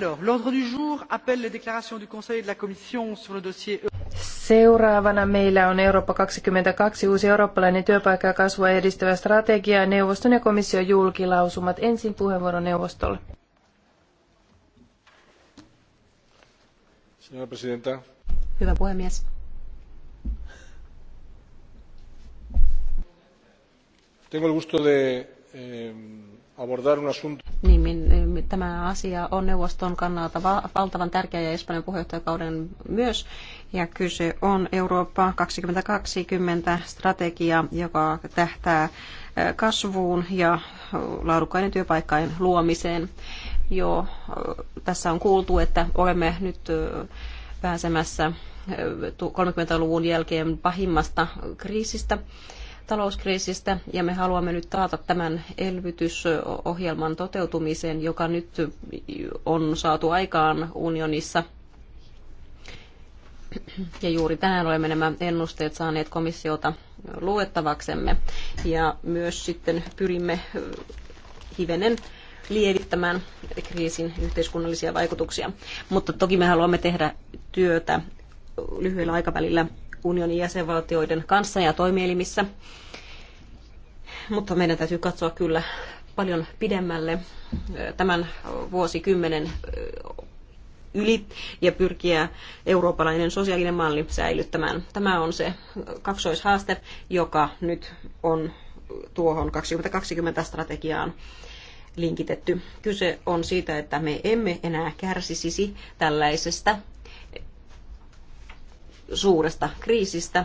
l'ordre du jour appelle les déclarations du Conseil et de la Commission sur le dossier e. Seuraavana meillä on Eurooppa 22, uusi eurooppalainen työpaikka ja kasvua edistävä strategia, neuvoston ja komission julkilausumat. Ensin puheenvuoro neuvostolle. Hyvä puhemies. Tengo el gusto de eh, abordar un asunto. Tämä asia on neuvoston kannalta valtavan tärkeä ja Espanjan puheenjohtajakauden myös. Ja kyse on Eurooppa 2020 strategia, joka tähtää kasvuun ja laadukkaiden työpaikkain luomiseen. Jo tässä on kuultu, että olemme nyt pääsemässä 30-luvun jälkeen pahimmasta kriisistä talouskriisistä ja me haluamme nyt taata tämän elvytysohjelman toteutumisen, joka nyt on saatu aikaan unionissa. Ja juuri tänään olemme nämä ennusteet saaneet komissiolta luettavaksemme. Ja myös sitten pyrimme hivenen lievittämään kriisin yhteiskunnallisia vaikutuksia. Mutta toki me haluamme tehdä työtä lyhyellä aikavälillä unionin jäsenvaltioiden kanssa ja toimielimissä. Mutta meidän täytyy katsoa kyllä paljon pidemmälle tämän vuosikymmenen yli ja pyrkiä eurooppalainen sosiaalinen malli säilyttämään. Tämä on se kaksoishaaste, joka nyt on tuohon 2020-strategiaan linkitetty. Kyse on siitä, että me emme enää kärsisisi tällaisesta suuresta kriisistä.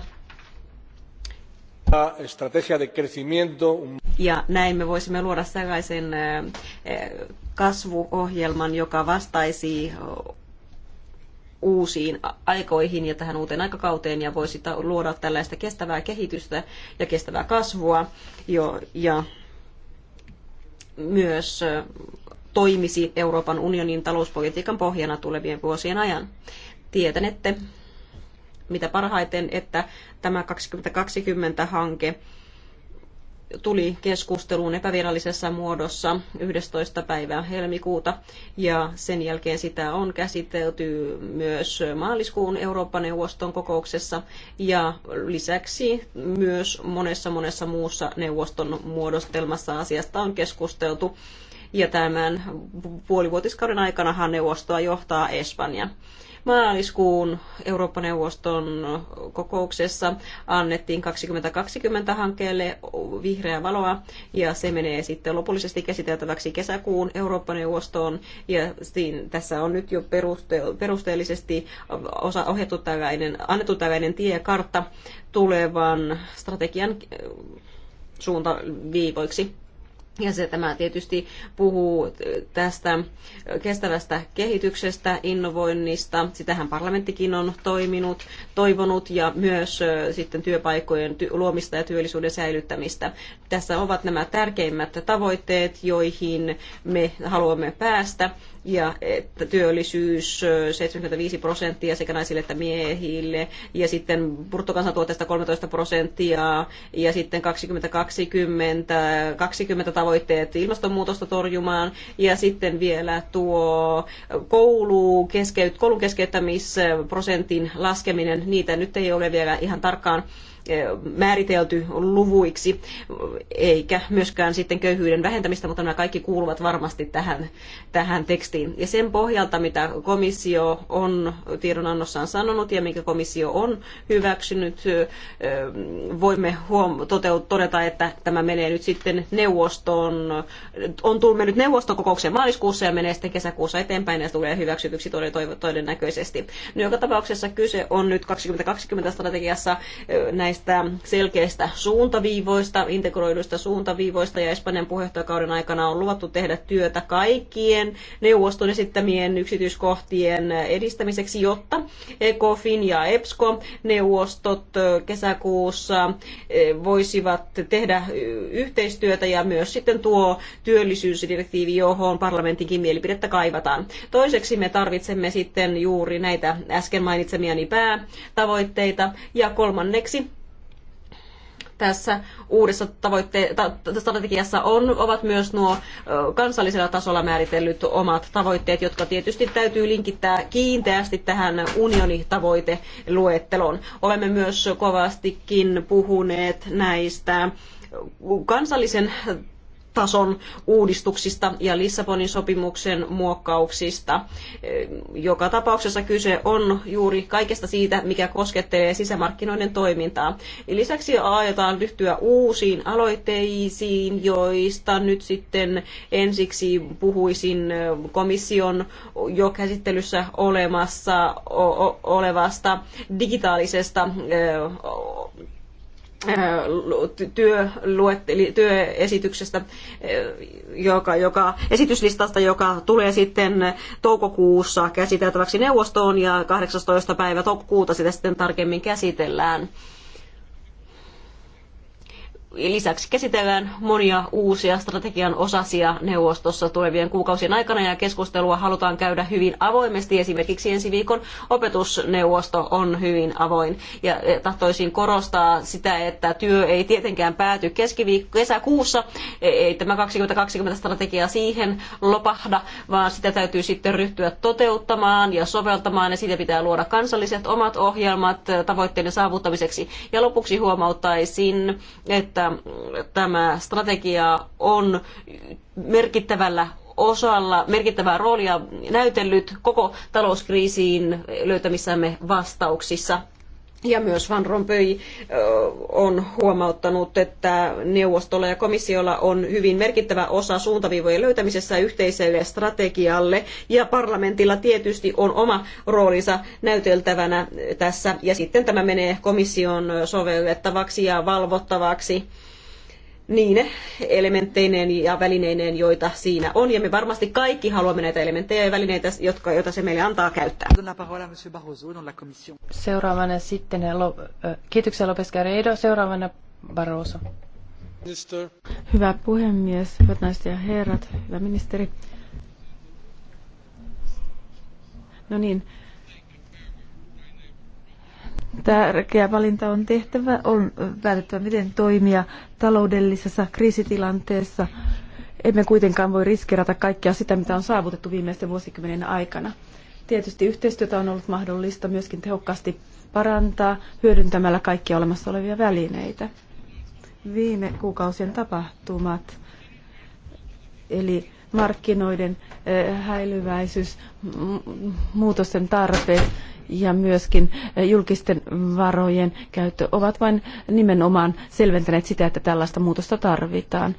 Ja näin me voisimme luoda sellaisen kasvuohjelman, joka vastaisi uusiin aikoihin ja tähän uuteen aikakauteen ja voisi luoda tällaista kestävää kehitystä ja kestävää kasvua jo, ja myös toimisi Euroopan unionin talouspolitiikan pohjana tulevien vuosien ajan. Tietänette, mitä parhaiten, että tämä 2020-hanke tuli keskusteluun epävirallisessa muodossa 11. päivää helmikuuta ja sen jälkeen sitä on käsitelty myös maaliskuun Eurooppa-neuvoston kokouksessa ja lisäksi myös monessa monessa muussa neuvoston muodostelmassa asiasta on keskusteltu ja tämän puolivuotiskauden aikanahan neuvostoa johtaa Espanja. Maaliskuun Eurooppa-neuvoston kokouksessa annettiin 2020-hankkeelle vihreää valoa ja se menee sitten lopullisesti käsiteltäväksi kesäkuun Eurooppa-neuvostoon ja siinä, tässä on nyt jo perusteellisesti osa ohjattu tällainen, annettu tällainen tiekartta tulevan strategian äh, suuntaviivoiksi ja se tämä tietysti puhuu tästä kestävästä kehityksestä, innovoinnista. Sitähän parlamenttikin on toiminut, toivonut ja myös sitten työpaikkojen luomista ja työllisyyden säilyttämistä. Tässä ovat nämä tärkeimmät tavoitteet, joihin me haluamme päästä ja että työllisyys 75 prosenttia sekä naisille että miehille ja sitten bruttokansantuotteesta 13 prosenttia ja sitten 2020 20 tavoitteet ilmastonmuutosta torjumaan ja sitten vielä tuo koulu, keskeyt, koulun keskeyttämisprosentin laskeminen, niitä nyt ei ole vielä ihan tarkkaan määritelty luvuiksi, eikä myöskään sitten köyhyyden vähentämistä, mutta nämä kaikki kuuluvat varmasti tähän, tähän tekstiin. Ja sen pohjalta, mitä komissio on tiedonannossaan sanonut ja minkä komissio on hyväksynyt, voimme huom- toteut- todeta, että tämä menee nyt sitten neuvostoon, on tullut mennyt neuvoston kokoukseen maaliskuussa ja menee sitten kesäkuussa eteenpäin ja tulee hyväksytyksi todennäköisesti. No, joka tapauksessa kyse on nyt 2020 strategiassa näistä näistä selkeistä suuntaviivoista, integroiduista suuntaviivoista ja Espanjan puheenjohtajakauden aikana on luvattu tehdä työtä kaikkien neuvoston esittämien yksityiskohtien edistämiseksi, jotta ECOFIN ja EPSCO neuvostot kesäkuussa voisivat tehdä yhteistyötä ja myös sitten tuo työllisyysdirektiivi, johon parlamentinkin mielipidettä kaivataan. Toiseksi me tarvitsemme sitten juuri näitä äsken mainitsemiani päätavoitteita ja kolmanneksi tässä uudessa tavoitte- ta- strategiassa on, ovat myös nuo kansallisella tasolla määritellyt omat tavoitteet, jotka tietysti täytyy linkittää kiinteästi tähän unionitavoiteluetteloon. Olemme myös kovastikin puhuneet näistä kansallisen tason uudistuksista ja Lissabonin sopimuksen muokkauksista. Joka tapauksessa kyse on juuri kaikesta siitä, mikä koskettelee sisämarkkinoiden toimintaa. Lisäksi aiotaan ryhtyä uusiin aloitteisiin, joista nyt sitten ensiksi puhuisin komission jo käsittelyssä olemassa, olevasta digitaalisesta Äh, työesityksestä, äh, joka, joka, esityslistasta, joka tulee sitten toukokuussa käsiteltäväksi neuvostoon ja 18. päivä toukokuuta sitä sitten tarkemmin käsitellään. Lisäksi käsitellään monia uusia strategian osasia neuvostossa tulevien kuukausien aikana ja keskustelua halutaan käydä hyvin avoimesti. Esimerkiksi ensi viikon opetusneuvosto on hyvin avoin ja eh, tahtoisin korostaa sitä, että työ ei tietenkään pääty kesäkuussa. Ei tämä 2020 strategia siihen lopahda, vaan sitä täytyy sitten ryhtyä toteuttamaan ja soveltamaan ja siitä pitää luoda kansalliset omat ohjelmat eh, tavoitteiden saavuttamiseksi. Ja lopuksi huomauttaisin, että tämä strategia on merkittävällä osalla merkittävää roolia näytellyt koko talouskriisiin löytämissämme vastauksissa. Ja myös Van Rompuy on huomauttanut, että neuvostolla ja komissiolla on hyvin merkittävä osa suuntaviivojen löytämisessä yhteiselle strategialle, ja parlamentilla tietysti on oma roolinsa näyteltävänä tässä, ja sitten tämä menee komission sovellettavaksi ja valvottavaksi niine elementteineen ja välineineen, joita siinä on. Ja me varmasti kaikki haluamme näitä elementtejä ja välineitä, jotka, joita se meille antaa käyttää. Seuraavana sitten, eh, eh, kiitoksia Lopes Garrido, seuraavana Barroso. Minister. Hyvä puhemies, hyvät naiset ja herrat, hyvä ministeri. No niin, tärkeä valinta on tehtävä, on päätettävä, miten toimia taloudellisessa kriisitilanteessa. Emme kuitenkaan voi riskeerata kaikkea sitä, mitä on saavutettu viimeisten vuosikymmenen aikana. Tietysti yhteistyötä on ollut mahdollista myöskin tehokkaasti parantaa hyödyntämällä kaikkia olemassa olevia välineitä. Viime kuukausien tapahtumat, eli markkinoiden häilyväisyys, muutosten tarpeet ja myöskin julkisten varojen käyttö ovat vain nimenomaan selventäneet sitä, että tällaista muutosta tarvitaan.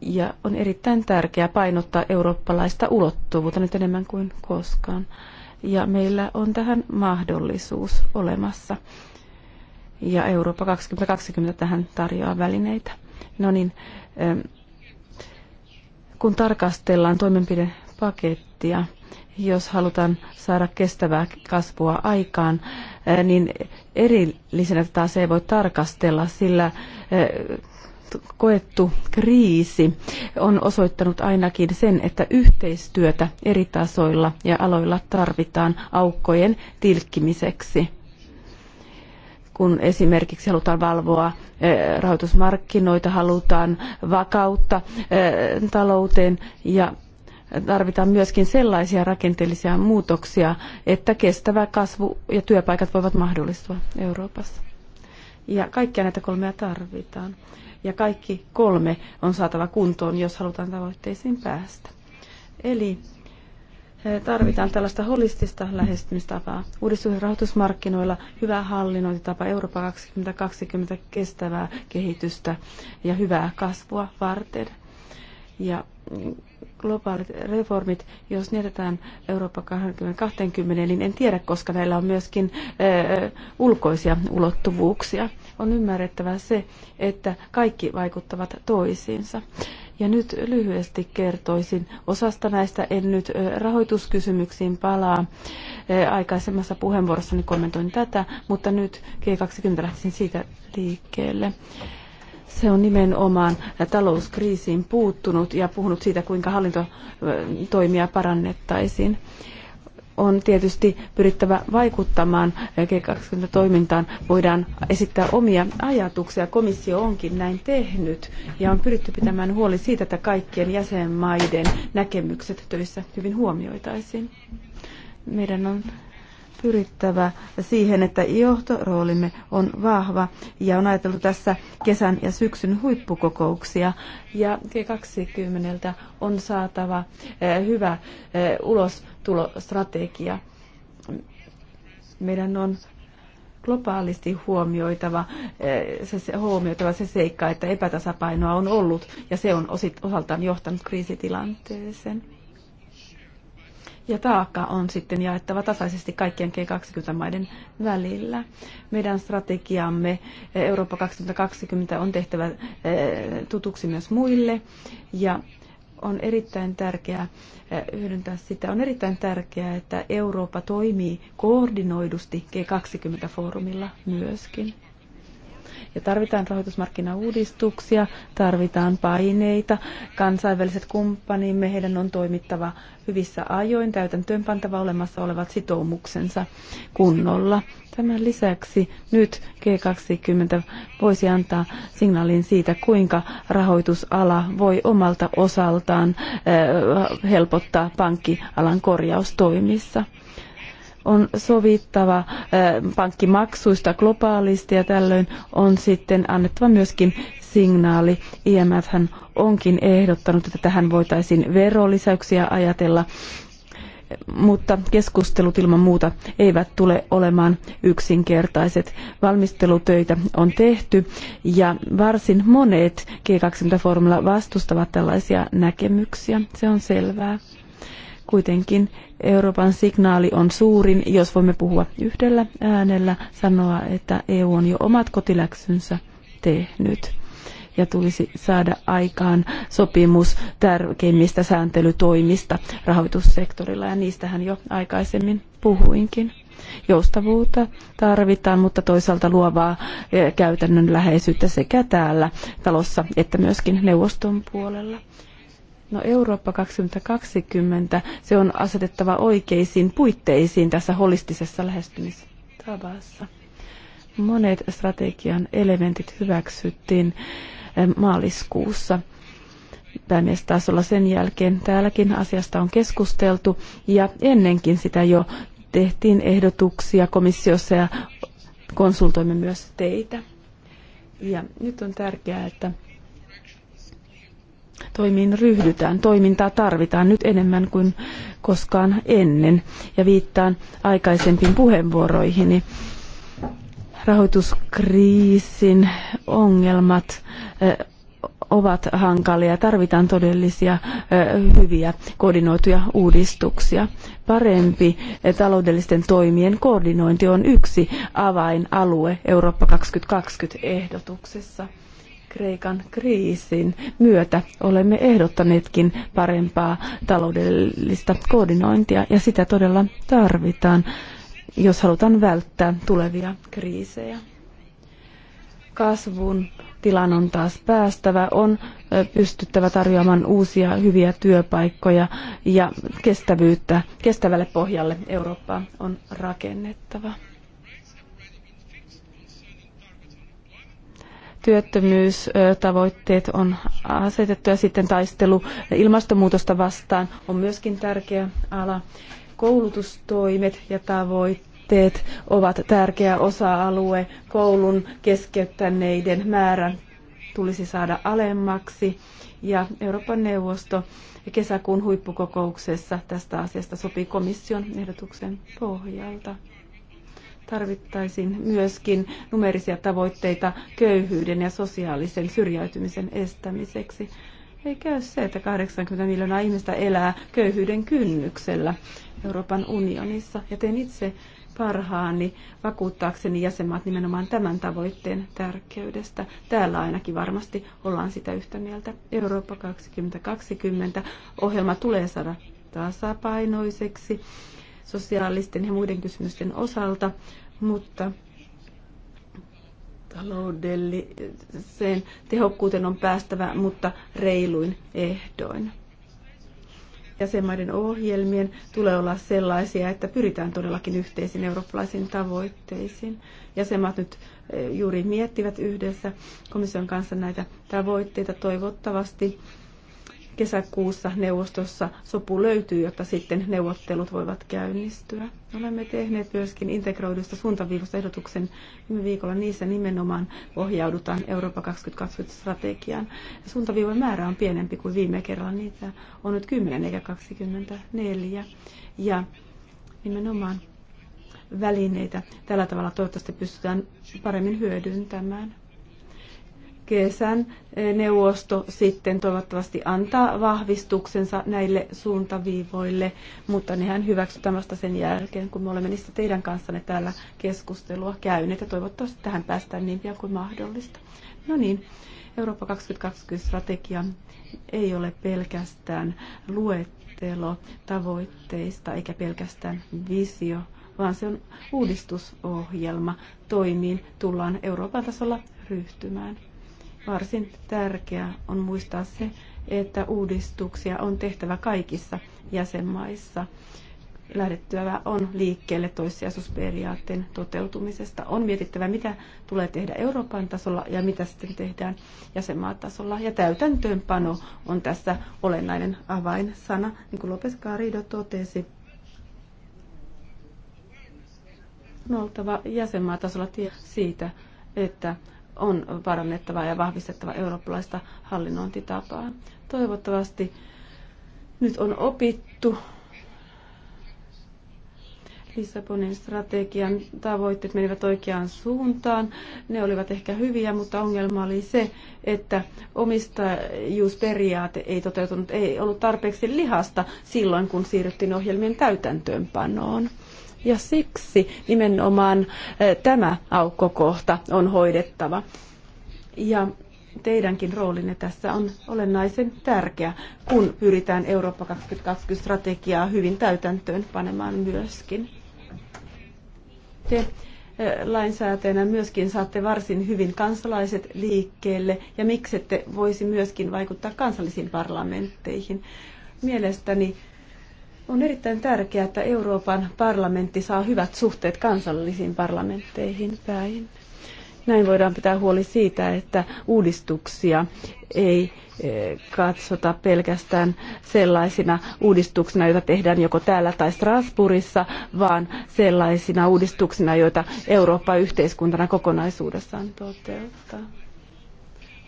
Ja on erittäin tärkeää painottaa eurooppalaista ulottuvuutta nyt enemmän kuin koskaan. Ja meillä on tähän mahdollisuus olemassa. Ja Eurooppa 2020 tähän tarjoaa välineitä. No niin, kun tarkastellaan toimenpidepakettia, jos halutaan saada kestävää kasvua aikaan, eh, niin erillisenä tätä se ei voi tarkastella, sillä eh, koettu kriisi on osoittanut ainakin sen, että yhteistyötä eri tasoilla ja aloilla tarvitaan aukkojen tilkkimiseksi kun esimerkiksi halutaan valvoa eh, rahoitusmarkkinoita, halutaan vakautta eh, talouteen ja tarvitaan myöskin sellaisia rakenteellisia muutoksia, että kestävä kasvu ja työpaikat voivat mahdollistua Euroopassa. Ja kaikkia näitä kolmea tarvitaan. Ja kaikki kolme on saatava kuntoon, jos halutaan tavoitteisiin päästä. Eli Tarvitaan tällaista holistista lähestymistapaa. Uudistus rahoitusmarkkinoilla, hyvä hallinnointitapa, Eurooppa 2020 kestävää kehitystä ja hyvää kasvua varten. Ja mm, globaalit reformit, jos niedetään Eurooppa 2020, niin en tiedä, koska näillä on myöskin ulkoisia ulottuvuuksia. On ymmärrettävä se, että kaikki vaikuttavat toisiinsa. Ja nyt lyhyesti kertoisin osasta näistä. En nyt rahoituskysymyksiin palaa. Aikaisemmassa puheenvuorossani kommentoin tätä, mutta nyt G20 lähtisin siitä liikkeelle. Se on nimenomaan talouskriisiin puuttunut ja puhunut siitä, kuinka hallintotoimia parannettaisiin on tietysti pyrittävä vaikuttamaan G20-toimintaan. Voidaan esittää omia ajatuksia. Komissio onkin näin tehnyt ja on pyritty pitämään huoli siitä, että kaikkien jäsenmaiden näkemykset töissä hyvin huomioitaisiin. Meidän on pyrittävä siihen, että johtoroolimme on vahva ja on ajateltu tässä kesän ja syksyn huippukokouksia. Ja G20 on saatava eh, hyvä eh, ulos tulostrategia. Meidän on globaalisti huomioitava eh, se, se huomioitava se seikka, että epätasapainoa on ollut ja se on osit, osaltaan johtanut kriisitilanteeseen. Ja taakka on sitten jaettava tasaisesti kaikkien G20-maiden välillä. Meidän strategiamme eh, Eurooppa 2020 on tehtävä eh, tutuksi myös muille ja on erittäin tärkeää eh, hyödyntää sitä. On erittäin tärkeää, että Eurooppa toimii koordinoidusti G20-foorumilla myöskin. Ja tarvitaan rahoitusmarkkinauudistuksia, tarvitaan paineita. Kansainväliset kumppanimme, heidän on toimittava hyvissä ajoin, täytäntöönpantava olemassa olevat sitoumuksensa kunnolla. Tämän lisäksi nyt G20 voisi antaa signaalin siitä, kuinka rahoitusala voi omalta osaltaan eh, helpottaa pankkialan korjaustoimissa on sovittava eh, pankkimaksuista globaalisti ja tällöin on sitten annettava myöskin signaali. IMF onkin ehdottanut, että tähän voitaisiin verolisäyksiä ajatella mutta keskustelut ilman muuta eivät tule olemaan yksinkertaiset. Valmistelutöitä on tehty ja varsin monet G20-foorumilla vastustavat tällaisia näkemyksiä, se on selvää. Kuitenkin Euroopan signaali on suurin, jos voimme puhua yhdellä äänellä, sanoa, että EU on jo omat kotiläksynsä tehnyt ja tulisi saada aikaan sopimus tärkeimmistä sääntelytoimista rahoitussektorilla ja niistähän jo aikaisemmin puhuinkin. Joustavuutta tarvitaan, mutta toisaalta luovaa e, käytännön läheisyyttä sekä täällä talossa että myöskin neuvoston puolella. No Eurooppa 2020, se on asetettava oikeisiin puitteisiin tässä holistisessa lähestymistavassa. Monet strategian elementit hyväksyttiin maaliskuussa päämiestasolla. Sen jälkeen täälläkin asiasta on keskusteltu ja ennenkin sitä jo tehtiin ehdotuksia komissiossa ja konsultoimme myös teitä. Ja nyt on tärkeää, että toimiin ryhdytään. Toimintaa tarvitaan nyt enemmän kuin koskaan ennen. Ja viittaan aikaisempiin puheenvuoroihini. Niin rahoituskriisin ongelmat ovat hankalia. Tarvitaan todellisia hyviä koordinoituja uudistuksia. Parempi taloudellisten toimien koordinointi on yksi avainalue Eurooppa 2020-ehdotuksessa. Kreikan kriisin myötä olemme ehdottaneetkin parempaa taloudellista koordinointia ja sitä todella tarvitaan jos halutaan välttää tulevia kriisejä. Kasvun tilan on taas päästävä, on pystyttävä tarjoamaan uusia hyviä työpaikkoja ja kestävyyttä, kestävälle pohjalle Eurooppaa on rakennettava. työttömyystavoitteet on asetettu ja sitten taistelu ilmastonmuutosta vastaan on myöskin tärkeä ala. Koulutustoimet ja tavoitteet ovat tärkeä osa-alue. Koulun keskeyttäneiden määrän tulisi saada alemmaksi ja Euroopan neuvosto kesäkuun huippukokouksessa tästä asiasta sopi komission ehdotuksen pohjalta. Tarvittaisiin myöskin numerisia tavoitteita köyhyyden ja sosiaalisen syrjäytymisen estämiseksi. Ei käy se, että 80 miljoonaa ihmistä elää köyhyyden kynnyksellä Euroopan unionissa. Ja teen itse parhaani vakuuttaakseni jäsenmaat nimenomaan tämän tavoitteen tärkeydestä. Täällä ainakin varmasti ollaan sitä yhtä mieltä. Eurooppa 2020 ohjelma tulee saada tasapainoiseksi sosiaalisten ja muiden kysymysten osalta, mutta taloudelliseen tehokkuuteen on päästävä, mutta reiluin ehdoin. Jäsenmaiden ohjelmien tulee olla sellaisia, että pyritään todellakin yhteisiin eurooppalaisiin tavoitteisiin. Jäsenmaat nyt eh, juuri miettivät yhdessä komission kanssa näitä tavoitteita toivottavasti kesäkuussa neuvostossa sopu löytyy, jotta sitten neuvottelut voivat käynnistyä. Olemme tehneet myöskin integroidusta suuntaviivosta ehdotuksen viime viikolla. Niissä nimenomaan ohjaudutaan Eurooppa 2020-strategiaan. Suuntaviivan määrä on pienempi kuin viime kerralla. Niitä on nyt 10 eikä 24. Ja nimenomaan välineitä tällä tavalla toivottavasti pystytään paremmin hyödyntämään kesän neuvosto sitten toivottavasti antaa vahvistuksensa näille suuntaviivoille, mutta nehän hyväksytään vasta sen jälkeen, kun me olemme niistä teidän kanssanne täällä keskustelua käyneet ja toivottavasti tähän päästään niin pian kuin mahdollista. No niin, Eurooppa 2020-strategia ei ole pelkästään luettelo tavoitteista eikä pelkästään visio, vaan se on uudistusohjelma. Toimiin tullaan Euroopan tasolla ryhtymään. Varsin tärkeää on muistaa se, että uudistuksia on tehtävä kaikissa jäsenmaissa. Lähdettyä on liikkeelle toissijaisuusperiaatteen toteutumisesta. On mietittävä, mitä tulee tehdä Euroopan tasolla ja mitä sitten tehdään jäsenmaatasolla. Ja täytäntöönpano on tässä olennainen avainsana, niin kuin Lopes Garrido totesi. On oltava jäsenmaatasolla siitä, että on parannettava ja vahvistettava eurooppalaista hallinnointitapaa. Toivottavasti nyt on opittu Lissabonin strategian tavoitteet menivät oikeaan suuntaan. Ne olivat ehkä hyviä, mutta ongelma oli se, että omistajuusperiaate ei toteutunut, ei ollut tarpeeksi lihasta silloin, kun siirryttiin ohjelmien täytäntöönpanoon. Ja siksi nimenomaan eh, tämä aukkokohta on hoidettava. Ja teidänkin roolinne tässä on olennaisen tärkeä, kun pyritään Eurooppa 2020-strategiaa hyvin täytäntöön panemaan myöskin. Te eh, lainsäätäjänä myöskin saatte varsin hyvin kansalaiset liikkeelle ja miksette voisi myöskin vaikuttaa kansallisiin parlamentteihin. Mielestäni on erittäin tärkeää, että Euroopan parlamentti saa hyvät suhteet kansallisiin parlamentteihin päin. Näin voidaan pitää huoli siitä, että uudistuksia ei eh, katsota pelkästään sellaisina uudistuksina, joita tehdään joko täällä tai Strasbourgissa, vaan sellaisina uudistuksina, joita Eurooppa yhteiskuntana kokonaisuudessaan toteuttaa.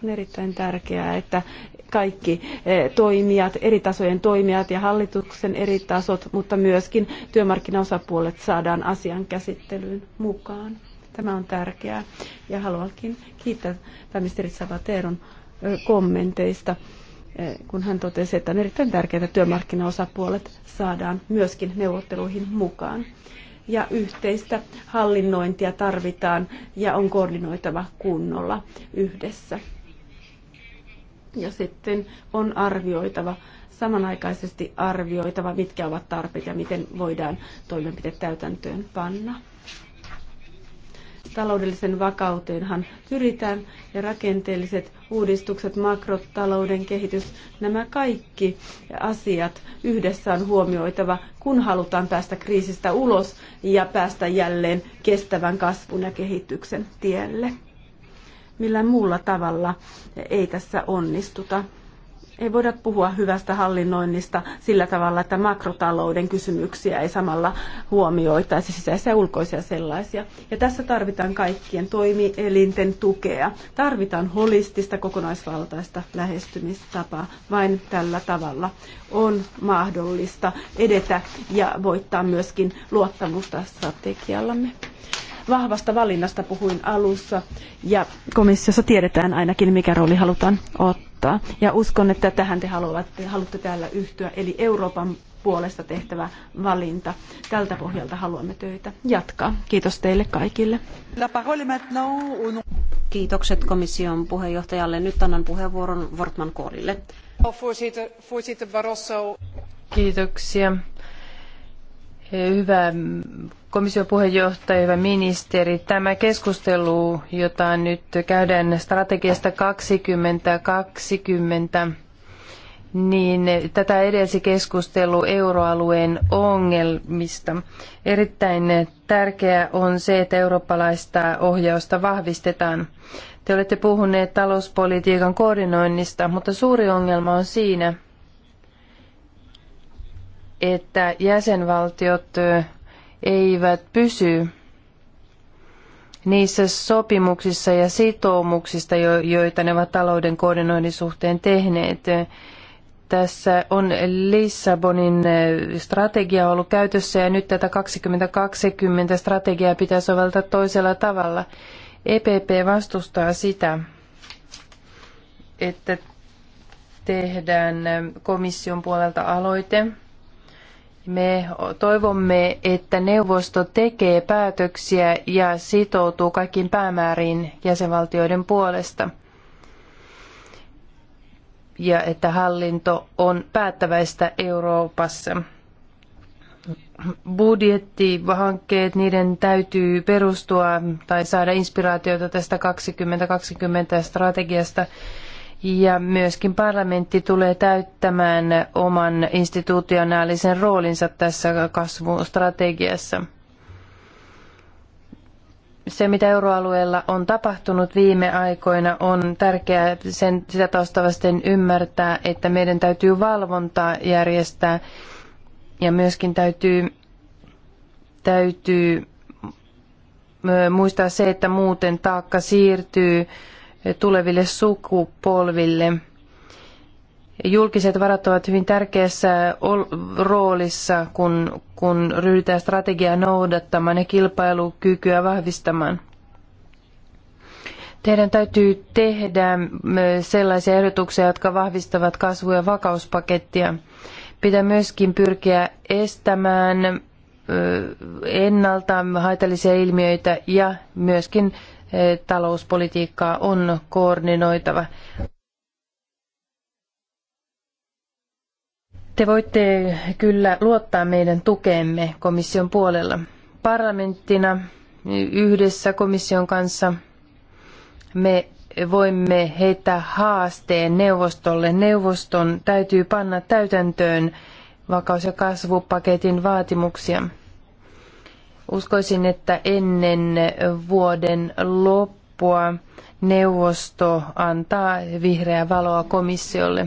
On erittäin tärkeää, että kaikki eh, toimijat, eri tasojen toimijat ja hallituksen eri tasot, mutta myöskin työmarkkinaosapuolet saadaan asian käsittelyyn mukaan. Tämä on tärkeää ja haluankin kiittää pääministeri Savateron eh, kommenteista eh, kun hän totesi, että on erittäin tärkeää, että työmarkkinaosapuolet saadaan myöskin neuvotteluihin mukaan. Ja yhteistä hallinnointia tarvitaan ja on koordinoitava kunnolla yhdessä. Ja sitten on arvioitava, samanaikaisesti arvioitava, mitkä ovat tarpeet ja miten voidaan toimenpite täytäntöön panna. Taloudellisen vakauteenhan pyritään ja rakenteelliset uudistukset, makrotalouden kehitys, nämä kaikki asiat yhdessä on huomioitava, kun halutaan päästä kriisistä ulos ja päästä jälleen kestävän kasvun ja kehityksen tielle millään muulla tavalla ei tässä onnistuta. Ei voida puhua hyvästä hallinnoinnista sillä tavalla, että makrotalouden kysymyksiä ei samalla huomioitaisi sisäisiä ja ulkoisia sellaisia. Ja tässä tarvitaan kaikkien toimielinten tukea. Tarvitaan holistista, kokonaisvaltaista lähestymistapaa. Vain tällä tavalla on mahdollista edetä ja voittaa myöskin luottamusta strategiallamme vahvasta valinnasta puhuin alussa ja komissiossa tiedetään ainakin mikä rooli halutaan ottaa. Ja uskon, että tähän te haluatte, haluatte täällä yhtyä, eli Euroopan puolesta tehtävä valinta. Tältä pohjalta haluamme töitä jatkaa. Kiitos teille kaikille. Kiitokset komission puheenjohtajalle. Nyt annan puheenvuoron Wortman Koolille. Kiitoksia. Hyvä komission puheenjohtaja, hyvä ministeri. Tämä keskustelu, jota nyt käydään strategiasta 2020, niin tätä edelsi keskustelu euroalueen ongelmista. Erittäin tärkeää on se, että eurooppalaista ohjausta vahvistetaan. Te olette puhuneet talouspolitiikan koordinoinnista, mutta suuri ongelma on siinä, että jäsenvaltiot eivät pysy niissä sopimuksissa ja sitoumuksista, joita ne ovat talouden koordinoinnin suhteen tehneet. Tässä on Lissabonin eh, strategia ollut käytössä ja nyt tätä 2020 strategiaa pitää soveltaa toisella tavalla. EPP vastustaa sitä, että tehdään eh, komission puolelta aloite me toivomme, että neuvosto tekee päätöksiä ja sitoutuu kaikkiin päämääriin jäsenvaltioiden puolesta. Ja että hallinto on päättäväistä Euroopassa. Budjettihankkeet, niiden täytyy perustua tai saada inspiraatiota tästä 2020 strategiasta ja myöskin parlamentti tulee täyttämään oman institutionaalisen roolinsa tässä kasvustrategiassa. Se, mitä euroalueella on tapahtunut viime aikoina, on tärkeää sen, sitä taustavasten ymmärtää, että meidän täytyy valvontaa järjestää ja myöskin täytyy, täytyy muistaa se, että muuten taakka siirtyy tuleville sukupolville. Julkiset varat ovat hyvin tärkeässä roolissa, kun, kun ryhdytään strategiaa noudattamaan ja kilpailukykyä vahvistamaan. Teidän täytyy tehdä sellaisia ehdotuksia, jotka vahvistavat kasvu- ja vakauspakettia. Pitää myöskin pyrkiä estämään ennalta haitallisia ilmiöitä ja myöskin talouspolitiikkaa on koordinoitava. Te voitte kyllä luottaa meidän tukeemme komission puolella. Parlamenttina yhdessä komission kanssa me voimme heittää haasteen neuvostolle. Neuvoston täytyy panna täytäntöön vakaus- ja kasvupaketin vaatimuksia. Uskoisin, että ennen vuoden loppua neuvosto antaa vihreää valoa komissiolle.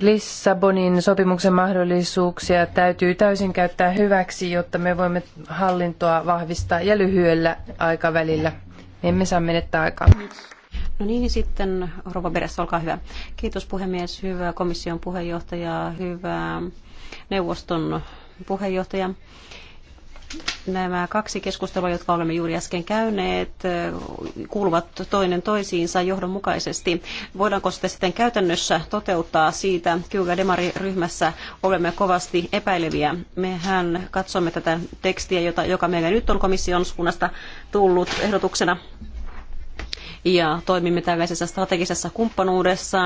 Lissabonin sopimuksen mahdollisuuksia täytyy täysin käyttää hyväksi, jotta me voimme hallintoa vahvistaa ja lyhyellä aikavälillä. Me emme saa menettää aikaa. No niin, sitten Rova Beres, olkaa hyvä. Kiitos puhemies, hyvä komission puheenjohtaja, hyvä neuvoston puheenjohtaja. Nämä kaksi keskustelua, jotka olemme juuri äsken käyneet, kuuluvat toinen toisiinsa johdonmukaisesti. Voidaanko sitä sitten käytännössä toteuttaa siitä? Kyllä Demari-ryhmässä olemme kovasti epäileviä. Mehän katsomme tätä tekstiä, jota, joka meillä nyt on komission suunnasta tullut ehdotuksena ja toimimme tällaisessa strategisessa kumppanuudessa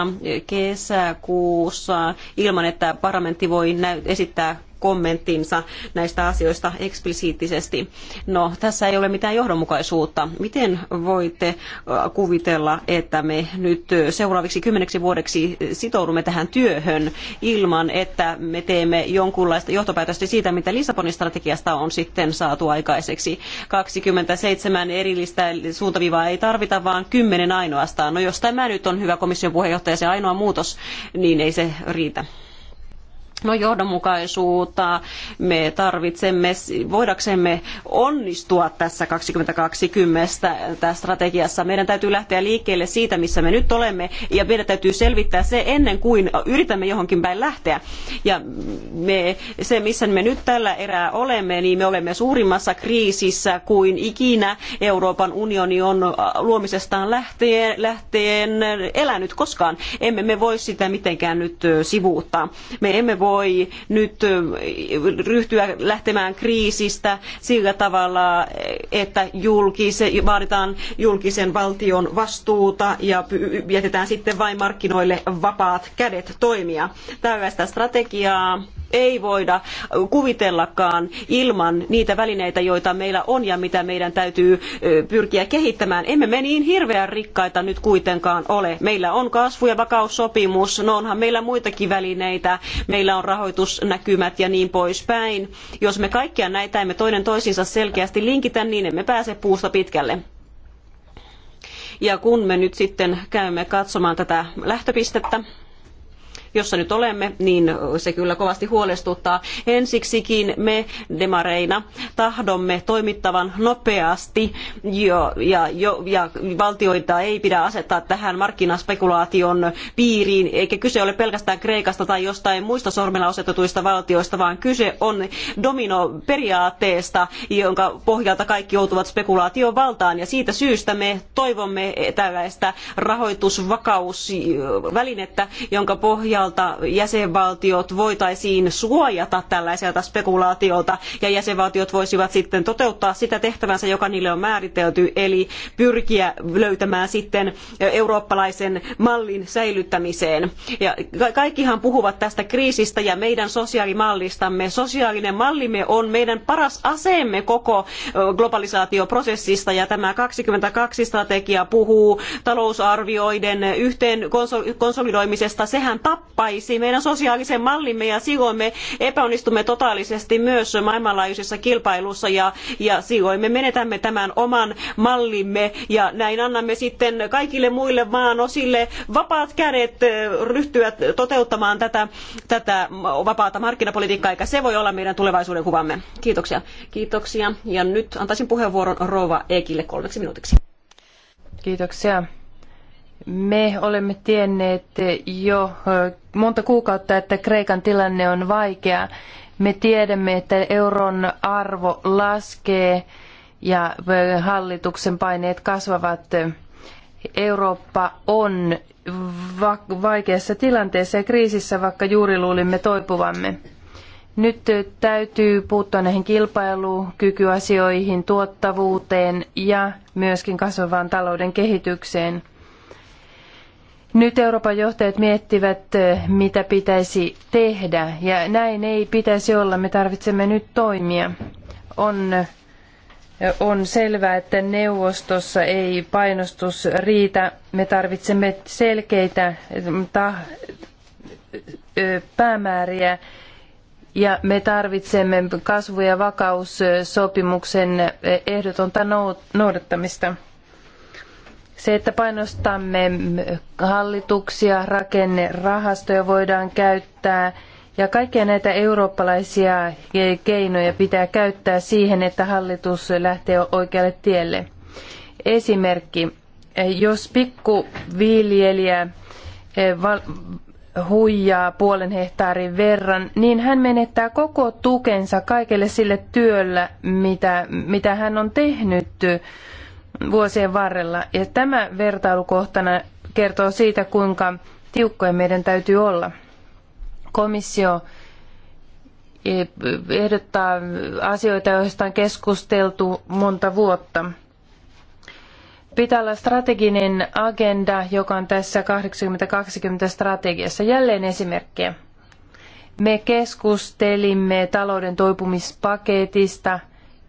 kesäkuussa ilman, että parlamentti voi esittää kommenttinsa näistä asioista eksplisiittisesti. No, tässä ei ole mitään johdonmukaisuutta. Miten voitte äh, kuvitella, että me nyt äh, seuraaviksi kymmeneksi vuodeksi sitoudumme tähän työhön ilman, että me teemme jonkunlaista johtopäätöstä siitä, mitä Lissabonin strategiasta on sitten saatu aikaiseksi. 27 erillistä suuntaviivaa ei tarvita, vaan 10 ainoastaan. No jos tämä nyt on hyvä komission puheenjohtaja se ainoa muutos, niin ei se riitä. No johdonmukaisuutta me tarvitsemme, voidaksemme onnistua tässä 2020 tässä strategiassa. Meidän täytyy lähteä liikkeelle siitä, missä me nyt olemme, ja meidän täytyy selvittää se ennen kuin yritämme johonkin päin lähteä. Ja me, se, missä me nyt tällä erää olemme, niin me olemme suurimmassa kriisissä kuin ikinä Euroopan unioni on luomisestaan lähtien, elänyt koskaan. Emme me voi sitä mitenkään nyt sivuuttaa. Me emme voi voi nyt ryhtyä lähtemään kriisistä sillä tavalla, että julkise, vaaditaan julkisen valtion vastuuta ja jätetään sitten vain markkinoille vapaat kädet toimia. Tällaista strategiaa ei voida kuvitellakaan ilman niitä välineitä, joita meillä on ja mitä meidän täytyy pyrkiä kehittämään. Emme me niin hirveän rikkaita nyt kuitenkaan ole. Meillä on kasvu- ja vakaussopimus, no onhan meillä muitakin välineitä, meillä on rahoitusnäkymät ja niin poispäin. Jos me kaikkia näitä emme toinen toisiinsa selkeästi linkitä, niin emme pääse puusta pitkälle. Ja kun me nyt sitten käymme katsomaan tätä lähtöpistettä, jossa nyt olemme, niin se kyllä kovasti huolestuttaa. Ensiksikin me demareina tahdomme toimittavan nopeasti jo, ja, jo, ja valtioita ei pidä asettaa tähän markkinaspekulaation piiriin, eikä kyse ole pelkästään Kreikasta tai jostain muista sormella osoitetuista valtioista, vaan kyse on dominoperiaatteesta, jonka pohjalta kaikki joutuvat spekulaation valtaan, ja siitä syystä me toivomme tällaista rahoitusvakausvälinettä, jonka pohjalta toisaalta jäsenvaltiot voitaisiin suojata tällaiselta spekulaatiolta ja jäsenvaltiot voisivat sitten toteuttaa sitä tehtävänsä, joka niille on määritelty, eli pyrkiä löytämään sitten eurooppalaisen mallin säilyttämiseen. Ja kaikkihan puhuvat tästä kriisistä ja meidän sosiaalimallistamme. Sosiaalinen mallimme on meidän paras aseemme koko globalisaatioprosessista ja tämä 22 strategia puhuu talousarvioiden yhteen konsolidoimisesta. Sehän tappaa paisi meidän sosiaalisen mallimme ja silloin me epäonnistumme totaalisesti myös maailmanlaajuisessa kilpailussa ja, ja silloin me menetämme tämän oman mallimme ja näin annamme sitten kaikille muille maanosille vapaat kädet ryhtyä toteuttamaan tätä, tätä vapaata markkinapolitiikkaa, eikä se voi olla meidän tulevaisuuden kuvamme. Kiitoksia. Kiitoksia. Ja nyt antaisin puheenvuoron Rova Ekille kolmeksi minuutiksi. Kiitoksia. Me olemme tienneet jo monta kuukautta, että Kreikan tilanne on vaikea. Me tiedämme, että euron arvo laskee ja hallituksen paineet kasvavat. Eurooppa on vaikeassa tilanteessa ja kriisissä, vaikka juuri luulimme toipuvamme. Nyt täytyy puuttua näihin kilpailukykyasioihin, tuottavuuteen ja myöskin kasvavaan talouden kehitykseen. Nyt Euroopan johtajat miettivät, eh, mitä pitäisi tehdä, ja näin ei pitäisi olla. Me tarvitsemme nyt toimia. On, eh, on selvää, että neuvostossa ei painostus riitä. Me tarvitsemme selkeitä eh, ta, päämääriä, ja me tarvitsemme kasvu- ja vakaussopimuksen ehdotonta noudattamista. Se, että painostamme hallituksia, rakennerahastoja voidaan käyttää ja kaikkia näitä eurooppalaisia keinoja pitää käyttää siihen, että hallitus lähtee oikealle tielle. Esimerkki, jos pikkuviljelijä eh, huijaa puolen hehtaarin verran, niin hän menettää koko tukensa kaikelle sille työllä, mitä, mitä hän on tehnyt vuosien varrella. Ja tämä vertailukohtana kertoo siitä, kuinka tiukkoja meidän täytyy olla. Komissio eh, ehdottaa asioita, joista on keskusteltu monta vuotta. Pitää olla strateginen agenda, joka on tässä 80-20 strategiassa. Jälleen esimerkkejä. Me keskustelimme talouden toipumispaketista –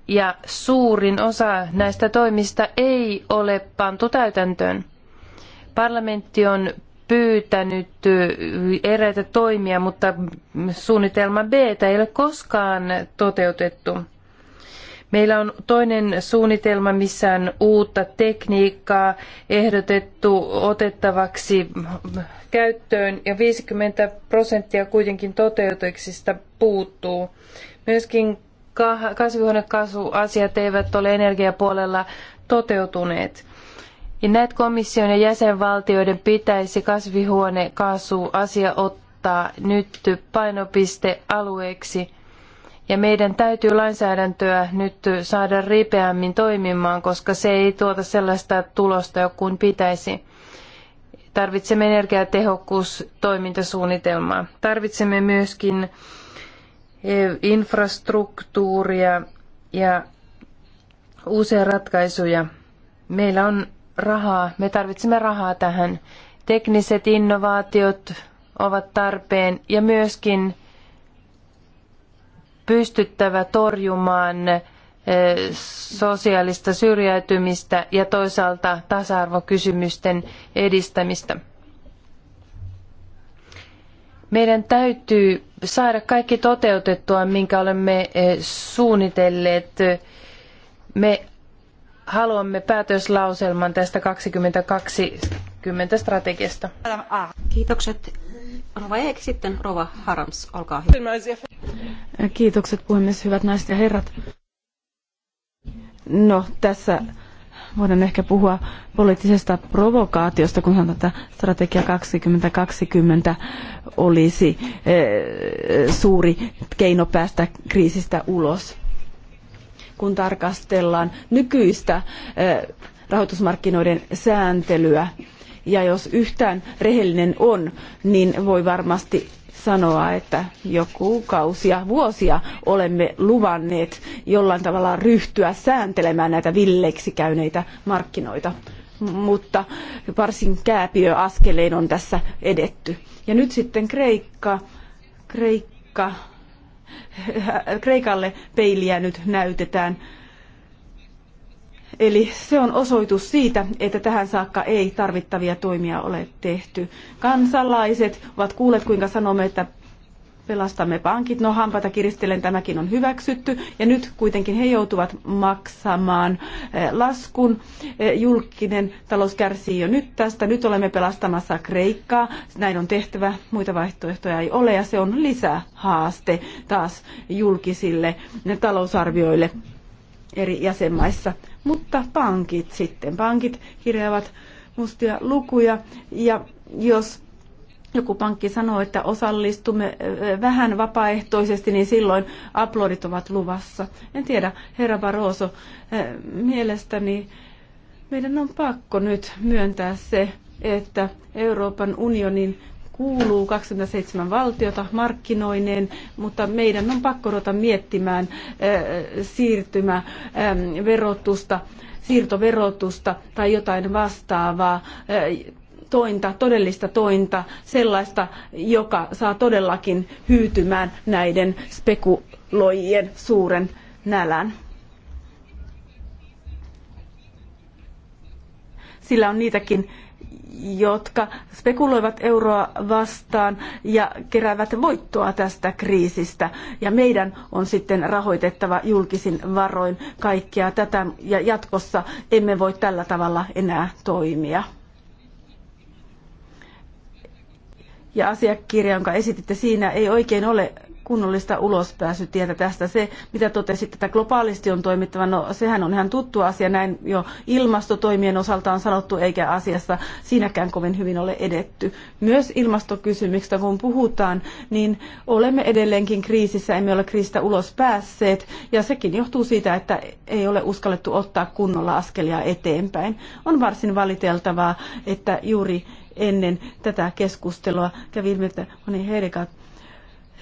ja suurin osa näistä toimista ei ole pantu täytäntöön. Parlamentti on pyytänyt eräitä toimia, mutta suunnitelma B ei ole koskaan toteutettu. Meillä on toinen suunnitelma, missä on uutta tekniikkaa ehdotettu otettavaksi käyttöön ja 50 prosenttia kuitenkin toteutuksista puuttuu. Myöskin kasvihuonekaasuasiat eivät ole energiapuolella toteutuneet. Ja näitä komission ja jäsenvaltioiden pitäisi kasvihuonekaasuasia ottaa nyt painopistealueeksi. Ja meidän täytyy lainsäädäntöä nyt saada ripeämmin toimimaan, koska se ei tuota sellaista tulosta kuin pitäisi. Tarvitsemme energiatehokkuustoimintasuunnitelmaa. Tarvitsemme myöskin infrastruktuuria ja uusia ratkaisuja. Meillä on rahaa, me tarvitsemme rahaa tähän. Tekniset innovaatiot ovat tarpeen ja myöskin pystyttävä torjumaan eh, sosiaalista syrjäytymistä ja toisaalta tasa-arvokysymysten edistämistä. Meidän täytyy saada kaikki toteutettua, minkä olemme eh, suunnitelleet. Me haluamme päätöslauselman tästä 2020 strategiasta. Kiitokset. Rova Eek, sitten Rova Harams, olkaa hyvä. Kiitokset puhemies, hyvät naiset ja herrat. No, tässä voidaan ehkä puhua poliittisesta provokaatiosta, kun tätä strategia 2020 olisi eh, suuri keino päästä kriisistä ulos. Kun tarkastellaan nykyistä eh, rahoitusmarkkinoiden sääntelyä, ja jos yhtään rehellinen on, niin voi varmasti sanoa, että jo kuukausia, vuosia olemme luvanneet jollain tavalla ryhtyä sääntelemään näitä villeiksi käyneitä markkinoita mutta varsin kääpiöaskelein on tässä edetty. Ja nyt sitten Kreikka, Kreikka, Kreikalle peiliä nyt näytetään Eli se on osoitus siitä, että tähän saakka ei tarvittavia toimia ole tehty. Kansalaiset ovat kuulleet, kuinka sanomme, että pelastamme pankit. No hampaita kiristellen tämäkin on hyväksytty. Ja nyt kuitenkin he joutuvat maksamaan eh, laskun. Eh, julkinen talous kärsii jo nyt tästä. Nyt olemme pelastamassa Kreikkaa. Näin on tehtävä. Muita vaihtoehtoja ei ole. Ja se on lisähaaste taas julkisille talousarvioille eri jäsenmaissa. Mutta pankit sitten, pankit kirjaavat mustia lukuja ja jos joku pankki sanoo, että osallistumme vähän vapaaehtoisesti, niin silloin aplodit ovat luvassa. En tiedä, herra Barroso, mielestäni meidän on pakko nyt myöntää se, että Euroopan unionin kuuluu 27 valtiota markkinoineen, mutta meidän on pakko ruveta miettimään siirtymäverotusta, siirtoverotusta tai jotain vastaavaa tointa, todellista tointa, sellaista, joka saa todellakin hyytymään näiden spekuloijien suuren nälän. Sillä on niitäkin jotka spekuloivat euroa vastaan ja keräävät voittoa tästä kriisistä. Ja meidän on sitten rahoitettava julkisin varoin kaikkea tätä ja jatkossa emme voi tällä tavalla enää toimia. Ja asiakirja, jonka esititte, siinä ei oikein ole kunnollista ulospääsytietä tästä. Se, mitä totesit, että globaalisti on toimittava, no sehän on ihan tuttu asia, näin jo ilmastotoimien osalta on sanottu, eikä asiassa siinäkään kovin hyvin ole edetty. Myös ilmastokysymyksistä, kun puhutaan, niin olemme edelleenkin kriisissä, emme ole kriisistä ulos päässeet, ja sekin johtuu siitä, että ei ole uskallettu ottaa kunnolla askelia eteenpäin. On varsin valiteltavaa, että juuri ennen tätä keskustelua kävi ilmi, että moni no niin, heidäkat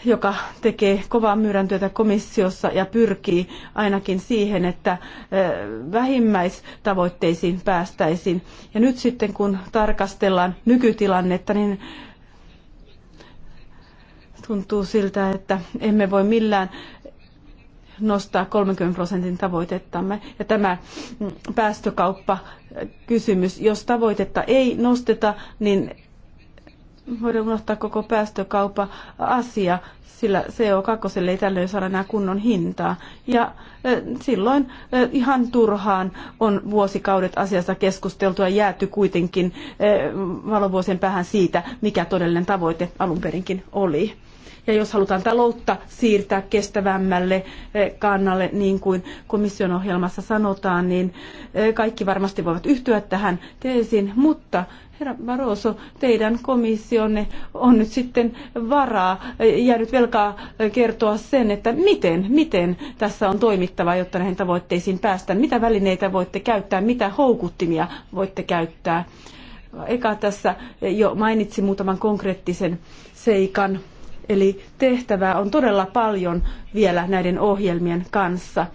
joka tekee kovaa myyräntyötä komissiossa ja pyrkii ainakin siihen, että vähimmäistavoitteisiin päästäisiin. Ja nyt sitten kun tarkastellaan nykytilannetta, niin tuntuu siltä, että emme voi millään nostaa 30 prosentin tavoitettamme. Ja tämä päästökauppa kysymys, jos tavoitetta ei nosteta, niin voidaan unohtaa koko päästökaupa asia sillä CO2 ei tällöin saada enää kunnon hintaa. Ja silloin ihan turhaan on vuosikaudet asiasta keskusteltu ja jääty kuitenkin valovuosien päähän siitä, mikä todellinen tavoite alun perinkin oli. Ja jos halutaan taloutta siirtää kestävämmälle kannalle, niin kuin komission ohjelmassa sanotaan, niin kaikki varmasti voivat yhtyä tähän teesiin, mutta Herra Barroso, teidän komissionne on nyt sitten varaa eh, jäänyt velkaa eh, kertoa sen, että miten, miten tässä on toimittava, jotta näihin tavoitteisiin päästään. Mitä välineitä voitte käyttää, mitä houkuttimia voitte käyttää. Eka tässä eh, jo mainitsi muutaman konkreettisen seikan. Eli tehtävää on todella paljon vielä näiden ohjelmien kanssa.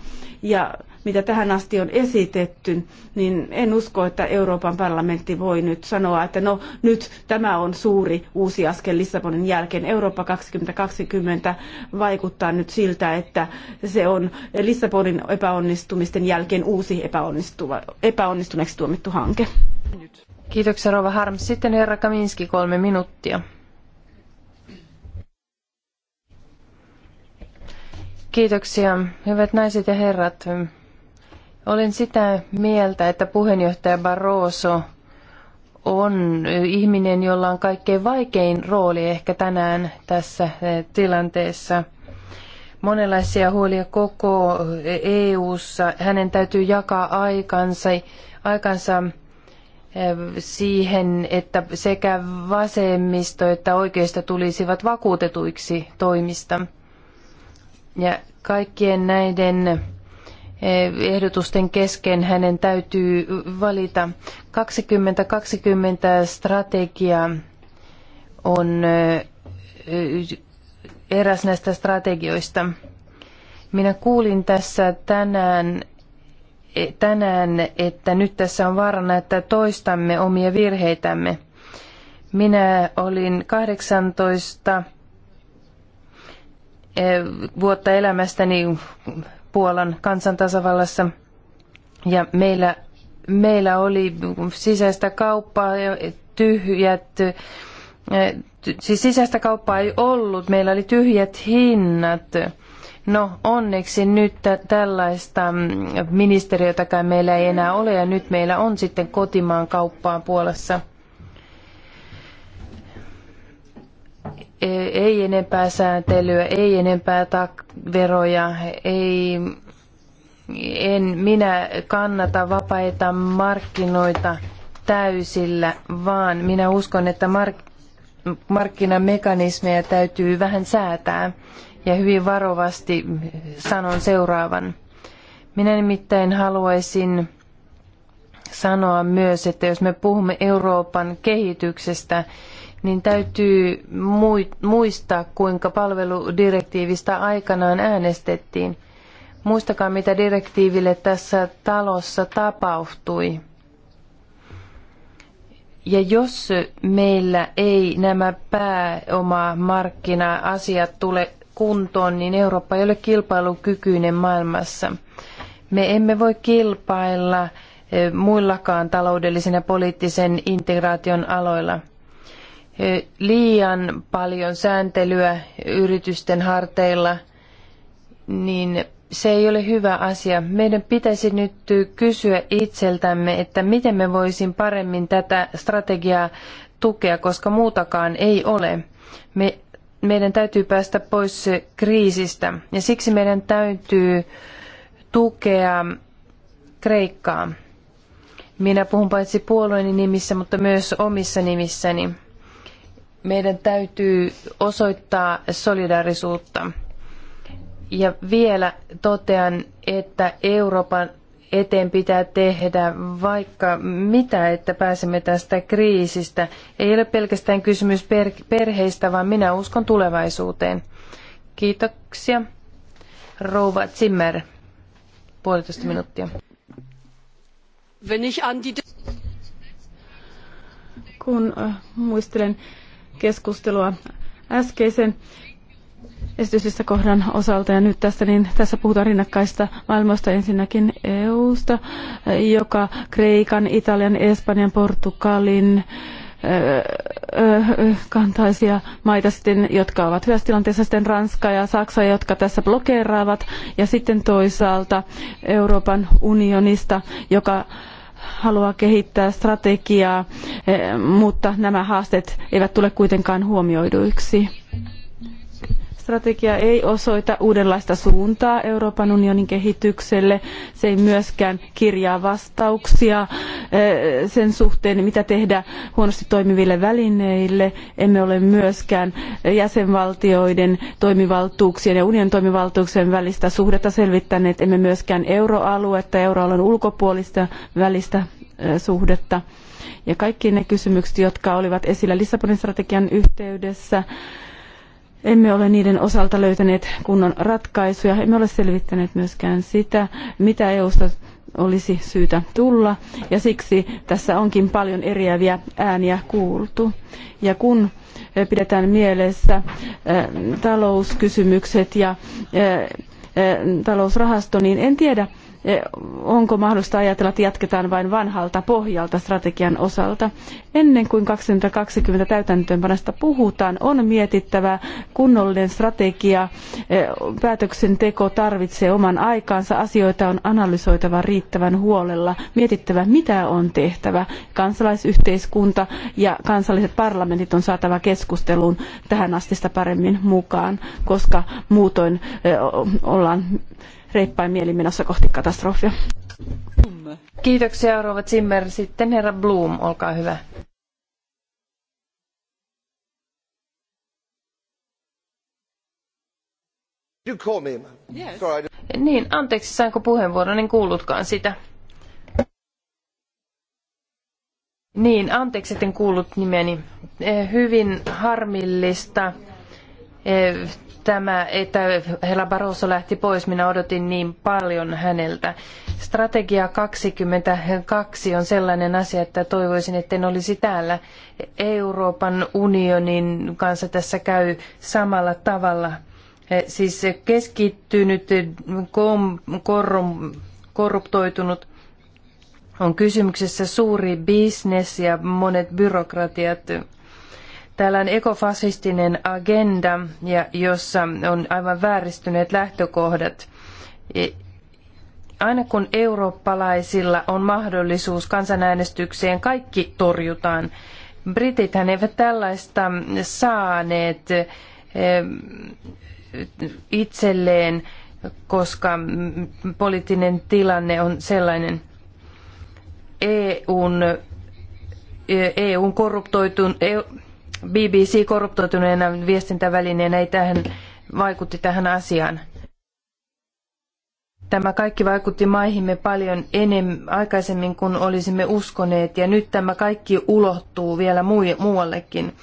Ja mitä tähän asti on esitetty, niin en usko, että Euroopan parlamentti voi nyt sanoa, että no nyt tämä on suuri uusi askel Lissabonin jälkeen. Eurooppa 2020 vaikuttaa nyt siltä, että se on Lissabonin epäonnistumisten jälkeen uusi epäonnistuva, epäonnistuneeksi tuomittu hanke. Kiitoksia Rova Harms. Sitten herra Kaminski kolme minuuttia. Kiitoksia. Hyvät naiset ja herrat, olen sitä mieltä, että puheenjohtaja Barroso on ihminen, jolla on kaikkein vaikein rooli ehkä tänään tässä eh, tilanteessa. Monenlaisia huolia koko EU:ssa. Eh, e Hänen täytyy jakaa aikansa, aikansa eh, siihen, että sekä vasemmisto että oikeista tulisivat vakuutetuiksi toimista. Ja kaikkien näiden ehdotusten kesken hänen täytyy valita 2020 strategia on eh, eräs näistä strategioista. Minä kuulin tässä tänään, eh, tänään, että nyt tässä on vaarana, että toistamme omia virheitämme. Minä olin 18 eh, vuotta elämästäni Puolan kansantasavallassa. Ja meillä, meillä oli sisäistä kauppaa ja tyhjät, eh, siis sisäistä kauppaa ei ollut, meillä oli tyhjät hinnat. No onneksi nyt tällaista mm, ministeriötäkään meillä ei enää ole ja nyt meillä on sitten kotimaan kauppaa Puolassa. ei enempää sääntelyä, ei enempää tak- veroja, ei, en minä kannata vapaita markkinoita täysillä, vaan minä uskon, että mark- markkinamekanismeja täytyy vähän säätää. Ja hyvin varovasti sanon seuraavan. Minä nimittäin haluaisin sanoa myös, että jos me puhumme Euroopan kehityksestä, niin täytyy muistaa, kuinka palveludirektiivistä aikanaan äänestettiin. Muistakaa, mitä direktiiville tässä talossa tapahtui. Ja jos meillä ei nämä pääomamarkkina-asiat tule kuntoon, niin Eurooppa ei ole kilpailukykyinen maailmassa. Me emme voi kilpailla eh, muillakaan taloudellisen ja poliittisen integraation aloilla liian paljon sääntelyä yritysten harteilla, niin se ei ole hyvä asia. Meidän pitäisi nyt kysyä itseltämme, että miten me voisin paremmin tätä strategiaa tukea, koska muutakaan ei ole. Me, meidän täytyy päästä pois kriisistä ja siksi meidän täytyy tukea Kreikkaa. Minä puhun paitsi puolueeni nimissä, mutta myös omissa nimissäni meidän täytyy osoittaa solidaarisuutta. Ja vielä totean, että Euroopan eteen pitää tehdä vaikka mitä, että pääsemme tästä kriisistä. Ei ole pelkästään kysymys perheistä, vaan minä uskon tulevaisuuteen. Kiitoksia. Rouva Zimmer, puolitoista minuuttia. Kun äh, muistelen keskustelua äskeisen esityksessä kohdan osalta ja nyt tässä, niin tässä puhutaan rinnakkaista maailmasta ensinnäkin EUsta, joka Kreikan, Italian, Espanjan, Portugalin kantaisia maita sitten, jotka ovat hyvässä tilanteessa, sitten Ranska ja Saksa, jotka tässä blokeeraavat, ja sitten toisaalta Euroopan unionista, joka haluaa kehittää strategiaa, eh, mutta nämä haasteet eivät tule kuitenkaan huomioiduiksi strategia ei osoita uudenlaista suuntaa Euroopan unionin kehitykselle. Se ei myöskään kirjaa vastauksia eh, sen suhteen, mitä tehdä huonosti toimiville välineille. Emme ole myöskään jäsenvaltioiden toimivaltuuksien ja unionin toimivaltuuksien välistä suhdetta selvittäneet. Emme myöskään euroaluetta, euroalueen ulkopuolista välistä eh, suhdetta. Ja kaikki ne kysymykset, jotka olivat esillä Lissabonin strategian yhteydessä, emme ole niiden osalta löytäneet kunnon ratkaisuja. Emme ole selvittäneet myöskään sitä, mitä EUsta olisi syytä tulla. Ja siksi tässä onkin paljon eriäviä ääniä kuultu. Ja kun eh, pidetään mielessä eh, talouskysymykset ja eh, talousrahasto, niin en tiedä, E, onko mahdollista ajatella, että jatketaan vain vanhalta pohjalta strategian osalta. Ennen kuin 2020 täytäntöönpanosta puhutaan, on mietittävä kunnollinen strategia. E, päätöksenteko tarvitsee oman aikansa. Asioita on analysoitava riittävän huolella. Mietittävä, mitä on tehtävä. Kansalaisyhteiskunta ja kansalliset parlamentit on saatava keskusteluun tähän astista paremmin mukaan, koska muutoin e, ollaan reippain mielin menossa kohti katastrofia. Kiitoksia, Rova Zimmer. Sitten herra Bloom, olkaa hyvä. You call me, yes. Sorry, niin, anteeksi, saanko puheenvuoron, en kuullutkaan sitä. Niin, anteeksi, etten kuullut nimeni. Eh, hyvin harmillista eh, tämä, että Hela Barroso lähti pois, minä odotin niin paljon häneltä. Strategia 22 on sellainen asia, että toivoisin, etten olisi täällä. Euroopan unionin kanssa tässä käy samalla tavalla. Eh, siis keskittynyt, kom, korrum, korruptoitunut on kysymyksessä suuri bisnes ja monet byrokratiat Täällä on ekofasistinen agenda, ja jossa on aivan vääristyneet lähtökohdat. E, aina kun eurooppalaisilla on mahdollisuus kansanäänestykseen, kaikki torjutaan. Britithän eivät tällaista saaneet e, itselleen, koska poliittinen tilanne on sellainen. EUn, EUn e korruptoitun, BBC korruptoituneena viestintävälineenä ei tähän, vaikutti tähän asiaan. Tämä kaikki vaikutti maihimme paljon enemmän aikaisemmin kuin olisimme uskoneet ja nyt tämä kaikki ulottuu vielä muuallekin.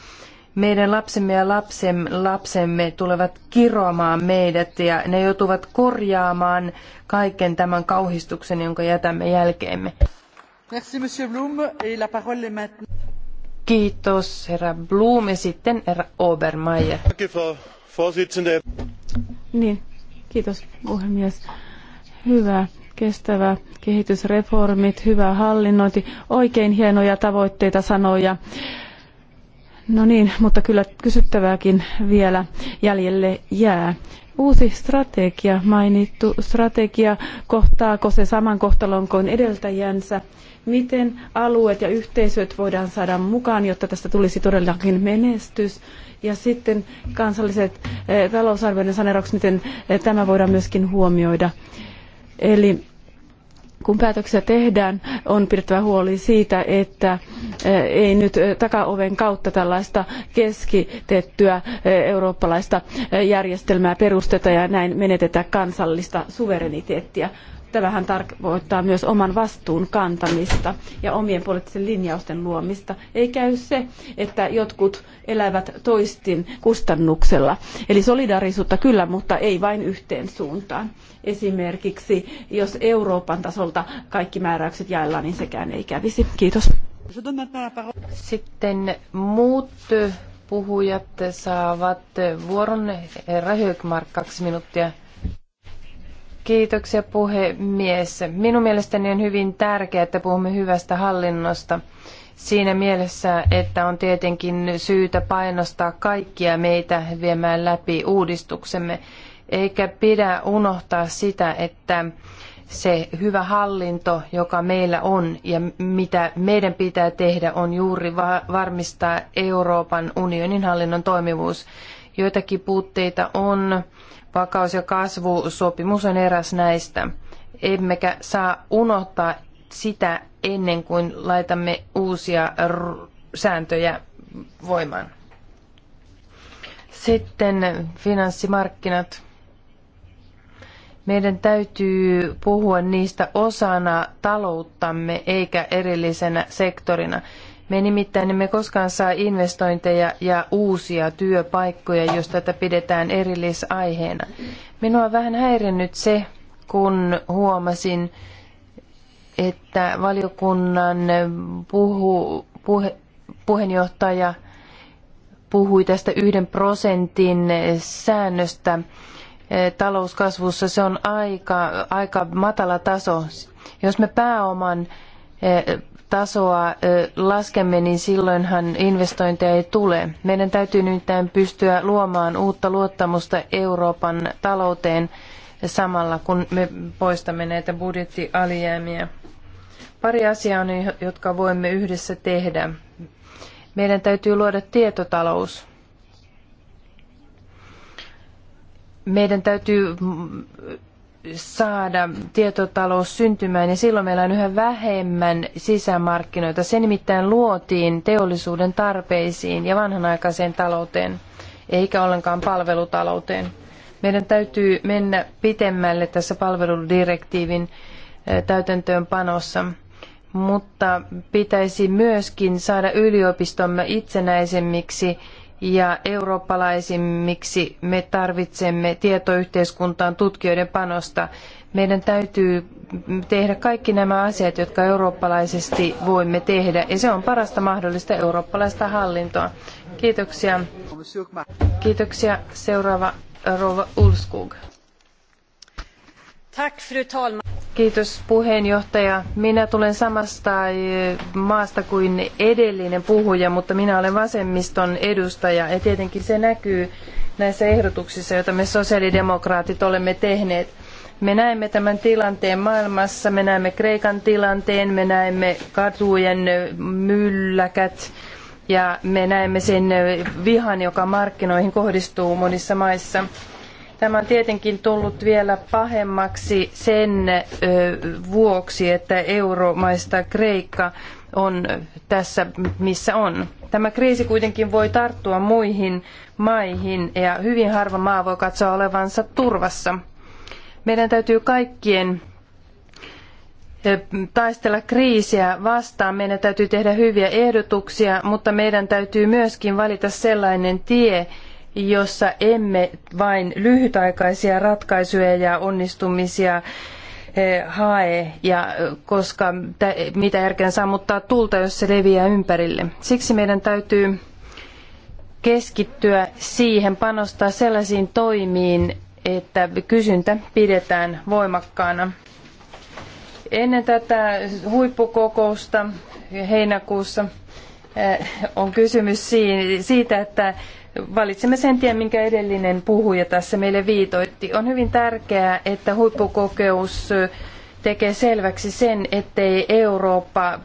Meidän lapsemme ja lapsem, lapsemme tulevat kiroamaan meidät ja ne joutuvat korjaamaan kaiken tämän kauhistuksen, jonka jätämme jälkeemme. Merci, Kiitos herra Blum ja sitten herra Obermeier. Niin, kiitos puhemies. Hyvä kestävä kehitysreformit, hyvä hallinnointi, oikein hienoja tavoitteita sanoja. No niin, mutta kyllä kysyttävääkin vielä jäljelle jää. Uusi strategia, mainittu strategia, kohtaako se saman kohtalon kuin edeltäjänsä? miten alueet ja yhteisöt voidaan saada mukaan, jotta tästä tulisi todellakin menestys. Ja sitten kansalliset eh, talousarvioiden saneeraukset, miten eh, tämä voidaan myöskin huomioida. Eli kun päätöksiä tehdään, on pidettävä huoli siitä, että eh, ei nyt takaoven kautta tällaista keskitettyä eurooppalaista järjestelmää perusteta ja näin menetetä kansallista suvereniteettia. Tämähän tarkoittaa myös oman vastuun kantamista ja omien poliittisten linjausten luomista. Ei käy se, että jotkut elävät toistin kustannuksella. Eli solidaarisuutta kyllä, mutta ei vain yhteen suuntaan. Esimerkiksi jos Euroopan tasolta kaikki määräykset jaellaan, niin sekään ei kävisi. Kiitos. Sitten muut puhujat saavat vuoron. Herra Högmark, kaksi minuuttia. Kiitoksia puhemies. Minun mielestäni on hyvin tärkeää, että puhumme hyvästä hallinnosta siinä mielessä, että on tietenkin syytä painostaa kaikkia meitä viemään läpi uudistuksemme, eikä pidä unohtaa sitä, että se hyvä hallinto, joka meillä on ja mitä meidän pitää tehdä, on juuri varmistaa Euroopan unionin hallinnon toimivuus. Joitakin puutteita on Vakaus- ja kasvusopimus on eräs näistä. Emmekä saa unohtaa sitä ennen kuin laitamme uusia sääntöjä voimaan. Sitten finanssimarkkinat. Meidän täytyy puhua niistä osana talouttamme eikä erillisenä sektorina. Me nimittäin emme koskaan saa investointeja ja uusia työpaikkoja, jos tätä pidetään erillisaiheena. Minua on vähän häirinnyt se, kun huomasin, että valiokunnan puhu, puhe, puheenjohtaja puhui tästä yhden prosentin säännöstä talouskasvussa. Se on aika, aika matala taso. Jos me pääoman tasoa laskemme, niin silloinhan investointeja ei tule. Meidän täytyy nimittäin pystyä luomaan uutta luottamusta Euroopan talouteen samalla, kun me poistamme näitä budjettialijäämiä. Pari asiaa on, jotka voimme yhdessä tehdä. Meidän täytyy luoda tietotalous. Meidän täytyy saada tietotalous syntymään ja silloin meillä on yhä vähemmän sisämarkkinoita. Se nimittäin luotiin teollisuuden tarpeisiin ja vanhanaikaiseen talouteen, eikä ollenkaan palvelutalouteen. Meidän täytyy mennä pitemmälle tässä palveludirektiivin eh, täytäntöönpanossa, mutta pitäisi myöskin saada yliopistomme itsenäisemmiksi ja eurooppalaisimmiksi me tarvitsemme tietoyhteiskuntaan tutkijoiden panosta. Meidän täytyy tehdä kaikki nämä asiat, jotka eurooppalaisesti voimme tehdä, ja se on parasta mahdollista eurooppalaista hallintoa. Kiitoksia. Kiitoksia. Seuraava Rova Ulskog. Tack, fru talman. Kiitos puheenjohtaja. Minä tulen samasta eh, maasta kuin edellinen puhuja, mutta minä olen vasemmiston edustaja ja tietenkin se näkyy näissä ehdotuksissa, joita me sosiaalidemokraatit olemme tehneet. Me näemme tämän tilanteen maailmassa, me näemme Kreikan tilanteen, me näemme katujen eh, mylläkät ja me näemme sen eh, vihan, joka markkinoihin kohdistuu monissa maissa. Tämä on tietenkin tullut vielä pahemmaksi sen vuoksi, että euromaista Kreikka on tässä, missä on. Tämä kriisi kuitenkin voi tarttua muihin maihin ja hyvin harva maa voi katsoa olevansa turvassa. Meidän täytyy kaikkien taistella kriisiä vastaan. Meidän täytyy tehdä hyviä ehdotuksia, mutta meidän täytyy myöskin valita sellainen tie, jossa emme vain lyhytaikaisia ratkaisuja ja onnistumisia eh, hae, ja eh, koska mitä järkeä sammuttaa tulta, jos se leviää ympärille. Siksi meidän täytyy keskittyä siihen, panostaa sellaisiin toimiin, että kysyntä pidetään voimakkaana. Ennen tätä huippukokousta heinäkuussa eh, on kysymys siitä, että Valitsemme sen tien, minkä edellinen puhuja tässä meille viitoitti. On hyvin tärkeää, että huippukokous tekee selväksi sen, ettei Eurooppa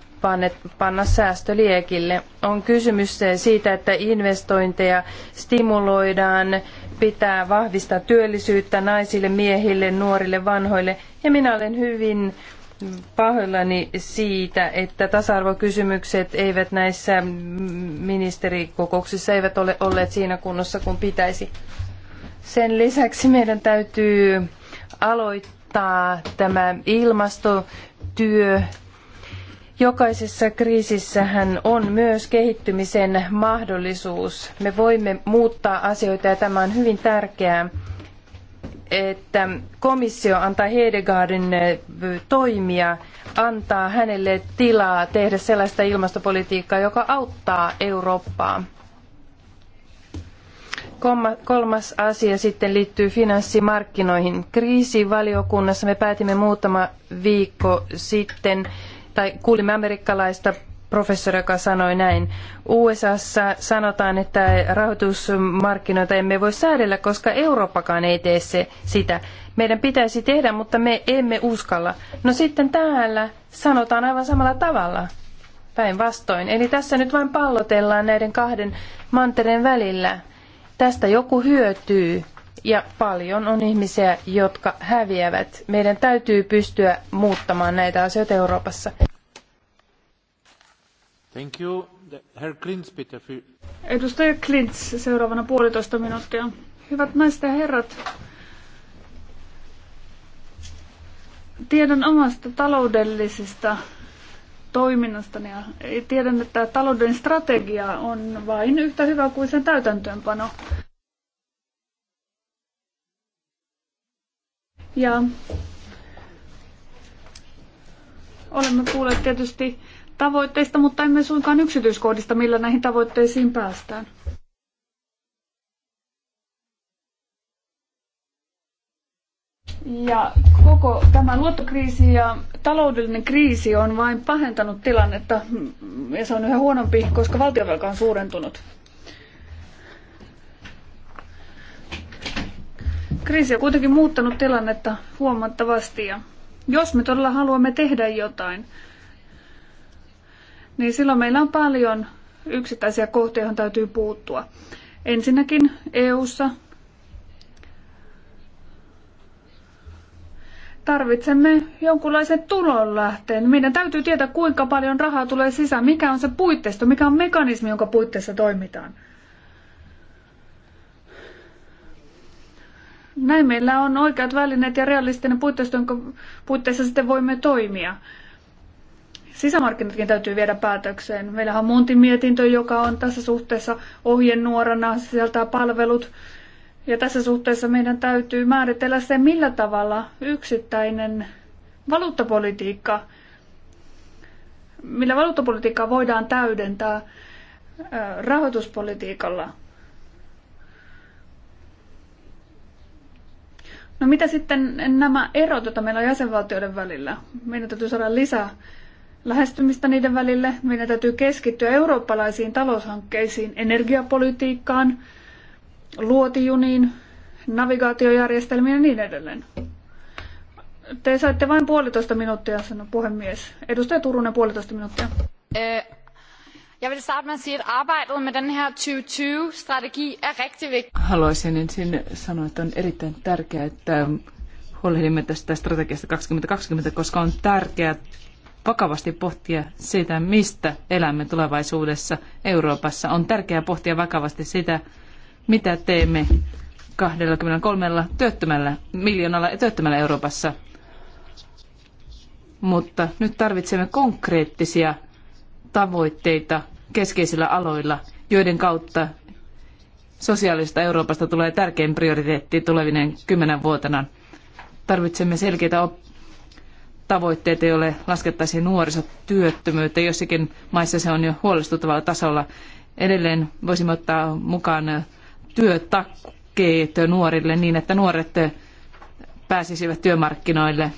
panna säästöliekille. On kysymys siitä, että investointeja stimuloidaan, pitää vahvistaa työllisyyttä naisille, miehille, nuorille, vanhoille. Ja minä olen hyvin pahoillani siitä, että tasa-arvokysymykset eivät näissä ministerikokouksissa eivät ole olleet siinä kunnossa kuin pitäisi. Sen lisäksi meidän täytyy aloittaa tämä ilmastotyö. Jokaisessa kriisissähän on myös kehittymisen mahdollisuus. Me voimme muuttaa asioita ja tämä on hyvin tärkeää että komissio antaa Hedegaardin eh, toimia, antaa hänelle tilaa tehdä sellaista ilmastopolitiikkaa, joka auttaa Eurooppaa. Kolmas asia sitten liittyy finanssimarkkinoihin. Kriisivaliokunnassa me päätimme muutama viikko sitten, tai kuulimme amerikkalaista professori, joka sanoi näin. USAssa sanotaan, että rahoitusmarkkinoita emme voi säädellä, koska Eurooppakaan ei tee se, sitä. Meidän pitäisi tehdä, mutta me emme uskalla. No sitten täällä sanotaan aivan samalla tavalla päinvastoin. Eli tässä nyt vain pallotellaan näiden kahden mantereen välillä. Tästä joku hyötyy ja paljon on ihmisiä, jotka häviävät. Meidän täytyy pystyä muuttamaan näitä asioita Euroopassa. Thank you. Herr Klintz, bitte. Edustaja Klintz, seuraavana puolitoista minuuttia. Hyvät naiset ja herrat, tiedän omasta taloudellisesta toiminnasta ja tiedän, että talouden strategia on vain yhtä hyvä kuin sen täytäntöönpano. Ja olemme kuulleet tietysti tavoitteista, mutta emme suinkaan yksityiskohdista, millä näihin tavoitteisiin päästään. Ja koko tämä luottokriisi ja taloudellinen kriisi on vain pahentanut tilannetta ja se on yhä huonompi, koska valtiovelka on suurentunut. Kriisi on kuitenkin muuttanut tilannetta huomattavasti ja jos me todella haluamme tehdä jotain, niin silloin meillä on paljon yksittäisiä kohtia, joihin täytyy puuttua. Ensinnäkin EU:ssa tarvitsemme jonkunlaisen tulonlähteen. Meidän täytyy tietää, kuinka paljon rahaa tulee sisään, mikä on se puitteisto, mikä on mekanismi, jonka puitteissa toimitaan. Näin meillä on oikeat välineet ja realistinen puitteisto, jonka puitteissa sitten voimme toimia sisämarkkinatkin täytyy viedä päätökseen. Meillähän on Montin mietintö, joka on tässä suhteessa ohjenuorana, sisältää palvelut. Ja tässä suhteessa meidän täytyy määritellä se, millä tavalla yksittäinen valuuttapolitiikka, millä valuuttapolitiikkaa voidaan täydentää rahoituspolitiikalla. No mitä sitten nämä erot, joita meillä on jäsenvaltioiden välillä? Meidän täytyy saada lisää lähestymistä niiden välille. Meidän täytyy keskittyä eurooppalaisiin taloushankkeisiin, energiapolitiikkaan, luotijuniin, navigaatiojärjestelmiin ja niin edelleen. Te saitte vain puolitoista minuuttia, sanoi puhemies. Edustaja Turunen, puolitoista minuuttia. Eh, Jag vill starte med att säga att arbetet med den 2020-strategi är er riktigt viktigt. Haluaisin ensin sanoa, että on erittäin tärkeää, että huolehdimme tästä strategiasta 2020, koska on tärkeää vakavasti pohtia sitä, mistä elämme tulevaisuudessa Euroopassa. On tärkeää pohtia vakavasti sitä, mitä teemme 23 työttömällä, miljoonalla työttömällä Euroopassa. Mutta nyt tarvitsemme konkreettisia tavoitteita keskeisillä aloilla, joiden kautta sosiaalista Euroopasta tulee tärkein prioriteetti tulevinen kymmenen vuotena. Tarvitsemme selkeitä tavoitteita, joille laskettaisiin nuorisotyöttömyyttä. Jossakin maissa se on jo huolestuttavalla tasolla. Edelleen voisimme ottaa mukaan työtakkeet nuorille niin, että nuoret pääsisivät työmarkkinoille.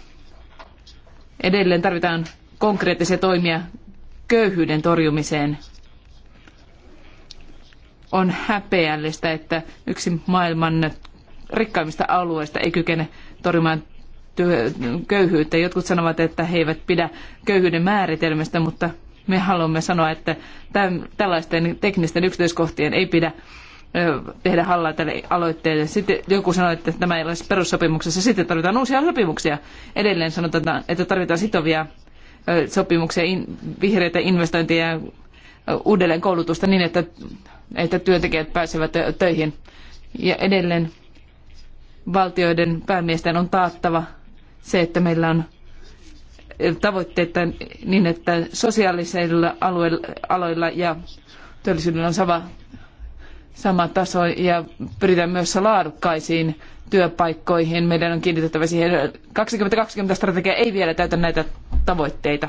Edelleen tarvitaan konkreettisia toimia köyhyyden torjumiseen. On häpeällistä, että yksi maailman rikkaimmista alueista ei kykene torjumaan köyhyyttä. Jotkut sanovat, että he eivät pidä köyhyyden määritelmästä, mutta me haluamme sanoa, että tämän, tällaisten teknisten yksityiskohtien ei pidä tehdä hallaa tälle aloitteelle. Sitten joku sanoi, että tämä ei ole perussopimuksessa. Sitten tarvitaan uusia sopimuksia. Edelleen sanotaan, että tarvitaan sitovia sopimuksia, vihreitä investointeja ja uudelleen koulutusta niin, että, että työntekijät pääsevät töihin. Ja edelleen valtioiden päämiesten on taattava se, että meillä on tavoitteet niin, että sosiaalisilla alueilla, aloilla ja työllisyydellä on sama, sama taso ja pyritään myös laadukkaisiin työpaikkoihin. Meidän on kiinnitettävä siihen. 2020-strategia ei vielä täytä näitä tavoitteita.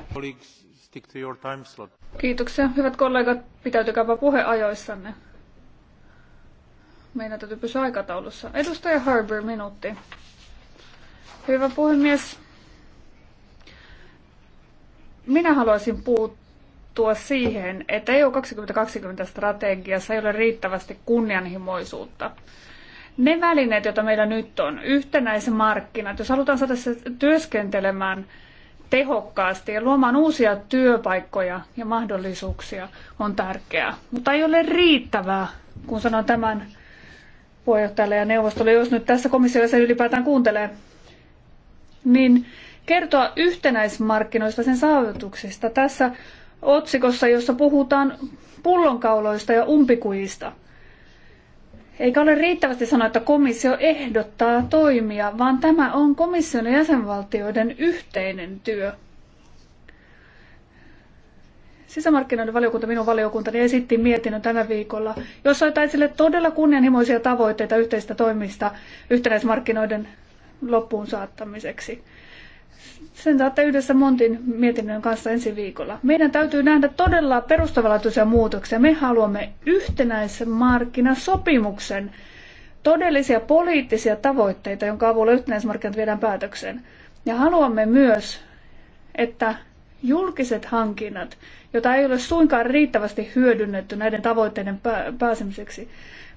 Kiitoksia. Hyvät kollegat, pitäytykääpä puheajoissanne. Meidän täytyy pysyä aikataulussa. Edustaja Harbour, minuutti. Hyvä puhemies. Minä haluaisin puuttua siihen, että EU 2020-strategiassa ei ole riittävästi kunnianhimoisuutta. Ne välineet, joita meillä nyt on, yhtenäiset markkinat, jos halutaan saada se työskentelemään tehokkaasti ja luomaan uusia työpaikkoja ja mahdollisuuksia on tärkeää. Mutta ei ole riittävää, kun sanon tämän puheenjohtajalle ja neuvostolle, jos nyt tässä komissiossa ylipäätään kuuntelee niin kertoa yhtenäismarkkinoista, sen saavutuksista. Tässä otsikossa, jossa puhutaan pullonkauloista ja umpikujista. Eikä ole riittävästi sanoa, että komissio ehdottaa toimia, vaan tämä on komission ja jäsenvaltioiden yhteinen työ. Sisämarkkinoiden valiokunta, minun valiokuntani, esitti mietinnön tällä viikolla, jossa otetaan esille todella kunnianhimoisia tavoitteita yhteistä toimista yhtenäismarkkinoiden loppuun saattamiseksi. Sen saatte yhdessä Montin mietinnön kanssa ensi viikolla. Meidän täytyy nähdä todella perustavanlaatuisia muutoksia. Me haluamme yhtenäisen markkinasopimuksen, todellisia poliittisia tavoitteita, jonka avulla yhtenäismarkkinat viedään päätökseen. Ja haluamme myös, että julkiset hankinnat, joita ei ole suinkaan riittävästi hyödynnetty näiden tavoitteiden pääsemiseksi,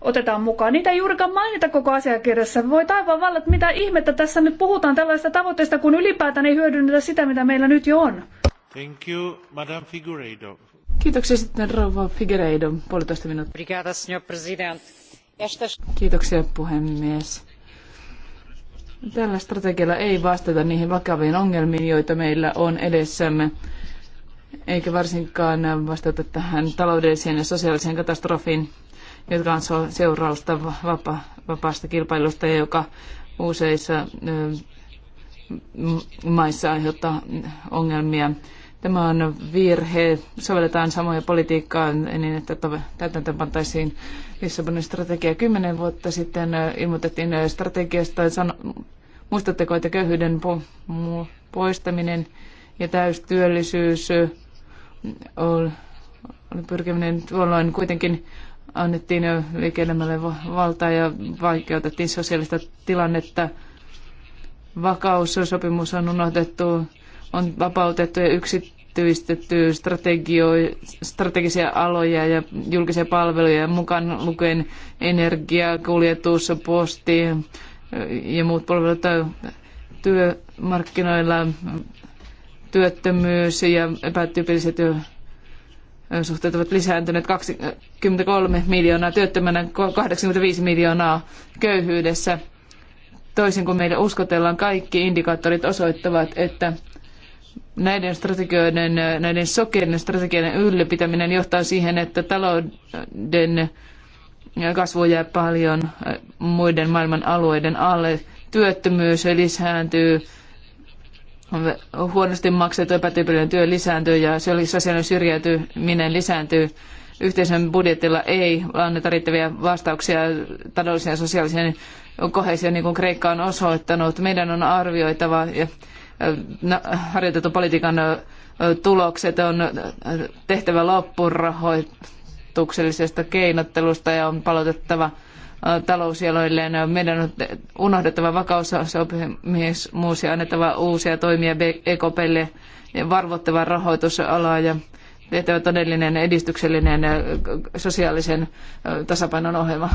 otetaan mukaan. Niitä ei juurikaan mainita koko asiakirjassa. Voi taivaan valla, että mitä ihmettä tässä nyt puhutaan tällaista tavoitteesta, kun ylipäätään ei hyödynnetä sitä, mitä meillä nyt jo on. Thank you, Madame Figueiredo. Kiitoksia sitten rouva Figueiredo, puolitoista minuuttia. Brigada, signor Kiitoksia puhemies. Tällä strategialla ei vastata niihin vakaviin ongelmiin, joita meillä on edessämme, eikä varsinkaan vastata tähän taloudelliseen ja sosiaaliseen katastrofiin, jotka on seurausta vapa, vapaasta kilpailusta, joka useissa maissa aiheuttaa ongelmia. Tämä on virhe. Sovelletaan samoja politiikkaa niin, että täytäntöön pantaisiin Lissabonin strategia. Kymmenen vuotta sitten ilmoitettiin strategiasta. Muistatteko, että köyhyyden poistaminen ja täystyöllisyys oli pyrkiminen tuolloin kuitenkin annettiin jo liikelemälle valtaa ja vaikeutettiin sosiaalista tilannetta. Vakaussopimus on unohdettu, on vapautettu ja yksityistetty strategisia aloja ja julkisia palveluja, mukaan lukien energia, kuljetus, posti ja muut palvelut työmarkkinoilla työttömyys ja epätyypilliset suhteet ovat lisääntyneet 23 miljoonaa työttömänä, 85 miljoonaa köyhyydessä. Toisin kuin meille uskotellaan, kaikki indikaattorit osoittavat, että näiden strategioiden, näiden sokeiden strategioiden ylläpitäminen johtaa siihen, että talouden kasvu jää paljon muiden maailman alueiden alle. Työttömyys lisääntyy, huonosti maksettu epätyypillinen työ lisääntyy ja sosiaalinen syrjäytyminen lisääntyy. Yhteisön budjetilla ei anneta riittäviä vastauksia taloudelliseen ja sosiaaliseen kohesioon, niin kuin Kreikka on osoittanut. Meidän on arvioitava ja harjoitettu politiikan tulokset on tehtävä loppurahoituksellisesta keinottelusta ja on palautettava – talousjaloilleen. Meidän on unohdettava vakaussopimus ja annettava uusia toimia EKPlle varvottava rahoitusalaa ja tehtävä todellinen edistyksellinen sosiaalisen tasapainon ohjelma.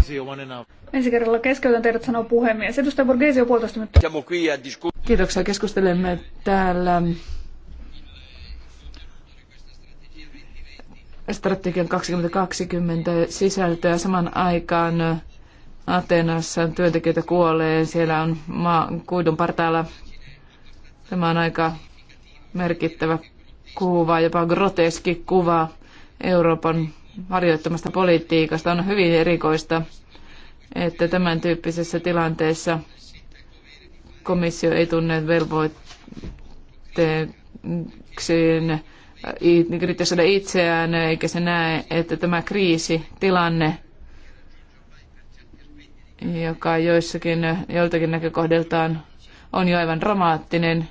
Ensi kerralla keskeytän teidät sanoa puhemies. Edustaja Borgesio puolitoista minuuttia. Kiitoksia. Keskustelemme täällä strategian 2020 sisältöä saman aikaan Atenassa työntekijöitä kuolee, siellä on maa, kuidun partaalla. Tämä on aika merkittävä kuva, jopa groteski kuva Euroopan harjoittamasta politiikasta. On hyvin erikoista, että tämän tyyppisessä tilanteessa komissio ei tunne velvoitteeksi kritisoida itseään, eikä se näe, että tämä kriisitilanne joka joissakin, joiltakin näkökohdiltaan on jo aivan dramaattinen,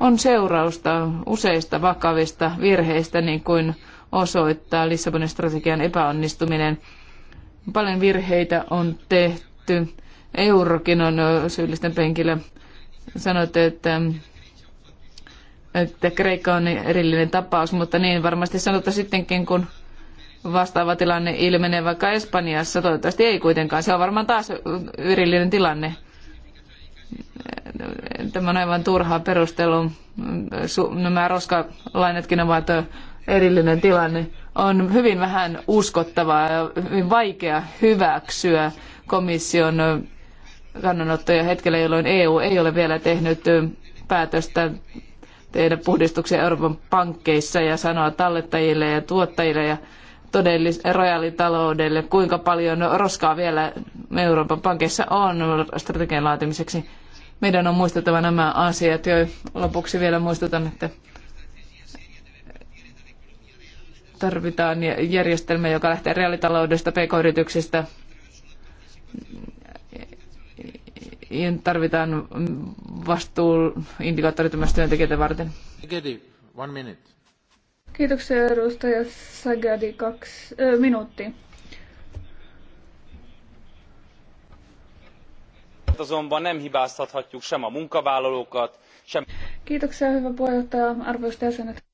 on seurausta useista vakavista virheistä, niin kuin osoittaa Lissabonin strategian epäonnistuminen. Paljon virheitä on tehty. Eurokin on syyllisten penkillä. Sanoitte, että, että Kreikka on erillinen tapaus, mutta niin varmasti sanotaan sittenkin, kun vastaava tilanne ilmenee vaikka Espanjassa. Toivottavasti ei kuitenkaan. Se on varmaan taas yrillinen tilanne. Tämä on aivan turha perustelu. Nämä roskalainetkin ovat erillinen tilanne. On hyvin vähän uskottavaa ja hyvin vaikea hyväksyä komission kannanottoja hetkellä, jolloin EU ei ole vielä tehnyt päätöstä tehdä puhdistuksia Euroopan pankkeissa ja sanoa tallettajille ja tuottajille ja todellis, reaalitaloudelle, kuinka paljon roskaa vielä Euroopan pankissa on strategian laatimiseksi. Meidän on muistettava nämä asiat jo lopuksi vielä muistutan, että tarvitaan järjestelmä, joka lähtee reaalitaloudesta, pk-yrityksistä. Tarvitaan vastuuindikaattorit myös työntekijöitä varten. One minute. Kiitoksia edustaja Sagadi, kaksi äh, minuuttia. azonban nem hibáztathatjuk sem a munkavállalókat, sem... Kiitoksia, hyvä puheenjohtaja, arvoisat jäsenet.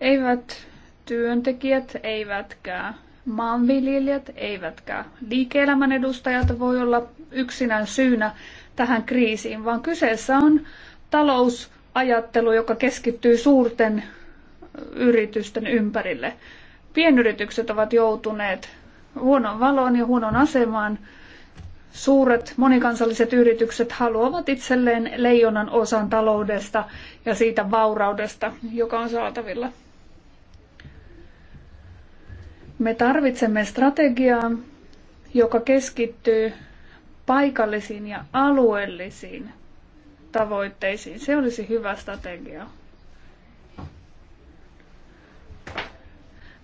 Eivät työntekijät, eivätkä maanviljelijät, eivätkä liike-elämän edustajat voi olla yksinään syynä tähän kriisiin, vaan kyseessä on talousajattelu, joka keskittyy suurten yritysten ympärille. Pienyritykset ovat joutuneet huonon valoon ja huonon asemaan. Suuret monikansalliset yritykset haluavat itselleen leijonan osan taloudesta ja siitä vauraudesta, joka on saatavilla. Me tarvitsemme strategiaa, joka keskittyy paikallisiin ja alueellisiin tavoitteisiin. Se olisi hyvä strategia.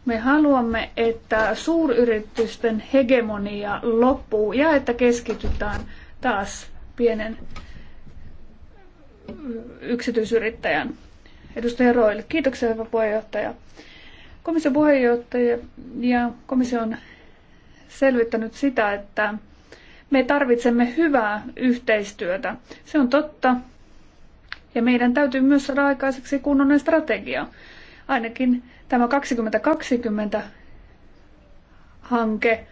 Me haluamme, että suuryritysten hegemonia loppuu ja että keskitytään taas pienen yksityisyrittäjän. Edustaja Roil, kiitoksia hyvä puheenjohtaja. Komission puheenjohtaja ja komissio on selvittänyt sitä, että me tarvitsemme hyvää yhteistyötä. Se on totta. Ja meidän täytyy myös saada aikaiseksi kunnollinen strategia. Ainakin tämä 2020 hanke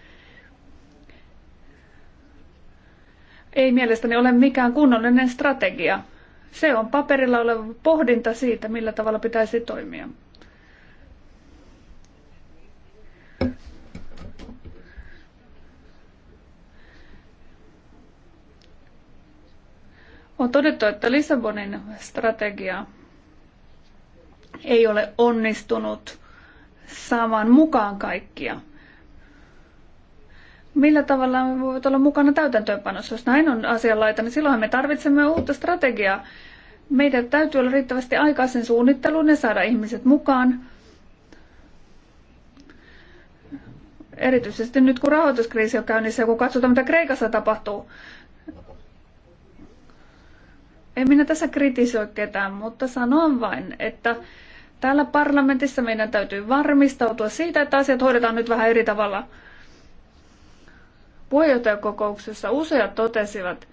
ei mielestäni ole mikään kunnollinen strategia. Se on paperilla oleva pohdinta siitä, millä tavalla pitäisi toimia. On todettu, että Lissabonin strategia ei ole onnistunut saamaan mukaan kaikkia. Millä tavalla me voivat olla mukana täytäntöönpanossa? Jos näin on asianlaita, niin silloin me tarvitsemme uutta strategiaa. Meidän täytyy olla riittävästi aikaa sen suunnitteluun ja saada ihmiset mukaan. Erityisesti nyt kun rahoituskriisi on käynnissä ja kun katsotaan mitä Kreikassa tapahtuu, en minä tässä kritisoi ketään, mutta sanon vain, että täällä parlamentissa meidän täytyy varmistautua siitä, että asiat hoidetaan nyt vähän eri tavalla. Puheenjohtajakokouksessa useat totesivat,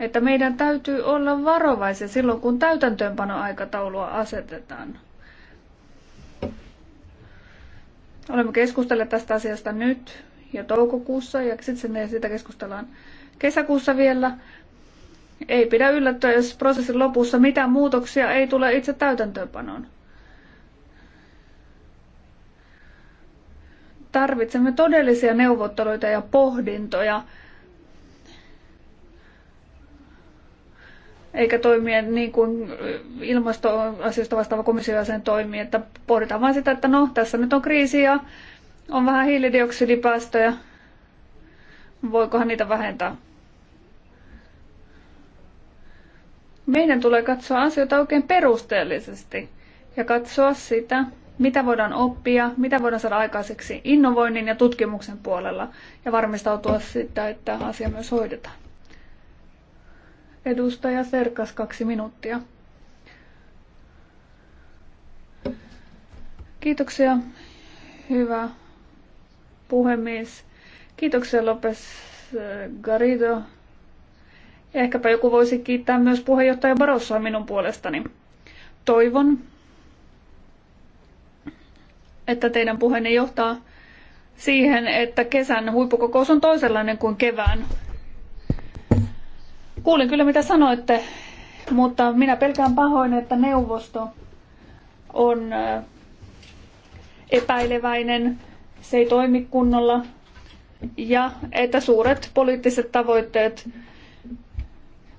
että meidän täytyy olla varovaisia silloin, kun täytäntöönpanoaikataulua asetetaan. Olemme keskustelleet tästä asiasta nyt ja toukokuussa ja sitten siitä keskustellaan kesäkuussa vielä. Ei pidä yllättyä, jos prosessin lopussa mitään muutoksia ei tule itse täytäntöönpanoon. Tarvitsemme todellisia neuvotteluita ja pohdintoja, eikä toimia niin kuin ilmastoasioista vastaava komissio sen toimii, että pohditaan vain sitä, että no tässä nyt on kriisi ja on vähän hiilidioksidipäästöjä, voikohan niitä vähentää. Meidän tulee katsoa asioita oikein perusteellisesti ja katsoa sitä, mitä voidaan oppia, mitä voidaan saada aikaiseksi innovoinnin ja tutkimuksen puolella ja varmistautua siitä, että asia myös hoidetaan. Edustaja Serkas, kaksi minuuttia. Kiitoksia, hyvä puhemies. Kiitoksia Lopes Garrido Ehkäpä joku voisi kiittää myös puheenjohtaja Barossoa minun puolestani. Toivon, että teidän puheenne johtaa siihen, että kesän huippukokous on toisenlainen kuin kevään. Kuulin kyllä mitä sanoitte, mutta minä pelkään pahoin, että neuvosto on epäileväinen, se ei toimi kunnolla ja että suuret poliittiset tavoitteet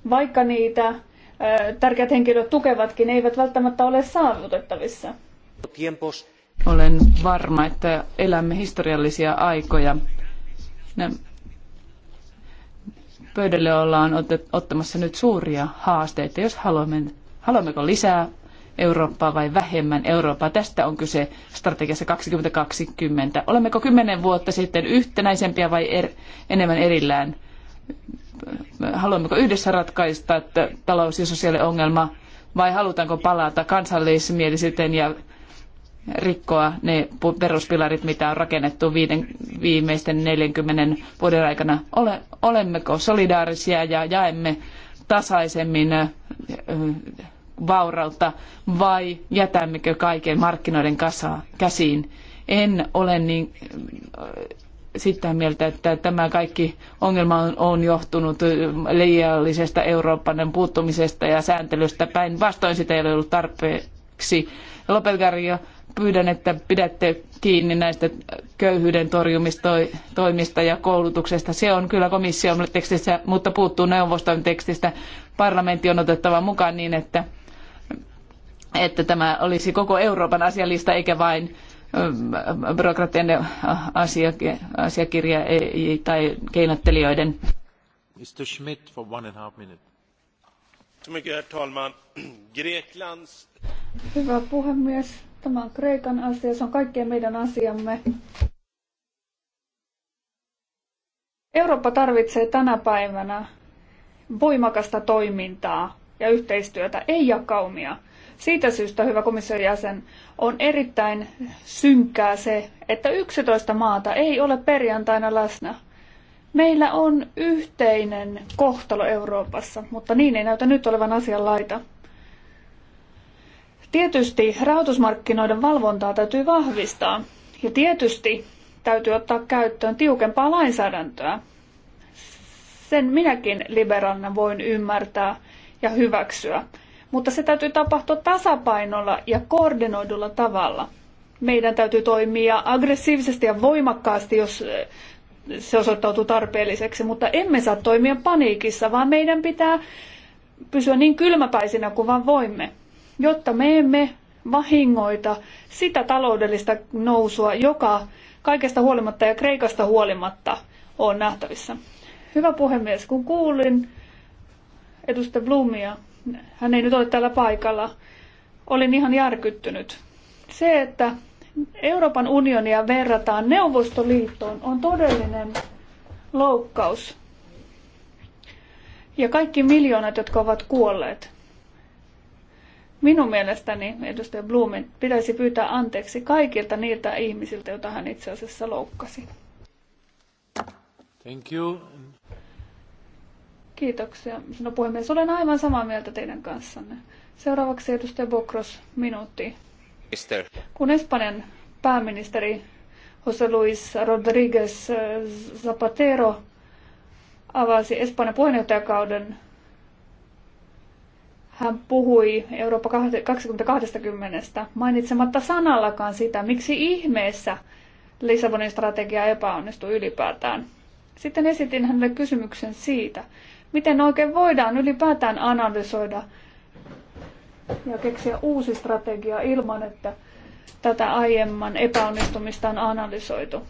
vaikka niitä tärkeät henkilöt tukevatkin, ne eivät välttämättä ole saavutettavissa. Olen varma, että elämme historiallisia aikoja. Pöydälle ollaan ottamassa nyt suuria haasteita. Jos haluamme, haluammeko lisää Eurooppaa vai vähemmän Eurooppaa. Tästä on kyse strategiassa 2020. Olemmeko kymmenen vuotta sitten yhtenäisempiä vai er, enemmän erillään? haluammeko yhdessä ratkaista että talous- ja sosiaaliongelma vai halutaanko palata kansallismielisyyteen ja rikkoa ne peruspilarit, mitä on rakennettu viiden, viimeisten 40 vuoden aikana. Ole, olemmeko solidaarisia ja jaemme tasaisemmin vaurautta vai jätämmekö kaiken markkinoiden kasa, käsiin? En ole niin, sitä mieltä, että tämä kaikki ongelma on, johtunut liiallisesta Euroopanen puuttumisesta ja sääntelystä päin. Vastoin sitä ei ole ollut tarpeeksi. Lopelgaria, pyydän, että pidätte kiinni näistä köyhyyden torjumistoimista ja koulutuksesta. Se on kyllä komission tekstissä, mutta puuttuu neuvoston tekstistä. Parlamentti on otettava mukaan niin, että, että tämä olisi koko Euroopan asialista eikä vain byrokratian asiakirja tai keinottelijoiden. Mr. Schmidt for one and a half minute. Hyvä puhemies. Tämä on Kreikan asia. Se on kaikkien meidän asiamme. Eurooppa tarvitsee tänä päivänä voimakasta toimintaa ja yhteistyötä, ei jakaumia. Siitä syystä, hyvä komission jäsen, on erittäin synkkää se, että 11 maata ei ole perjantaina läsnä. Meillä on yhteinen kohtalo Euroopassa, mutta niin ei näytä nyt olevan asian laita. Tietysti rahoitusmarkkinoiden valvontaa täytyy vahvistaa ja tietysti täytyy ottaa käyttöön tiukempaa lainsäädäntöä. Sen minäkin liberaalina voin ymmärtää ja hyväksyä mutta se täytyy tapahtua tasapainolla ja koordinoidulla tavalla. Meidän täytyy toimia aggressiivisesti ja voimakkaasti, jos eh, se osoittautuu tarpeelliseksi, mutta emme saa toimia paniikissa, vaan meidän pitää pysyä niin kylmäpäisinä kuin vaan voimme, jotta me emme vahingoita sitä taloudellista nousua, joka kaikesta huolimatta ja Kreikasta huolimatta on nähtävissä. Hyvä puhemies, kun kuulin edustaja Blumia, hän ei nyt ole täällä paikalla, olin ihan järkyttynyt. Se, että Euroopan unionia verrataan Neuvostoliittoon, on todellinen loukkaus. Ja kaikki miljoonat, jotka ovat kuolleet. Minun mielestäni edustaja Blumen pitäisi pyytää anteeksi kaikilta niiltä ihmisiltä, joita hän itse asiassa loukkasi. Thank you. Kiitoksia. No puhemies, olen aivan samaa mieltä teidän kanssanne. Seuraavaksi edustaja Bokros, minuutti. Mister. Kun Espanjan pääministeri José Luis Rodríguez eh, Zapatero avasi Espanjan puheenjohtajakauden, hän puhui Eurooppa 2020 mainitsematta sanallakaan sitä, miksi ihmeessä Lissabonin strategia epäonnistui ylipäätään. Sitten esitin hänelle kysymyksen siitä, Miten oikein voidaan ylipäätään analysoida ja keksiä uusi strategia ilman, että tätä aiemman epäonnistumista on analysoitu?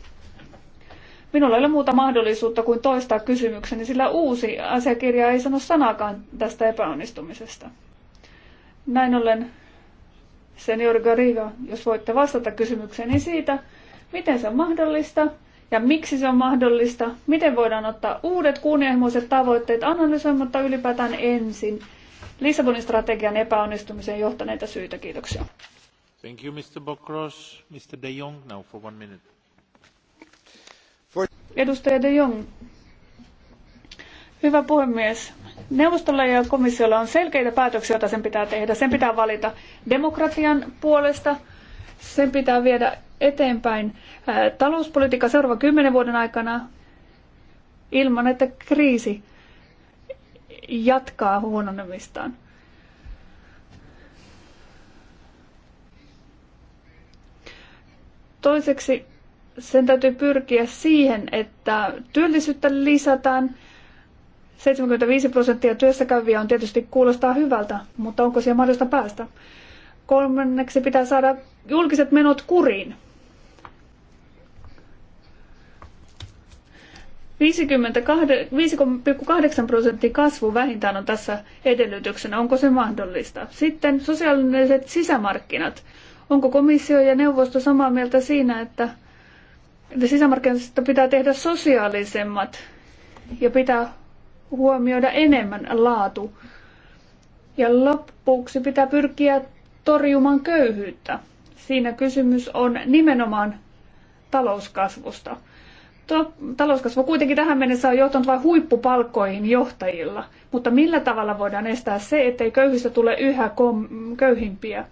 Minulla ei ole muuta mahdollisuutta kuin toistaa kysymykseni, sillä uusi asiakirja ei sano sanakaan tästä epäonnistumisesta. Näin ollen, senior Gariga, jos voitte vastata kysymykseni niin siitä, miten se on mahdollista, ja miksi se on mahdollista, miten voidaan ottaa uudet kunnianhimoiset tavoitteet analysoimatta ylipäätään ensin Lissabonin strategian epäonnistumiseen johtaneita syitä. Kiitoksia. Thank you, Mr. Bokros. Mr. De Jong now for one minute. For... Edustaja De Jong. Hyvä puhemies. Neuvostolla ja komissiolla on selkeitä päätöksiä, joita sen pitää tehdä. Sen pitää valita demokratian puolesta – sen pitää viedä eteenpäin talouspolitiikka seuraavan kymmenen vuoden aikana ilman, että kriisi jatkaa huononemistaan. Toiseksi sen täytyy pyrkiä siihen, että työllisyyttä lisätään. 75 prosenttia työssä käyviä on tietysti kuulostaa hyvältä, mutta onko siellä mahdollista päästä? Kolmanneksi pitää saada julkiset menot kuriin. 5,8 prosentin kasvu vähintään on tässä edellytyksenä. Onko se mahdollista? Sitten sosiaaliset sisämarkkinat. Onko komissio ja neuvosto samaa mieltä siinä, että sisämarkkinoista pitää tehdä sosiaalisemmat ja pitää huomioida enemmän laatu? Ja loppuksi pitää pyrkiä torjumaan köyhyyttä. Siinä kysymys on nimenomaan talouskasvusta. Tuo talouskasvu kuitenkin tähän mennessä on johtanut vain huippupalkkoihin johtajilla, mutta millä tavalla voidaan estää se, ettei köyhistä tule yhä köyhimpiä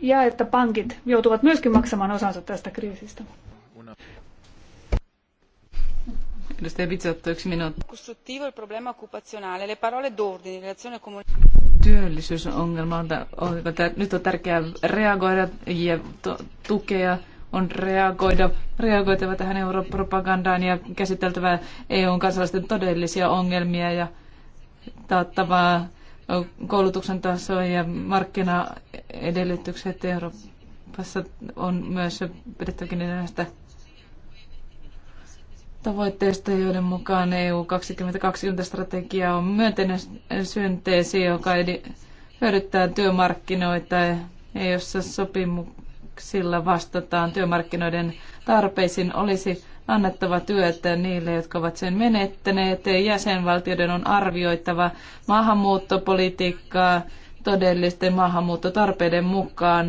ja että pankit joutuvat myöskin maksamaan osansa tästä kriisistä? Edustaja Bizzotto, yksi minuutti. Costruttivo il problema occupazionale, le parole d'ordine relazione comunitaria työllisyysongelma on, on, nyt on tärkeää reagoida ja tukea on reagoida, reagoitava tähän europropagandaan ja käsiteltävä EUn kansalaisten todellisia ongelmia ja taattavaa koulutuksen tasoa ja markkinaedellytykset Euroopassa on myös pidettäväkin näistä tavoitteista, joiden mukaan EU 2020-strategia on myönteinen synteesi, joka hyödyttää työmarkkinoita ja jossa sopimuksilla vastataan työmarkkinoiden tarpeisiin, olisi annettava työtä niille, jotka ovat sen menettäneet. Jäsenvaltioiden on arvioitava maahanmuuttopolitiikkaa todellisten maahanmuuttotarpeiden mukaan.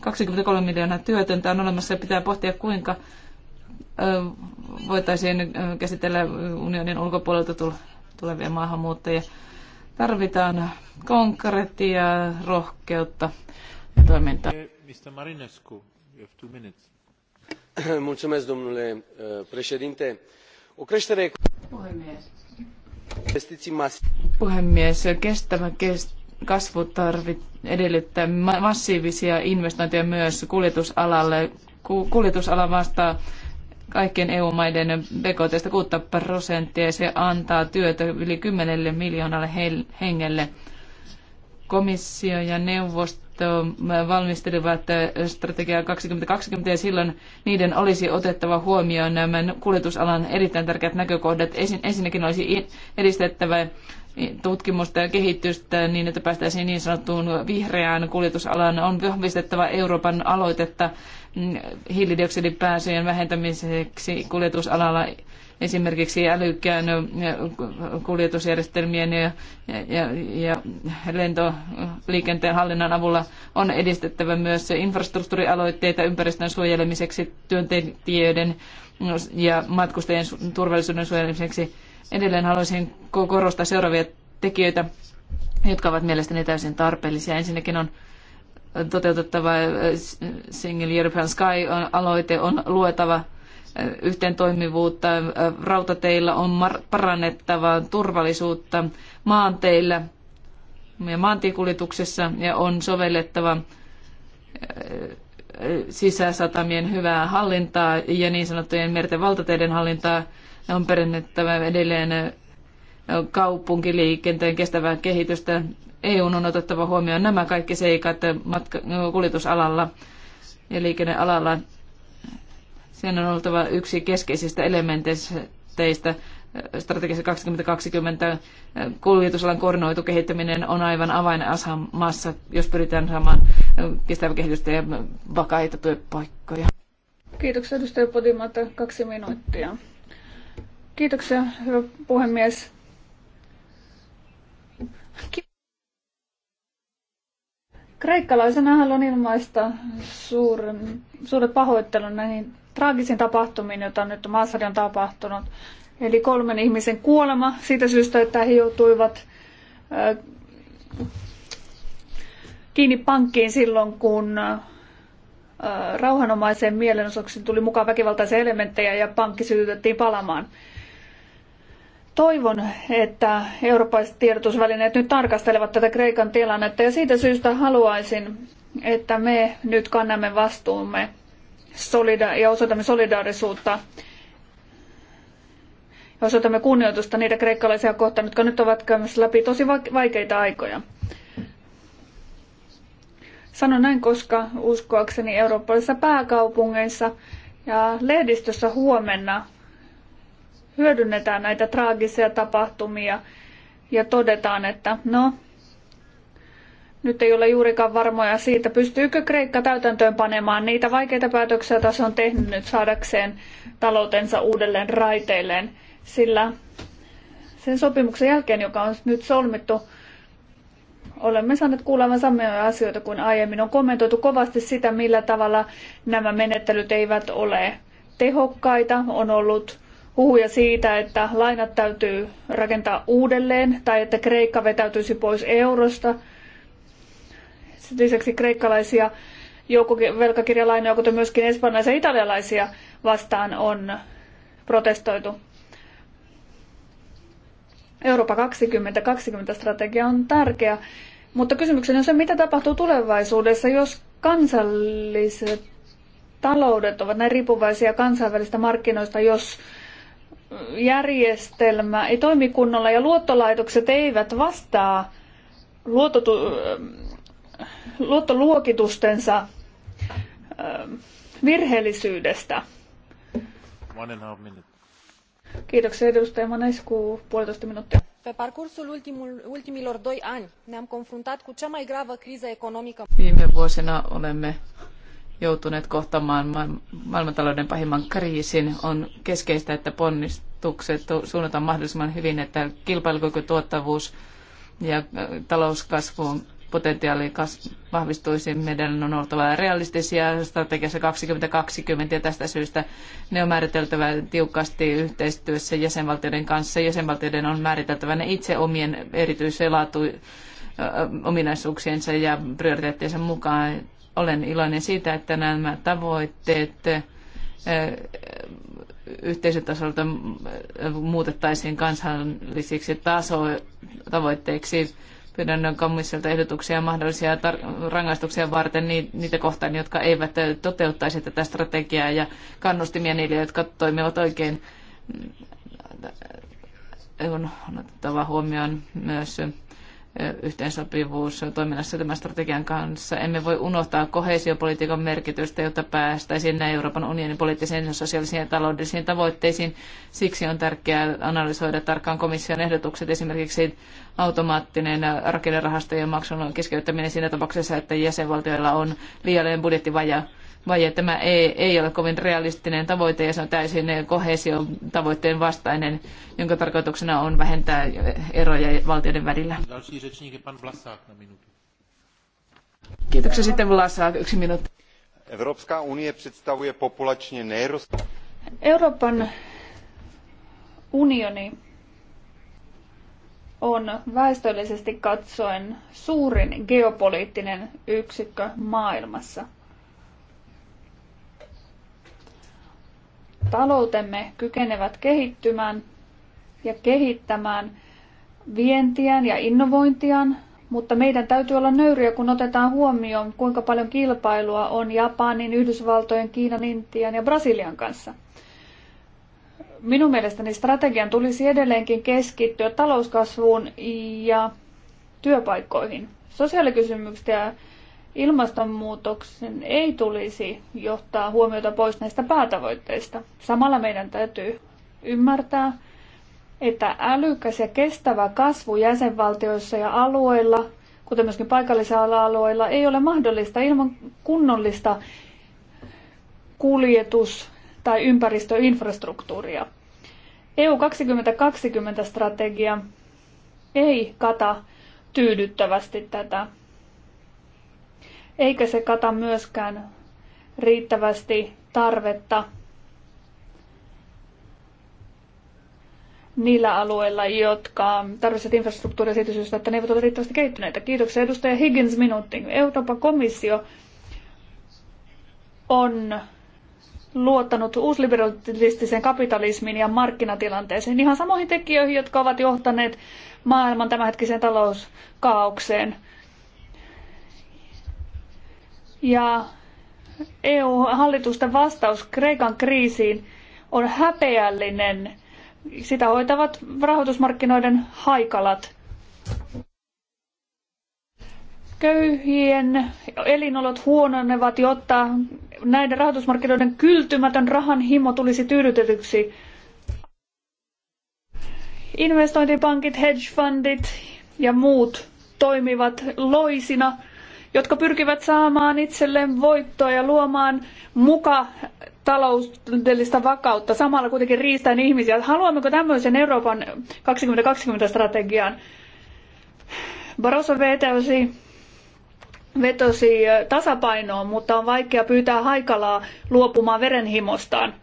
23 miljoonaa työtöntä on olemassa ja pitää pohtia, kuinka voitaisiin käsitellä unionin ulkopuolelta tulevia maahanmuuttajia. Tarvitaan konkreettia rohkeutta ja toimintaa. Mr. Marinescu, you have two minutes. Mulțumesc, domnule președinte. O creștere... Puhemies. Puhemies, kestävä kestävä kasvu tarvit, edellyttää massiivisia investointeja myös kuljetusalalle. Kuljetusala vastaa kaikkien EU-maiden BKT 6 prosenttia ja se antaa työtä yli 10 miljoonalle hengelle. Komissio ja neuvosto valmistelivat strategiaa 2020 ja silloin niiden olisi otettava huomioon nämä kuljetusalan erittäin tärkeät näkökohdat. Ensinnäkin olisi edistettävä tutkimusta ja kehitystä niin, että päästäisiin niin sanottuun vihreään kuljetusalaan. On vahvistettava Euroopan aloitetta mm, hiilidioksidipääsyjen vähentämiseksi kuljetusalalla esimerkiksi älykkään mm, kuljetusjärjestelmien ja, ja, ja lentoliikenteen hallinnan avulla on edistettävä myös infrastruktuurialoitteita ympäristön suojelemiseksi, työntekijöiden ja matkustajien turvallisuuden suojelemiseksi Edelleen haluaisin korostaa seuraavia tekijöitä, jotka ovat mielestäni täysin tarpeellisia. Ensinnäkin on toteutettava äh, Single European Sky-aloite on luetava äh, yhteen toimivuutta, äh, rautateillä on parannettava turvallisuutta maanteillä ja maantiekuljetuksessa ja on sovellettava sisäsatamien hyvää hallintaa ja niin sanottujen merten valtateiden hallintaa on perennettävä edelleen kaupunkiliikenteen kestävää kehitystä. EUn on otettava huomioon nämä kaikki seikat matka- kuljetusalalla ja liikennealalla. Sen on oltava yksi keskeisistä elementeistä strategiassa 2020 kuljetusalan koordinoitu kehittäminen on aivan avainasemassa, jos pyritään saamaan kestävää kehitystä ja vakaita työpaikkoja. Kiitoksia edustaja Podimata. Kaksi minuuttia. Kiitoksia, hyvä puhemies. Kreikkalaisena haluan ilmaista suuren, suuret pahoittelun näihin traagisiin tapahtumiin, joita nyt maassa on tapahtunut. Eli kolmen ihmisen kuolema siitä syystä, että he joutuivat kiinni pankkiin silloin, kun äh, rauhanomaiseen mielenosoksiin tuli mukaan väkivaltaisia elementtejä ja pankki syytettiin palamaan. Toivon, että eurooppalaiset tiedotusvälineet nyt tarkastelevat tätä Kreikan tilannetta ja siitä syystä haluaisin, että me nyt kannamme vastuumme ja osoitamme solidaarisuutta ja osoitamme kunnioitusta niitä kreikkalaisia kohtaan, jotka nyt ovat käymässä läpi tosi vaikeita aikoja. Sanon näin, koska uskoakseni eurooppalaisissa pääkaupungeissa ja lehdistössä huomenna hyödynnetään näitä traagisia tapahtumia ja todetaan, että no, nyt ei ole juurikaan varmoja siitä, pystyykö Kreikka täytäntöön panemaan niitä vaikeita päätöksiä, joita se on tehnyt nyt saadakseen taloutensa uudelleen raiteilleen, sillä sen sopimuksen jälkeen, joka on nyt solmittu, olemme saaneet kuulemaan samoja asioita kuin aiemmin. On kommentoitu kovasti sitä, millä tavalla nämä menettelyt eivät ole tehokkaita. On ollut huhuja siitä, että lainat täytyy rakentaa uudelleen tai että Kreikka vetäytyisi pois eurosta. Sitten lisäksi kreikkalaisia joukkovelkakirjalainoja, kuten myöskin espanjalaisia ja italialaisia vastaan on protestoitu. Eurooppa 2020 strategia on tärkeä, mutta kysymykseni on se, mitä tapahtuu tulevaisuudessa, jos kansalliset taloudet ovat näin riippuvaisia kansainvälistä markkinoista, jos järjestelmä ei toimi kunnolla ja luottolaitokset eivät vastaa luototu, äh, luottoluokitustensa äh, virheellisyydestä. One and a half minute. Kiitoksia edustaja Manescu, puolitoista minuuttia. Pe parcursul ultimul, ultimilor doi ani ne-am confruntat cu cea mai gravă criză economică. Viime vuosina olemme joutuneet kohtaamaan maailmantalouden pahimman kriisin, on keskeistä, että ponnistukset suunnataan mahdollisimman hyvin, että kilpailukyky, tuottavuus ja äh, talouskasvun potentiaali vahvistuisi. Meidän on oltava realistisia strategiassa 2020 ja tästä syystä ne on määriteltävä tiukasti yhteistyössä jäsenvaltioiden kanssa. Jäsenvaltioiden on määriteltävä ne itse omien erityisen ominaisuuksiensa ja prioriteettiensa mukaan olen iloinen siitä, että nämä tavoitteet yhteisötasolta muutettaisiin kansallisiksi taso tavoitteiksi. Pyydän komissiolta ehdotuksia mahdollisia tar- rangaistuksia varten niitä kohtaan, jotka eivät toteuttaisi tätä strategiaa ja kannustimia niille, jotka toimivat oikein. On otettava huomioon myös yhteensopivuus toiminnassa tämän strategian kanssa. Emme voi unohtaa koheesiopolitiikan merkitystä, jotta päästäisiin näin Euroopan unionin poliittisiin, sosiaalisiin ja taloudellisiin tavoitteisiin. Siksi on tärkeää analysoida tarkkaan komission ehdotukset, esimerkiksi automaattinen rakennerahastojen maksun keskeyttäminen siinä tapauksessa, että jäsenvaltioilla on liiallinen budjettivaja vaje. Tämä ei, ei ole kovin realistinen tavoite ja se on täysin kohesion tavoitteen vastainen, jonka tarkoituksena on vähentää eroja valtioiden välillä. Kiitoksia sitten Vlasak, yksi minuutti. Euroopan unioni on väestöllisesti katsoen suurin geopoliittinen yksikkö maailmassa – taloutemme kykenevät kehittymään ja kehittämään vientiään ja innovointiaan, mutta meidän täytyy olla nöyriä, kun otetaan huomioon, kuinka paljon kilpailua on Japanin, Yhdysvaltojen, Kiinan, Intian ja Brasilian kanssa. Minun mielestäni strategian tulisi edelleenkin keskittyä talouskasvuun ja työpaikkoihin. Sosiaalikysymykset ja ilmastonmuutoksen ei tulisi johtaa huomiota pois näistä päätavoitteista. Samalla meidän täytyy ymmärtää, että älykäs ja kestävä kasvu jäsenvaltioissa ja alueilla, kuten myöskin paikallisilla alueilla, ei ole mahdollista ilman kunnollista kuljetus- tai ympäristöinfrastruktuuria. EU 2020-strategia ei kata tyydyttävästi tätä eikä se kata myöskään riittävästi tarvetta niillä alueilla, jotka tarvitsevat infrastruktuuria siitä syystä, että ne eivät ole riittävästi kehittyneitä. Kiitoksia edustaja Higgins minuutti. Euroopan komissio on luottanut uusliberalistiseen kapitalismiin ja markkinatilanteeseen, ihan samoihin tekijöihin, jotka ovat johtaneet maailman tämänhetkiseen talouskaaukseen – ja EU-hallitusten vastaus Kreikan kriisiin on häpeällinen. Sitä hoitavat rahoitusmarkkinoiden haikalat. Köyhien elinolot huononevat, jotta näiden rahoitusmarkkinoiden kyltymätön rahan himo tulisi tyydytetyksi. Investointipankit, hedge fundit ja muut toimivat loisina jotka pyrkivät saamaan itselleen voittoa ja luomaan muka taloudellista vakautta, samalla kuitenkin riistäen ihmisiä. Haluammeko tämmöisen Euroopan 2020-strategian? Barroso vetosi, vetosi tasapainoon, mutta on vaikea pyytää haikalaa luopumaan verenhimostaan.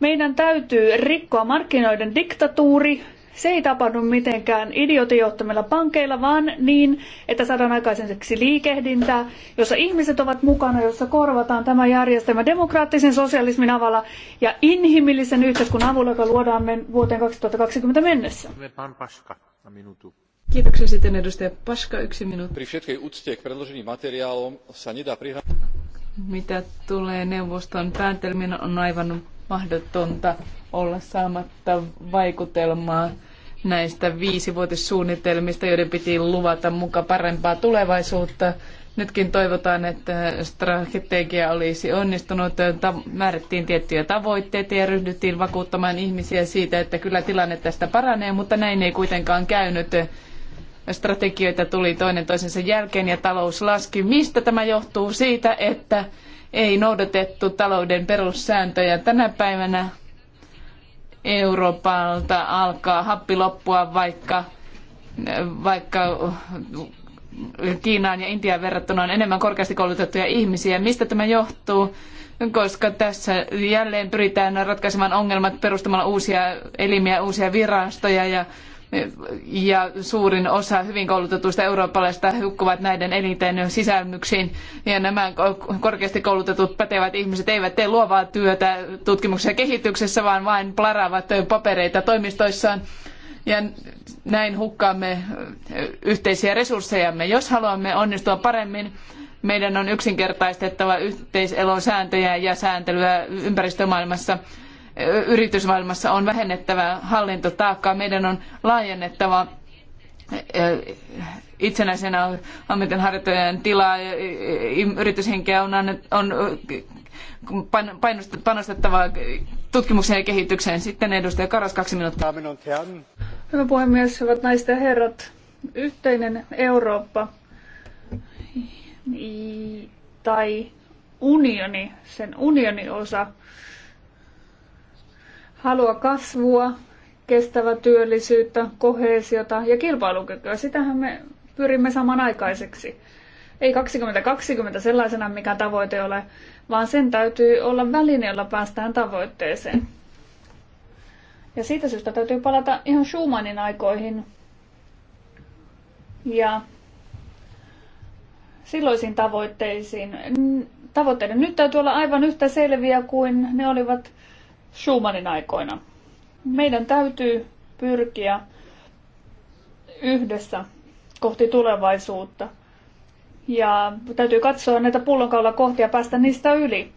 Meidän täytyy rikkoa markkinoiden diktatuuri, se ei tapahdu mitenkään idiotijohtamilla pankeilla, vaan niin, että saadaan aikaiseksi liikehdintää, jossa ihmiset ovat mukana, jossa korvataan tämä järjestelmä demokraattisen sosialismin avalla ja inhimillisen yhteiskunnan avulla, joka luodaan men vuoteen 2020 mennessä. Kiitoksia sitten edustaja Paska, yksi minuutti. Mitä tulee neuvoston päätelmiin, on aivan mahdotonta olla saamatta vaikutelmaa näistä viisivuotissuunnitelmista, joiden piti luvata muka parempaa tulevaisuutta. Nytkin toivotaan, että strategia olisi onnistunut. Määrittiin tiettyjä tavoitteita ja ryhdyttiin vakuuttamaan ihmisiä siitä, että kyllä tilanne tästä paranee, mutta näin ei kuitenkaan käynyt. Strategioita tuli toinen toisensa jälkeen ja talous laski. Mistä tämä johtuu? Siitä, että ei noudatettu talouden perussääntöjä. Tänä päivänä Euroopalta alkaa happi loppua, vaikka, vaikka Kiinaan ja Intiaan verrattuna on enemmän korkeasti koulutettuja ihmisiä. Mistä tämä johtuu? Koska tässä jälleen pyritään ratkaisemaan ongelmat perustamalla uusia elimiä, uusia virastoja ja ja suurin osa hyvin koulutetuista eurooppalaisista hukkuvat näiden elinten sisälmyksiin. Ja nämä korkeasti koulutetut pätevät ihmiset eivät tee luovaa työtä tutkimuksessa ja kehityksessä, vaan vain plaraavat papereita toimistoissaan. Ja näin hukkaamme yhteisiä resurssejamme. Jos haluamme onnistua paremmin, meidän on yksinkertaistettava yhteiselon sääntöjä ja sääntelyä ympäristömaailmassa yritysmaailmassa on vähennettävä hallintotaakkaa. Meidän on laajennettava itsenäisenä ammatinharjoittajan tilaa, yrityshenkeä on, on panostettava tutkimukseen ja kehitykseen. Sitten edustaja Karas, kaksi minuuttia. Hyvä puhemies, hyvät naiset ja herrat. Yhteinen Eurooppa tai unioni, sen unionin osa halua kasvua, kestävää työllisyyttä, kohesiota ja kilpailukykyä. Sitähän me pyrimme samanaikaiseksi. Ei 2020 sellaisena, mikä tavoite ole, vaan sen täytyy olla väline, jolla päästään tavoitteeseen. Ja siitä syystä täytyy palata ihan Schumannin aikoihin ja silloisiin tavoitteisiin. Tavoitteiden nyt täytyy olla aivan yhtä selviä kuin ne olivat Schumannin aikoina. Meidän täytyy pyrkiä yhdessä kohti tulevaisuutta. Ja täytyy katsoa näitä pullonkaula kohtia ja päästä niistä yli.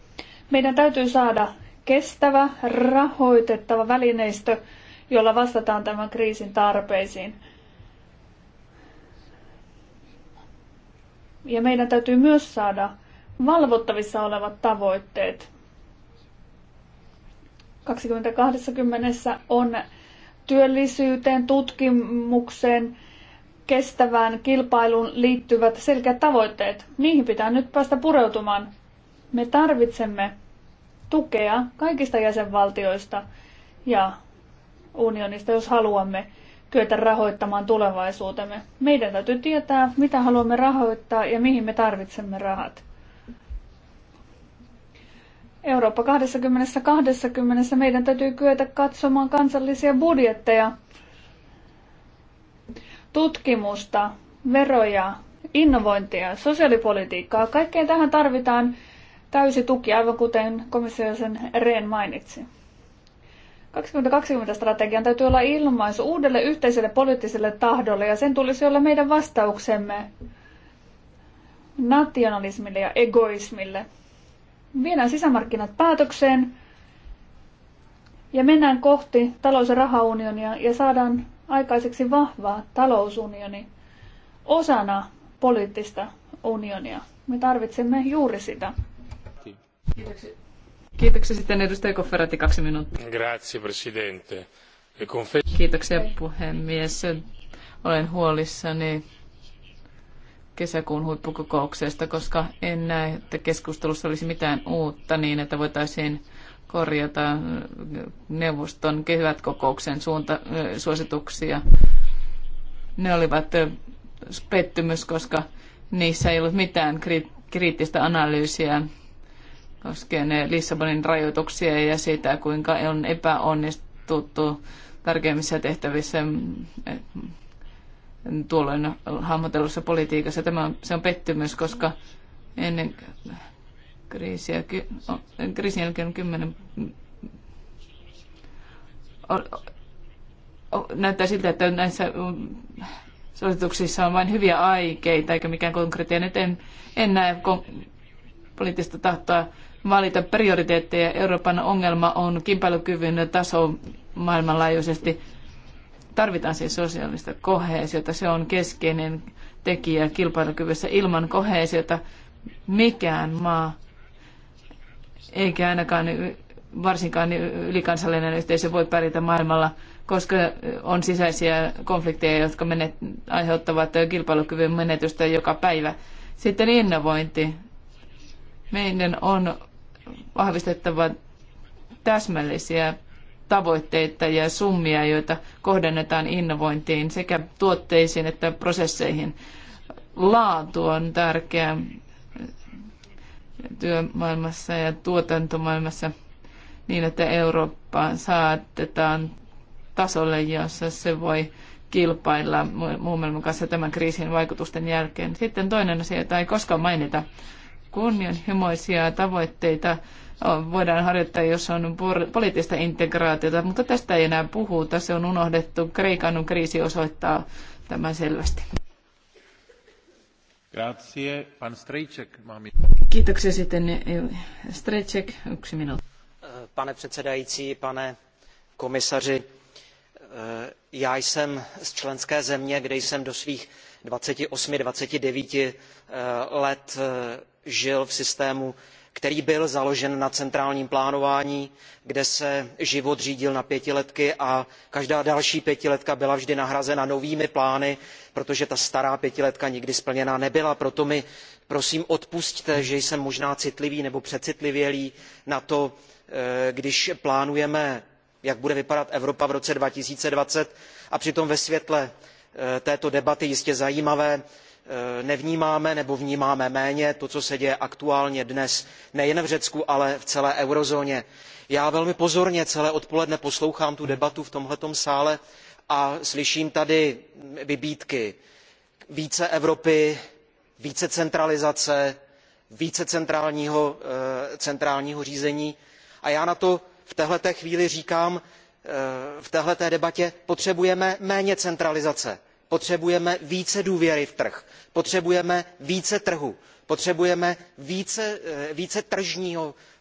Meidän täytyy saada kestävä, rahoitettava välineistö, jolla vastataan tämän kriisin tarpeisiin. Ja meidän täytyy myös saada valvottavissa olevat tavoitteet 2020 on työllisyyteen, tutkimukseen, kestävään kilpailuun liittyvät selkeät tavoitteet. Niihin pitää nyt päästä pureutumaan. Me tarvitsemme tukea kaikista jäsenvaltioista ja unionista, jos haluamme kyetä rahoittamaan tulevaisuutemme. Meidän täytyy tietää, mitä haluamme rahoittaa ja mihin me tarvitsemme rahat. Eurooppa 2020 meidän täytyy kyetä katsomaan kansallisia budjetteja, tutkimusta, veroja, innovointia, sosiaalipolitiikkaa. Kaikkeen tähän tarvitaan täysi tuki, aivan kuten komissio sen Rehn mainitsi. 2020-strategian täytyy olla ilmaisu uudelle yhteiselle poliittiselle tahdolle ja sen tulisi olla meidän vastauksemme nationalismille ja egoismille – viedään sisämarkkinat päätökseen ja mennään kohti talous- ja rahaunionia ja saadaan aikaiseksi vahvaa talousunioni osana poliittista unionia. Me tarvitsemme juuri sitä. Kiitoksia. Kiitoksia sitten edustaja Kofferati, kaksi minuuttia. Grazie, presidente. Kiitoksia puhemies. Olen huolissani kesäkuun huippukokouksesta, koska en näe, että keskustelussa olisi mitään uutta niin, että voitaisiin korjata neuvoston kehyätkokouksen suunta, suosituksia. Ne olivat pettymys, koska niissä ei ollut mitään kriittistä analyysiä koskien Lissabonin rajoituksia ja sitä, kuinka on epäonnistuttu tärkeimmissä tehtävissä tuolloin hahmotellussa politiikassa. Tämä on, se on pettymys, koska ennen kriisiä, kriisin jälkeen kymmenen näyttää siltä, että näissä mm, suosituksissa on vain hyviä aikeita eikä mikään konkreettia. Nyt en, en näe poliittista tahtoa valita prioriteetteja. Euroopan ongelma on kimpailukyvyn taso maailmanlaajuisesti. Tarvitaan siis sosiaalista koheesiota. Se on keskeinen tekijä kilpailukyvyssä. Ilman koheesiota mikään maa, eikä ainakaan varsinkaan ylikansallinen yhteisö voi pärjätä maailmalla, koska on sisäisiä konflikteja, jotka menet, aiheuttavat kilpailukyvyn menetystä joka päivä. Sitten innovointi. Meidän on vahvistettava täsmällisiä tavoitteita ja summia, joita kohdennetaan innovointiin sekä tuotteisiin että prosesseihin. Laatu on tärkeä työmaailmassa ja tuotantomaailmassa niin, että Eurooppaan saatetaan tasolle, jossa se voi kilpailla muun maailman kanssa tämän kriisin vaikutusten jälkeen. Sitten toinen asia, jota ei koskaan mainita, kunnianhimoisia tavoitteita voidaan harjoittaa, jos on poliittista integraatiota, mutta tästä ei enää puhuta, se on unohdettu. Kreikan kriisi osoittaa tämän selvästi. Grazie. Pan Strejček, mám... Kiitoksia sitten. Strejček, yksi minuutti. Pane předsedající, pane komisaři, já jsem z členské země, kde jsem do svých 28-29 eh, let eh, žil v systému který byl založen na centrálním plánování kde se život řídil na pětiletky a každá další pětiletka byla vždy nahrazena novými plány protože ta stará pětiletka nikdy splněna nebyla. proto mi prosím odpusťte že jsem možná citlivý nebo přecitlivělý na to eh, když plánujeme jak bude vypadat evropa v roce two thousand and twenty a přitom ve světle eh, této debaty jistě zajímavé Eh, nevnímáme nebo vnímáme méně to co se děje aktuálně dnes nejen v řecku ale v celé eurozóně. já velmi pozorně celé odpoledne poslouchám tu debatu v tomto sále a slyším tady vybídky více evropy více centralizace více centrálního, eh, řízení a já na to v této chvíli říkám eh, v této debatě potřebujeme méně centralizace potřebujeme více důvěry v trh potřebujeme více trhu potřebujeme více eh,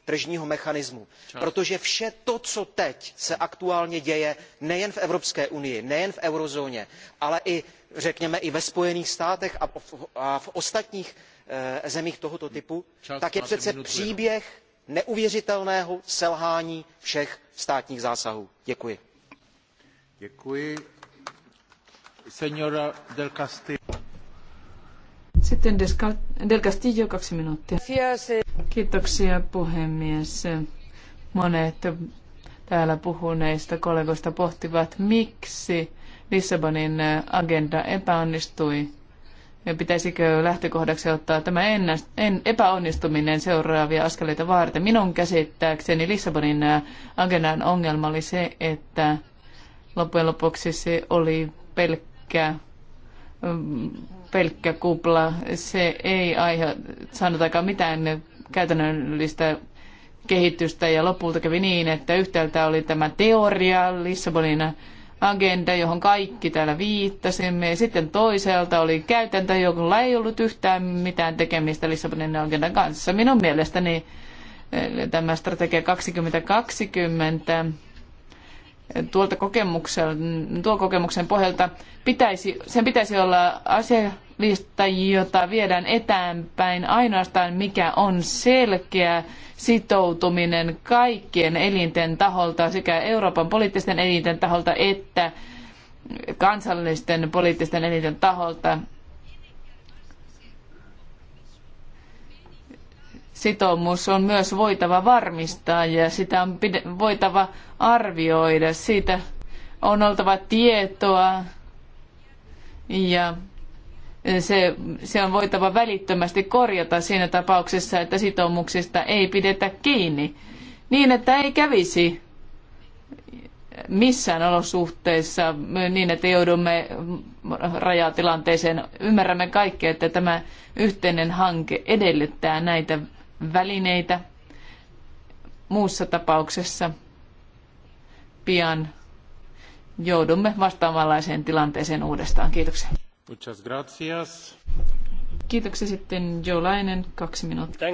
tržního mechanismu protože vše to co se teď aktuálně děje nejen v evropské unii nejen v eurozóně ale i řekněme ve spojených státech a v ostatních eh, zemích tohoto typu tak je přece příběh neuvěřitelného selhání všech státních zásahů. děkuji. Senora del Castillo. Sitten Del Castillo, kaksi minuuttia. Kiitoksia puhemies. Monet täällä puhuneista kollegoista pohtivat, miksi Lissabonin agenda epäonnistui ja pitäisikö lähtökohdaksi ottaa tämä epäonnistuminen seuraavia askeleita varten? Minun käsittääkseni Lissabonin agendan ongelma oli se, että loppujen lopuksi se oli pelkkä pelkkä, mm, pelkkä kupla. Se ei aihe, sanotaankaan mitään käytännöllistä kehitystä ja lopulta kävi niin, että yhtäältä oli tämä teoria Lissabonin agenda, johon kaikki täällä viittasimme. Ja sitten toisaalta oli käytäntö, jolla ei ollut yhtään mitään tekemistä Lissabonin agendan kanssa. Minun mielestäni eh, tämä strategia 2020 tuolta kokemuksen, tuon kokemuksen pohjalta pitäisi, sen pitäisi olla asialista, jota viedään eteenpäin ainoastaan, mikä on selkeä sitoutuminen kaikkien elinten taholta, sekä Euroopan poliittisten elinten taholta että kansallisten poliittisten elinten taholta sitoumus on myös voitava varmistaa ja sitä on voitava arvioida. Siitä on oltava tietoa ja se, se on voitava välittömästi korjata siinä tapauksessa, että sitoumuksista ei pidetä kiinni. Niin, että ei kävisi missään olosuhteissa niin, että joudumme rajatilanteeseen. Ymmärrämme kaikki, että tämä yhteinen hanke edellyttää näitä välineitä. Muussa tapauksessa pian joudumme vastaavanlaiseen tilanteeseen uudestaan. Kiitoksia. Muchas gracias. Kiitoksia sitten Jo Lainen, kaksi minuuttia.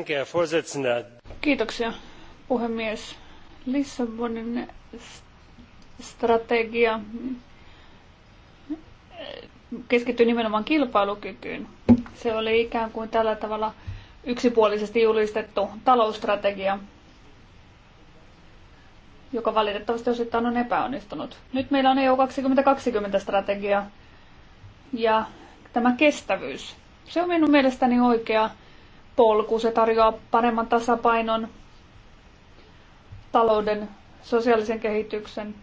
Kiitoksia puhemies. Lissabonin strategia keskittyy nimenomaan kilpailukykyyn. Se oli ikään kuin tällä tavalla yksipuolisesti julistettu talousstrategia, joka valitettavasti osittain on epäonnistunut. Nyt meillä on EU 2020-strategia ja tämä kestävyys. Se on minun mielestäni oikea polku. Se tarjoaa paremman tasapainon talouden, sosiaalisen kehityksen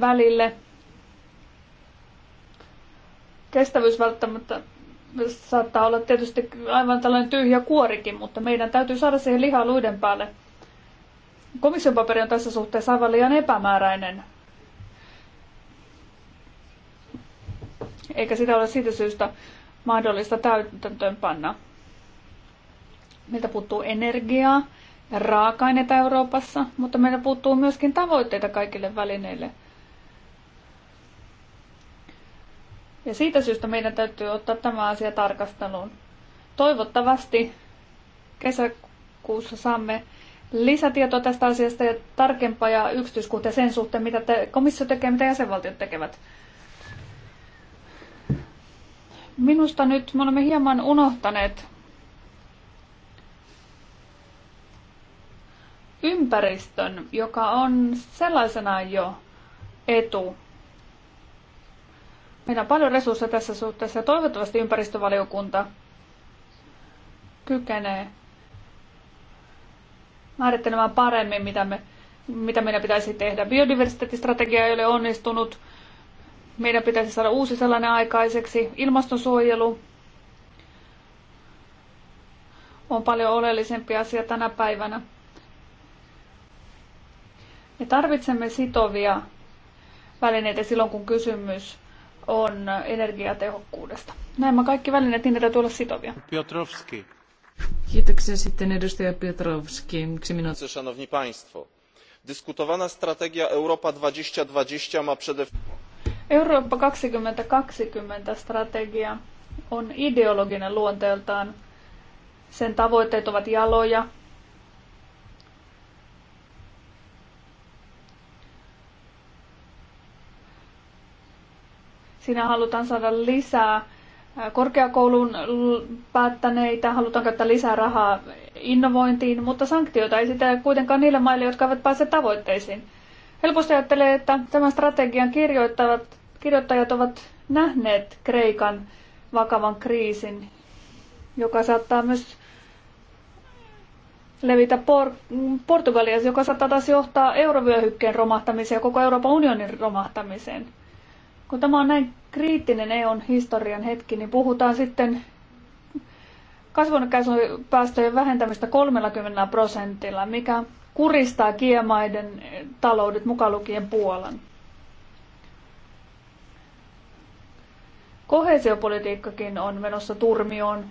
välille. Kestävyys välttämättä saattaa olla tietysti aivan tällainen tyhjä kuorikin, mutta meidän täytyy saada siihen lihaa luiden päälle. Komission paperi on tässä suhteessa aivan liian epämääräinen. Eikä sitä ole siitä syystä mahdollista täytäntöönpanna. Meiltä puuttuu energiaa ja raaka-aineita Euroopassa, mutta meiltä puuttuu myöskin tavoitteita kaikille välineille – Ja siitä syystä meidän täytyy ottaa tämä asia tarkasteluun. Toivottavasti kesäkuussa saamme lisätietoa tästä asiasta ja tarkempaa ja yksityiskohtia sen suhteen, mitä te, komissio tekee, mitä jäsenvaltiot tekevät. Minusta nyt me olemme hieman unohtaneet ympäristön, joka on sellaisena jo etu Meillä on paljon resursseja tässä suhteessa ja toivottavasti ympäristövaliokunta kykenee määrittelemään paremmin, mitä, me, mitä meidän pitäisi tehdä. Biodiversiteettistrategia ei ole onnistunut. Meidän pitäisi saada uusi sellainen aikaiseksi. Ilmastonsuojelu on paljon oleellisempi asia tänä päivänä. Me tarvitsemme sitovia välineitä silloin, kun kysymys on energiatehokkuudesta. Nämä kaikki välineet, niin täytyy olla sitovia. Piotrowski. Kiitoksia sitten edustaja Piotrowski. Yksi minuutti. Szanowni Państwo, dyskutowana strategia Europa 2020 ma przede Eurooppa 2020 strategia on ideologinen luonteeltaan. Sen tavoitteet ovat jaloja, Siinä halutaan saada lisää korkeakoulun päättäneitä, halutaan käyttää lisää rahaa innovointiin, mutta sanktioita ei sitä kuitenkaan niille maille, jotka eivät pääse tavoitteisiin. Helposti ajattelee, että tämän strategian kirjoittavat, kirjoittajat ovat nähneet Kreikan vakavan kriisin, joka saattaa myös levitä Por- Portugalia, joka saattaa taas johtaa eurovyöhykkeen romahtamiseen ja koko Euroopan unionin romahtamiseen. Kun tämä on näin kriittinen EUn historian hetki, niin puhutaan sitten kasvihuonekaasupäästöjen vähentämistä 30 prosentilla, mikä kuristaa kiemaiden taloudet mukaan lukien Puolan. Kohesiopolitiikkakin on menossa turmioon.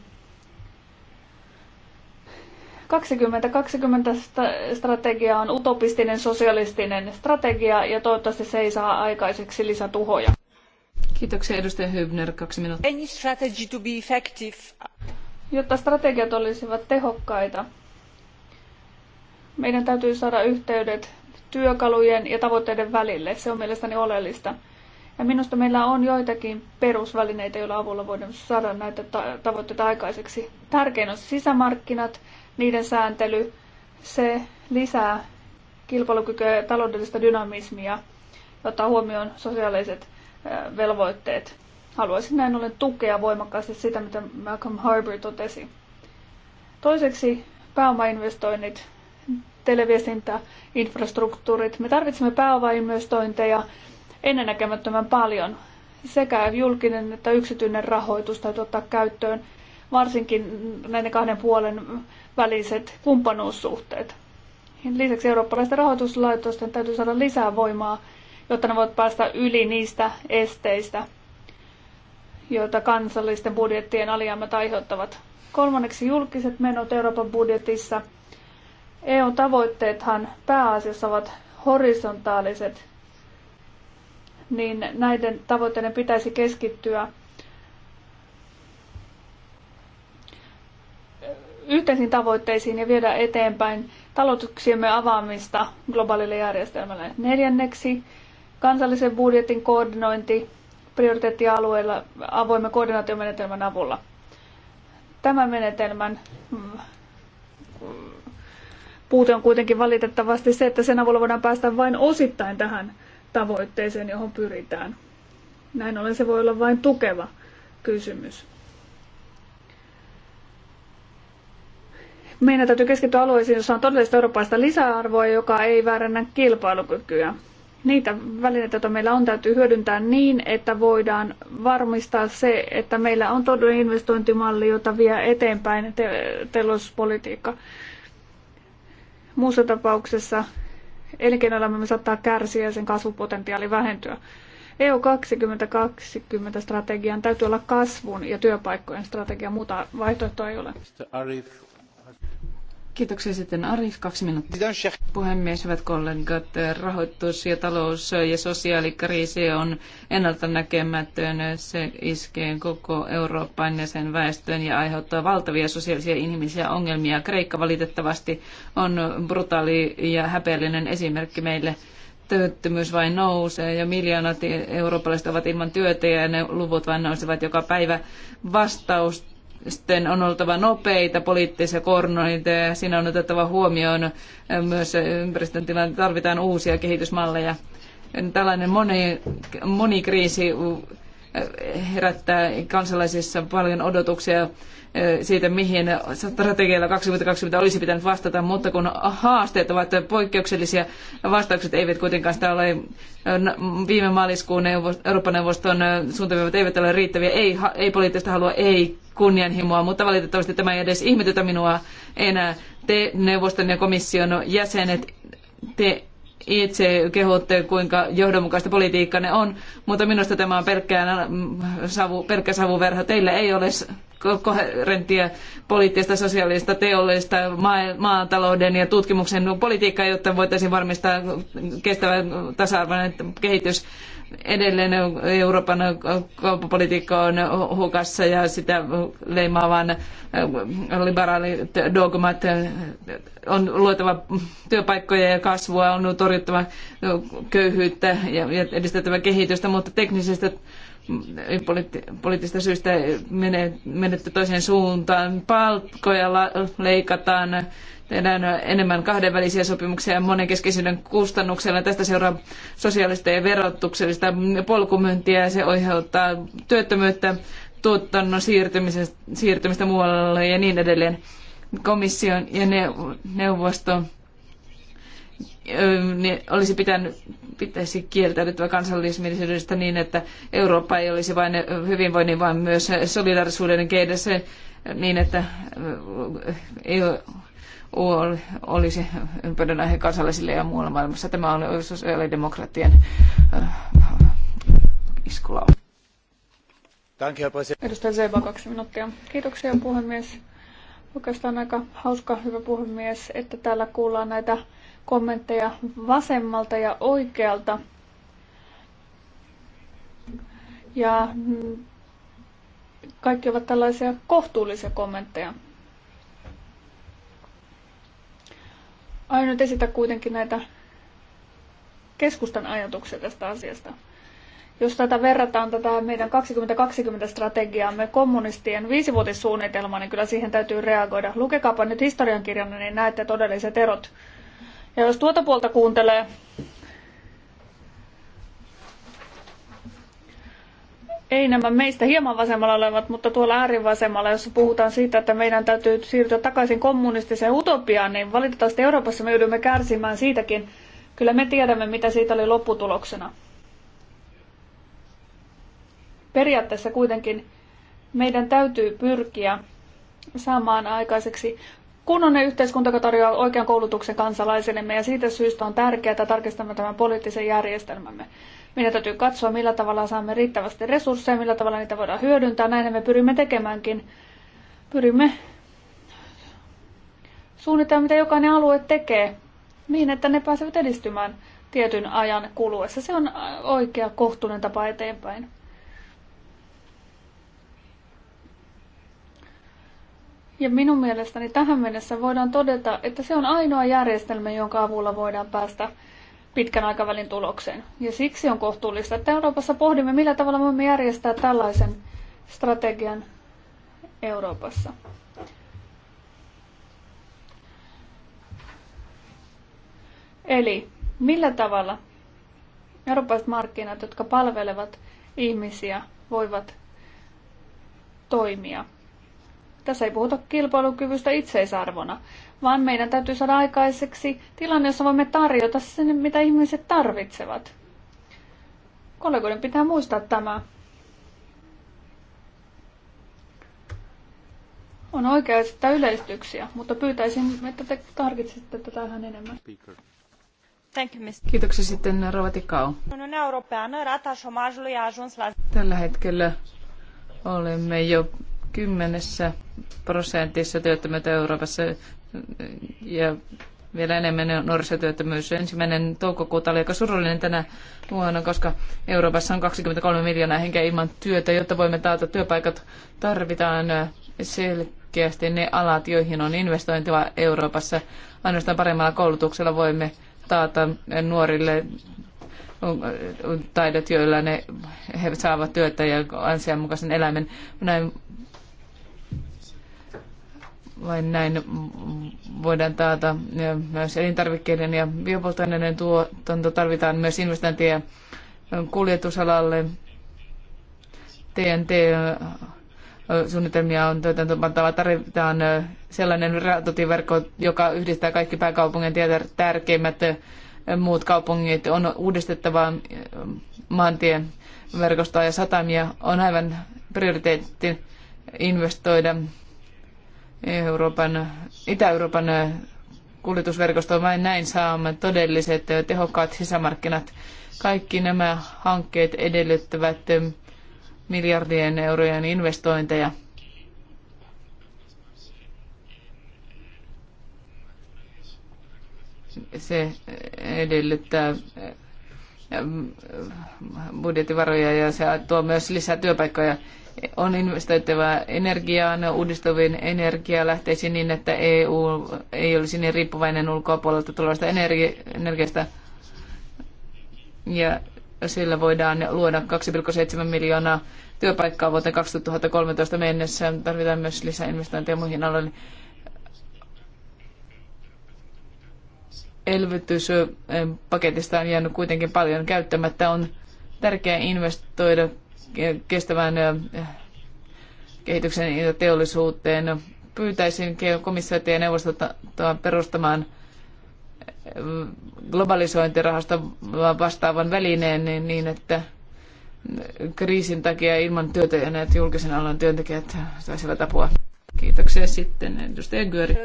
2020 strategia on utopistinen sosialistinen strategia ja toivottavasti se ei saa aikaiseksi lisätuhoja. Kiitoksia edustaja Hübner, kaksi minuuttia. Any strategy to be effective? Jotta strategiat olisivat tehokkaita, meidän täytyy saada yhteydet työkalujen ja tavoitteiden välille. Se on mielestäni oleellista. Ja minusta meillä on joitakin perusvälineitä, joilla avulla voidaan saada näitä tavoitteita aikaiseksi. Tärkein on sisämarkkinat, niiden sääntely. Se lisää kilpailukykyä ja taloudellista dynamismia, ottaa huomioon sosiaaliset velvoitteet. Haluaisin näin ollen tukea voimakkaasti sitä, mitä Malcolm Harbour totesi. Toiseksi pääomainvestoinnit, televiestintä, infrastruktuurit. Me tarvitsemme pääomainvestointeja ennennäkemättömän paljon. Sekä julkinen että yksityinen rahoitus täytyy ottaa käyttöön, varsinkin näiden kahden puolen väliset kumppanuussuhteet. Lisäksi eurooppalaisten rahoituslaitosten täytyy saada lisää voimaa jotta ne voivat päästä yli niistä esteistä, joita kansallisten budjettien alijäämät aiheuttavat. Kolmanneksi julkiset menot Euroopan budjetissa. EU-tavoitteethan pääasiassa ovat horisontaaliset, niin näiden tavoitteiden pitäisi keskittyä yhteisiin tavoitteisiin ja viedä eteenpäin talouksiemme avaamista globaalille järjestelmälle. Neljänneksi kansallisen budjetin koordinointi prioriteettialueilla avoimen koordinaatiomenetelmän avulla. Tämän menetelmän mm, puute on kuitenkin valitettavasti se, että sen avulla voidaan päästä vain osittain tähän tavoitteeseen, johon pyritään. Näin ollen se voi olla vain tukeva kysymys. Meidän täytyy keskittyä alueisiin, joissa on todellista eurooppalaista lisäarvoa, joka ei väärennä kilpailukykyä niitä välineitä, joita meillä on, täytyy hyödyntää niin, että voidaan varmistaa se, että meillä on todellinen investointimalli, jota vie eteenpäin te- teollisuuspolitiikka. Muussa tapauksessa elinkeinoelämämme saattaa kärsiä ja sen kasvupotentiaali vähentyä. EU 2020 strategian täytyy olla kasvun ja työpaikkojen strategia, muuta vaihtoehtoa ei ole. Arif Kiitoksia sitten Arif, kaksi minuuttia. Puhemies, hyvät kollegat, rahoitus ja talous ja sosiaalikriisi on ennalta näkemätön. Se iskee koko Euroopan ja sen väestöön ja aiheuttaa valtavia sosiaalisia inhimillisiä ongelmia. Kreikka valitettavasti on brutaali ja häpeällinen esimerkki meille työttömyys vain nousee ja miljoonat eurooppalaiset ovat ilman työtä ja ne luvut vain nousevat joka päivä. Vastaus sitten on oltava nopeita poliittisia koordinointeja ja siinä on otettava huomioon myös ympäristön tilanne. Tarvitaan uusia kehitysmalleja. Tällainen moni, monikriisi herättää kansalaisissa paljon odotuksia siitä, mihin strategialla 2020 olisi pitänyt vastata, mutta kun haasteet ovat poikkeuksellisia, vastaukset eivät kuitenkaan sitä ole. Viime maaliskuun Euroopan neuvoston suuntaviivat eivät ole riittäviä, ei, ei poliittista halua, ei kunnianhimoa, mutta valitettavasti tämä ei edes ihmetytä minua enää. Te neuvoston ja komission jäsenet, te itse kehotte, kuinka johdonmukaista politiikkanne on, mutta minusta tämä on pelkkää mm, savu, pelkkä savuverho. Teillä ei ole koherenttia poliittista, sosiaalista, teollista, maatalouden ja tutkimuksen politiikkaa, jotta voitaisiin varmistaa kestävä tasa-arvoinen kehitys. Edelleen Euroopan kauppapolitiikka on hukassa ja sitä leimaavan liberaalit dogmat on luotava työpaikkoja ja kasvua, on torjuttava köyhyyttä ja edistettävä kehitystä, mutta teknisestä Mm, poliittista poliittisista syistä menette toiseen suuntaan. Palkkoja leikataan, tehdään enemmän kahdenvälisiä sopimuksia ja monenkeskisyyden kustannuksella. Tästä seuraa sosiaalista ja verotuksellista polkumyyntiä ja se aiheuttaa työttömyyttä, tuotannon siirtymistä, siirtymistä muualle ja niin edelleen. Komission ja neuvosto niin olisi pitänyt, pitäisi kieltäydyttävä kansallismielisyydestä niin, että Eurooppa ei olisi vain hyvinvoinnin, vaan myös solidarisuuden keidessä niin, että EU olisi ympärön aihe kansalaisille ja muualla maailmassa. Tämä on sosiaalidemokraattien iskulauta. Edustaja Zeba, kaksi minuuttia. Kiitoksia puhemies. Oikeastaan aika hauska, hyvä puhemies, että täällä kuullaan näitä kommentteja vasemmalta ja oikealta. Ja mm, kaikki ovat tällaisia kohtuullisia kommentteja. Aion nyt esitä kuitenkin näitä keskustan ajatuksia tästä asiasta. Jos tätä verrataan tätä meidän 2020-strategiaamme kommunistien viisivuotissuunnitelmaan, niin kyllä siihen täytyy reagoida. Lukekaapa nyt historiankirjan, niin näette todelliset erot. Ja jos tuota puolta kuuntelee, ei nämä meistä hieman vasemmalla olevat, mutta tuolla äärivasemmalla, jossa puhutaan siitä, että meidän täytyy siirtyä takaisin kommunistiseen utopiaan, niin valitettavasti Euroopassa me joudumme kärsimään siitäkin. Kyllä me tiedämme, mitä siitä oli lopputuloksena. Periaatteessa kuitenkin meidän täytyy pyrkiä saamaan aikaiseksi kunnon yhteiskunta, joka tarjoaa oikean koulutuksen kansalaisillemme ja siitä syystä on tärkeää, että tarkistamme tämän poliittisen järjestelmämme. Meidän täytyy katsoa, millä tavalla saamme riittävästi resursseja, millä tavalla niitä voidaan hyödyntää. Näin me pyrimme tekemäänkin. Pyrimme suunnitella mitä jokainen alue tekee, niin että ne pääsevät edistymään tietyn ajan kuluessa. Se on oikea kohtuullinen tapa eteenpäin. Ja minun mielestäni tähän mennessä voidaan todeta, että se on ainoa järjestelmä, jonka avulla voidaan päästä pitkän aikavälin tulokseen. Ja siksi on kohtuullista, että Euroopassa pohdimme, millä tavalla voimme järjestää tällaisen strategian Euroopassa. Eli millä tavalla eurooppalaiset markkinat, jotka palvelevat ihmisiä, voivat toimia. Tässä ei puhuta kilpailukyvystä itseisarvona, vaan meidän täytyy saada aikaiseksi tilanne, jossa voimme tarjota sen, mitä ihmiset tarvitsevat. Kollegoiden pitää muistaa tämä. On oikea esittää yleistyksiä, mutta pyytäisin, että te tarkitsette tätä vähän enemmän. Kiitoksia sitten Rova Tikau. Tällä hetkellä olemme jo kymmenessä prosentissa työttömät Euroopassa ja vielä enemmän nuorisotyöttömyys. Ensimmäinen toukokuuta oli aika surullinen tänä vuonna, koska Euroopassa on 23 miljoonaa henkeä ilman työtä, jotta voimme taata työpaikat. Tarvitaan selkeästi ne alat, joihin on investointiva Euroopassa. Ainoastaan paremmalla koulutuksella voimme taata nuorille taidot, joilla ne, he saavat työtä ja ansianmukaisen eläimen. Näin vain näin voidaan taata myös elintarvikkeiden ja biopolttoaineiden tuotanto. Tarvitaan myös investointeja kuljetusalalle. TNT suunnitelmia on täytäntöönpantava. Tarvitaan sellainen rautatieverkko, joka yhdistää kaikki pääkaupungin ja tärkeimmät muut kaupungit. On uudistettava maantien verkostoa ja satamia. On aivan prioriteetti investoida Euroopan, Itä-Euroopan kuljetusverkostoon. Vain näin saamme todelliset tehokkaat sisämarkkinat. Kaikki nämä hankkeet edellyttävät miljardien eurojen investointeja. Se edellyttää budjettivaroja ja se tuo myös lisää työpaikkoja on investoitava energiaan, uudistuviin energialähteisiin niin, että EU ei olisi niin riippuvainen ulkopuolelta tulevasta energi- energiasta. Ja sillä voidaan luoda 2,7 miljoonaa työpaikkaa vuoteen 2013 mennessä. Tarvitaan myös lisää investointeja muihin aloihin. Elvytyspaketista eh, on jäänyt kuitenkin paljon käyttämättä. On tärkeää investoida kestävään kehityksen ja teollisuuteen. Pyytäisin komissiota ja neuvostota perustamaan globalisointirahasta vastaavan välineen niin, niin, että kriisin takia ilman työtä ja näitä julkisen alan työntekijät saisivat apua. Kiitoksia sitten edustaja Györi.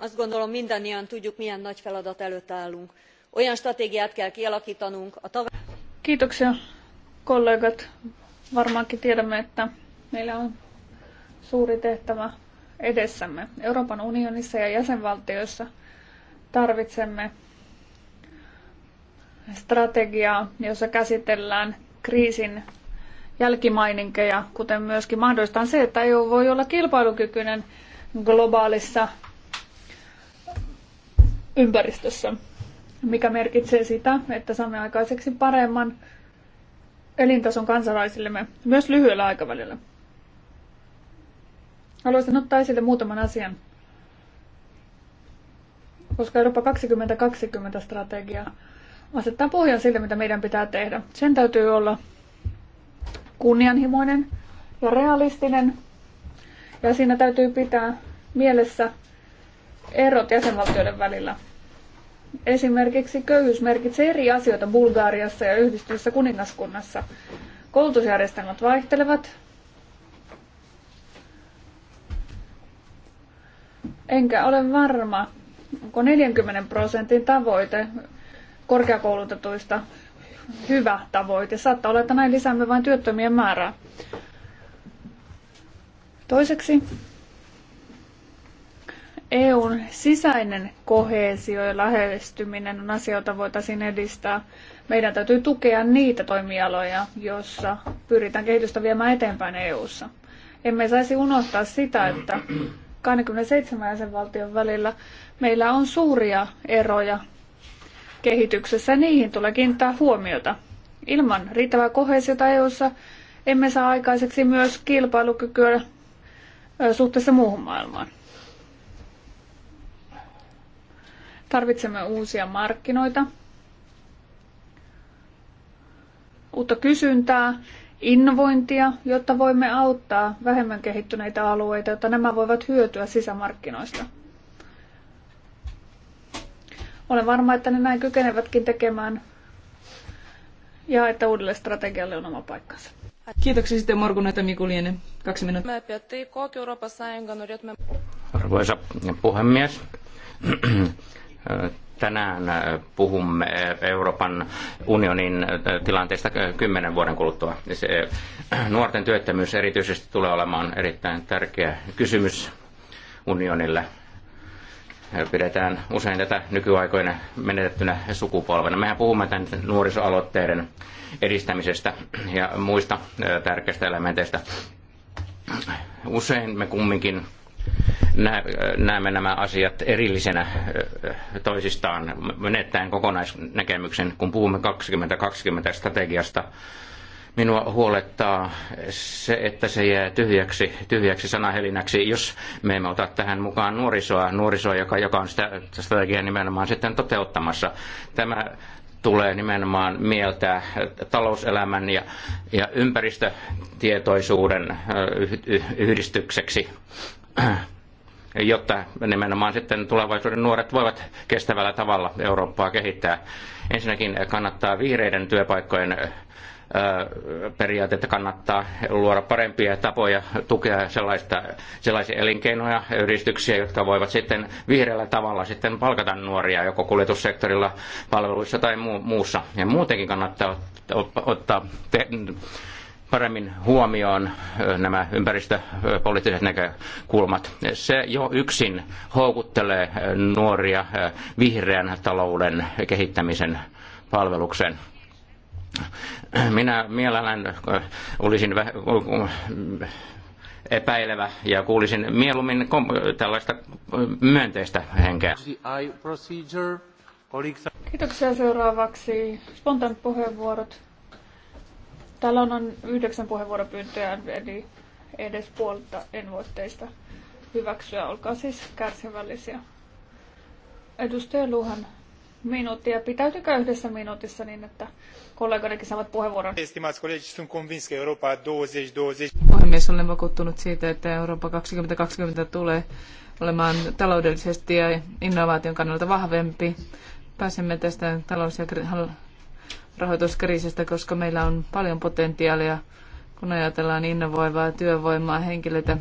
Azt gondolom mindannyian tudjuk, milyen nagy feladat előtt állunk. Olyan stratégiát kell kialakítanunk a Kiitoksia kollegat. Varmaankin tiedämme, että meillä on suuri tehtävä edessämme. Euroopan unionissa ja jäsenvaltioissa tarvitsemme strategiaa, jossa käsitellään kriisin jälkimaininkeja, kuten myöskin mahdollistaan se, että EU voi olla kilpailukykyinen globaalissa ympäristössä, mikä merkitsee sitä, että saamme aikaiseksi paremman elintason kansalaisillemme myös lyhyellä aikavälillä. Haluaisin ottaa esille muutaman asian, koska Eurooppa 2020-strategia asettaa pohjan sille, mitä meidän pitää tehdä. Sen täytyy olla kunnianhimoinen ja realistinen, ja siinä täytyy pitää mielessä erot jäsenvaltioiden välillä. Esimerkiksi köyhyys merkitsee eri asioita Bulgaariassa ja yhdistyvässä kuningaskunnassa. Koulutusjärjestelmät vaihtelevat. Enkä ole varma, onko 40 prosentin tavoite korkeakoulutetuista hyvä tavoite. Saattaa olla, että näin lisäämme vain työttömien määrää. Toiseksi EUn sisäinen koheesio ja lähestyminen on asia, jota voitaisiin edistää. Meidän täytyy tukea niitä toimialoja, joissa pyritään kehitystä viemään eteenpäin EUssa. Emme saisi unohtaa sitä, että 27 jäsenvaltion välillä meillä on suuria eroja kehityksessä. Niihin tulee kiinnittää huomiota. Ilman riittävää kohesiota EUssa emme saa aikaiseksi myös kilpailukykyä suhteessa muuhun maailmaan. Tarvitsemme uusia markkinoita, uutta kysyntää, innovointia, jotta voimme auttaa vähemmän kehittyneitä alueita, jotta nämä voivat hyötyä sisämarkkinoista. Olen varma, että ne näin kykenevätkin tekemään ja että uudelle strategialle on oma paikkansa. Kiitoksia sitten Morguneta Mikulienen. Kaksi minuuttia. Arvoisa puhemies, tänään äh, puhumme äh, Euroopan unionin äh, tilanteesta kymmenen vuoden kuluttua. Se, nuorten työttömyys erityisesti tulee olemaan erittäin tärkeä kysymys unionille. Pidetään usein tätä nykyaikoina menetettynä sukupolvena. Mehän puhumme tämän nuorisoaloitteiden edistämisestä ja muista tärkeistä elementeistä. Usein me kumminkin näemme nämä asiat erillisenä toisistaan, menettäen kokonaisnäkemyksen, kun puhumme 2020 strategiasta. Minua huolettaa se, että se jää tyhjäksi, tyhjäksi sanahelinäksi, jos me emme ota tähän mukaan nuorisoa, nuorisoa joka, joka on sitä strategiaa nimenomaan sitten toteuttamassa. Tämä tulee nimenomaan mieltää talouselämän ja, ja ympäristötietoisuuden yhdistykseksi jotta nimenomaan sitten tulevaisuuden nuoret voivat kestävällä tavalla Eurooppaa kehittää. Ensinnäkin kannattaa vihreiden työpaikkojen periaatetta kannattaa luoda parempia tapoja tukea sellaista, sellaisia elinkeinoja, ja yhdistyksiä, jotka voivat sitten vihreällä tavalla sitten palkata nuoria joko kuljetussektorilla, palveluissa tai muussa. Ja muutenkin kannattaa ottaa te- paremmin huomioon nämä ympäristöpoliittiset näkökulmat. Se jo yksin houkuttelee nuoria vihreän talouden kehittämisen palvelukseen. Minä mielellään olisin epäilevä ja kuulisin mieluummin tällaista myönteistä henkeä. Kiitoksia seuraavaksi. Spontaan puheenvuorot. Täällä on yhdeksän puheenvuoropyyntöä, eli edes puolta en voi teistä hyväksyä. Olkaa siis kärsivällisiä. Edustaja Luhan minuuttia. Pitäytykää yhdessä minuutissa niin, että kollegoidenkin saavat puheenvuoron. Estimați colegi, sunt convins că Europa 2020... Puhemies, olen vakuuttunut siitä, että Eurooppa 2020 tulee olemaan taloudellisesti ja innovaation kannalta vahvempi. Pääsemme tästä talous- ja rahoituskriisistä, koska meillä on paljon potentiaalia, kun ajatellaan innovoivaa työvoimaa, henkilöitä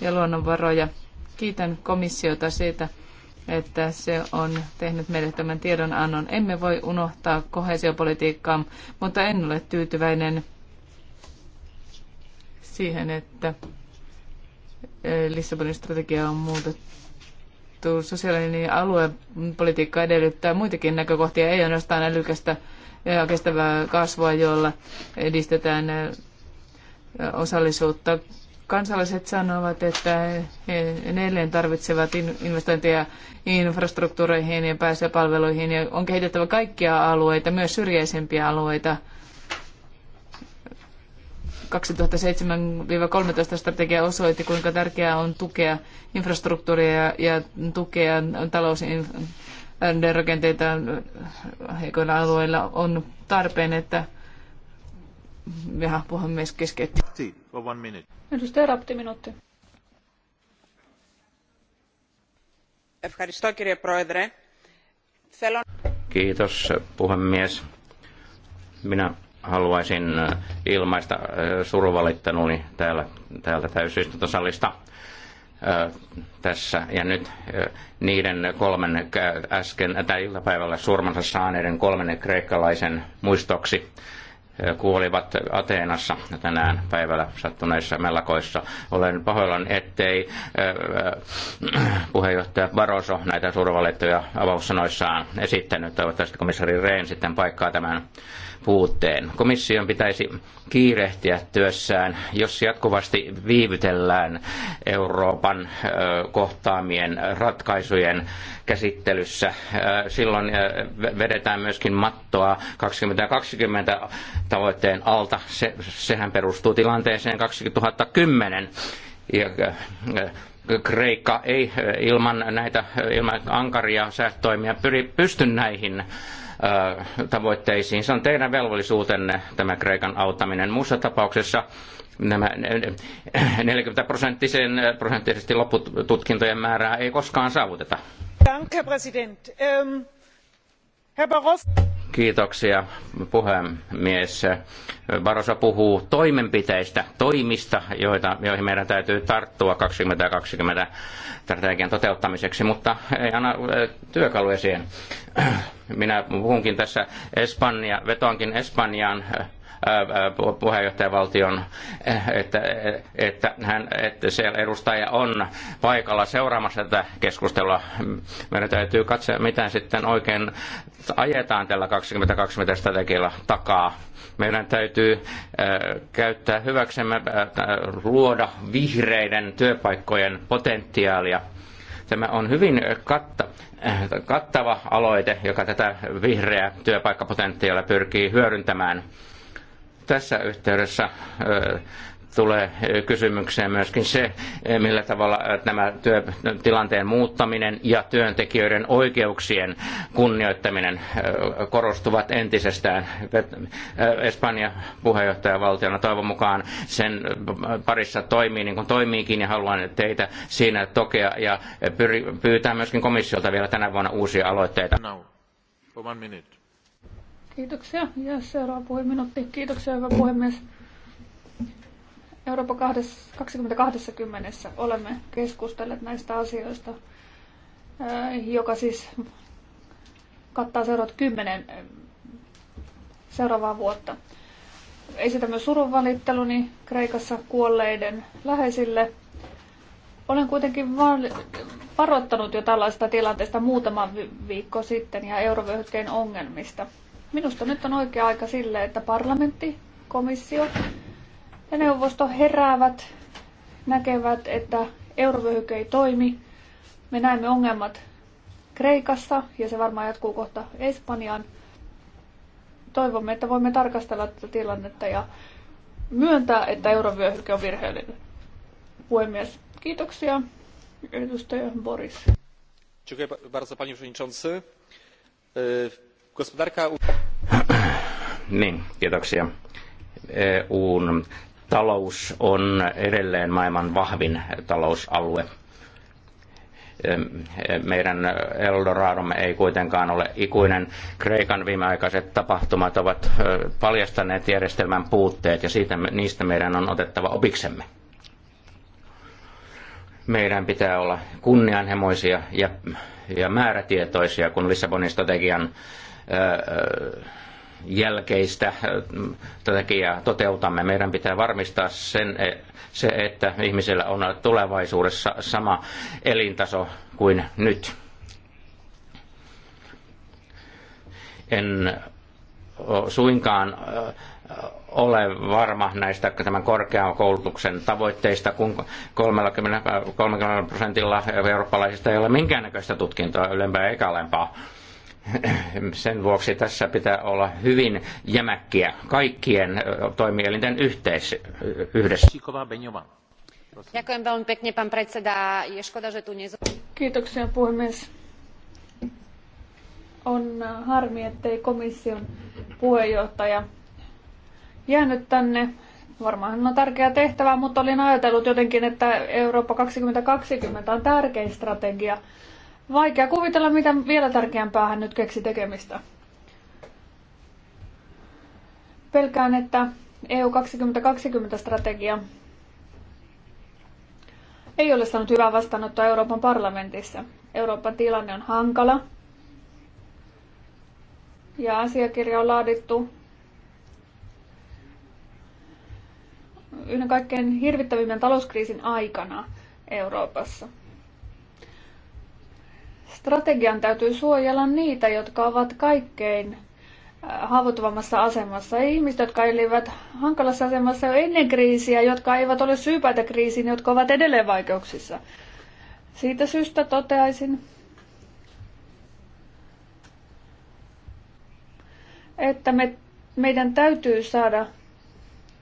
ja luonnonvaroja. Kiitän komissiota siitä, että se on tehnyt meille tämän tiedonannon. Emme voi unohtaa kohesiopolitiikkaa, mutta en ole tyytyväinen siihen, että eh, Lissabonin strategia on muutettu. Sosiaalinen ja aluepolitiikka edellyttää muitakin näkökohtia, ei ainoastaan älykästä ja kestävää kasvua, jolla edistetään osallisuutta. Kansalaiset sanovat, että he edelleen tarvitsevat investointeja infrastruktuureihin ja pääsypalveluihin ja on kehitettävä kaikkia alueita, myös syrjäisempiä alueita. 2007-2013 strategia osoitti, kuinka tärkeää on tukea infrastruktuuria ja tukea talousinfrastruktuuria rakenteita heikoilla alueilla on tarpeen, että ja puhemies keskeytti. Edustaja Rapti, minuutti. Kiitos puhemies. Minä haluaisin äh, ilmaista äh, suruvalitteluni täällä, täältä täysistuntosalista tässä ja nyt niiden kolmen äsken tai iltapäivällä surmansa saaneiden kolmen kreikkalaisen muistoksi kuolivat Ateenassa tänään päivällä sattuneissa mellakoissa. Olen pahoillani, ettei puheenjohtaja Barroso näitä survalettuja avaussanoissaan esittänyt. Toivottavasti komissari Rehn sitten paikkaa tämän puutteen. Komission pitäisi kiirehtiä työssään, jos jatkuvasti viivytellään Euroopan kohtaamien ratkaisujen käsittelyssä. Silloin vedetään myöskin mattoa 2020 tavoitteen alta. Se, sehän perustuu tilanteeseen 2010. Ja, Kreikka ei ilman näitä ilman ankaria säästötoimia pysty näihin tavoitteisiin. Se on teidän velvollisuutenne tämä Kreikan auttaminen. Muussa tapauksessa nämä 40 prosenttisen, prosenttisesti loppututkintojen määrää ei koskaan saavuteta. Danke, president. Ähm, Herr Kiitoksia puhemies. Barossa puhuu toimenpiteistä, toimista, joita, joihin meidän täytyy tarttua 2020 strategian toteuttamiseksi, mutta ei anna työkaluja siihen. Minä puhunkin tässä Espanja, vetoankin Espanjaan puheenjohtajavaltion, eh, että, eh, että, hän, että siellä edustaja on paikalla seuraamassa tätä keskustelua. Meidän täytyy katsoa, mitä sitten oikein ajetaan tällä 2020 strategialla takaa. Meidän täytyy käyttää hyväksemme, luoda vihreiden työpaikkojen potentiaalia. Tämä on hyvin katta, kattava aloite, joka tätä vihreää työpaikkapotentiaalia pyrkii hyödyntämään tässä yhteydessä tulee kysymykseen myöskin se, e, millä tavalla nämä työtilanteen muuttaminen ja työntekijöiden oikeuksien kunnioittaminen korostuvat entisestään. Espanja puheenjohtajavaltiona toivon mukaan sen parissa toimii niin kuin toimiikin ja haluan teitä siinä tokea ja pyytää myöskin komissiolta vielä tänä vuonna uusia aloitteita. Now, Kiitoksia. Ja seuraava puhe Kiitoksia, hyvä puhemies. Euroopan 2020 olemme keskustelleet näistä asioista, eh, joka siis kattaa seuraavat kymmenen eh, seuraavaa vuotta. Esitämme surunvalitteluni Kreikassa kuolleiden läheisille. Olen kuitenkin varoittanut jo tällaista tilanteesta muutama viikko sitten ja eurovyöhykkeen ongelmista – Minusta nyt on oikea aika sille, että parlamentti, komissio ja neuvosto heräävät, näkevät, että eurovyöhyke ei toimi. Me näemme ongelmat Kreikassa ja se varmaan jatkuu kohta Espanjaan. Toivomme, että voimme tarkastella tätä tilannetta ja myöntää, että eurovyöhyke on virheellinen. Puhemies, kiitoksia. Edustaja Boris. Dziękuję bardzo panie przewodniczący. Gospodarka niin, kiitoksia. EUn talous on edelleen maailman vahvin talousalue. Meidän Eldoradomme ei kuitenkaan ole ikuinen. Kreikan viimeaikaiset tapahtumat ovat paljastaneet järjestelmän puutteet ja siitä, niistä meidän on otettava opiksemme meidän pitää olla kunnianhimoisia ja, ja määrätietoisia, kun Lissabonin strategian jälkeistä strategiaa äh, toteutamme. Meidän pitää varmistaa sen, e, se, että ihmisillä on tulevaisuudessa sama elintaso kuin nyt. En suinkaan ole varma näistä tämän korkean koulutuksen tavoitteista, kun 30, 30 prosentilla eurooppalaisista ei ole minkäännäköistä tutkintoa ylempää eikä alempaa sen vuoksi tässä pitää olla hyvin jämäkkiä kaikkien toimielinten yhteis- yhdessä. Kiitoksia puhemies. On äh, harmi, ettei komission puheenjohtaja jäänyt tänne. Varmaan hän on tärkeä tehtävä, mutta olin ajatellut jotenkin, että Eurooppa 2020 on tärkein strategia – Vaikea kuvitella, mitä vielä tärkeämpää hän nyt keksi tekemistä. Pelkään, että EU 2020-strategia ei ole saanut hyvää vastaanottoa Euroopan parlamentissa. Euroopan tilanne on hankala. Ja asiakirja on laadittu yhden kaikkein hirvittävimmän talouskriisin aikana Euroopassa – Strategian täytyy suojella niitä, jotka ovat kaikkein äh, haavoittuvammassa asemassa. Ihmiset, jotka elivät hankalassa asemassa jo ennen kriisiä, jotka eivät ole syypäitä kriisiin, jotka ovat edelleen vaikeuksissa. Siitä syystä toteaisin, että me, meidän täytyy saada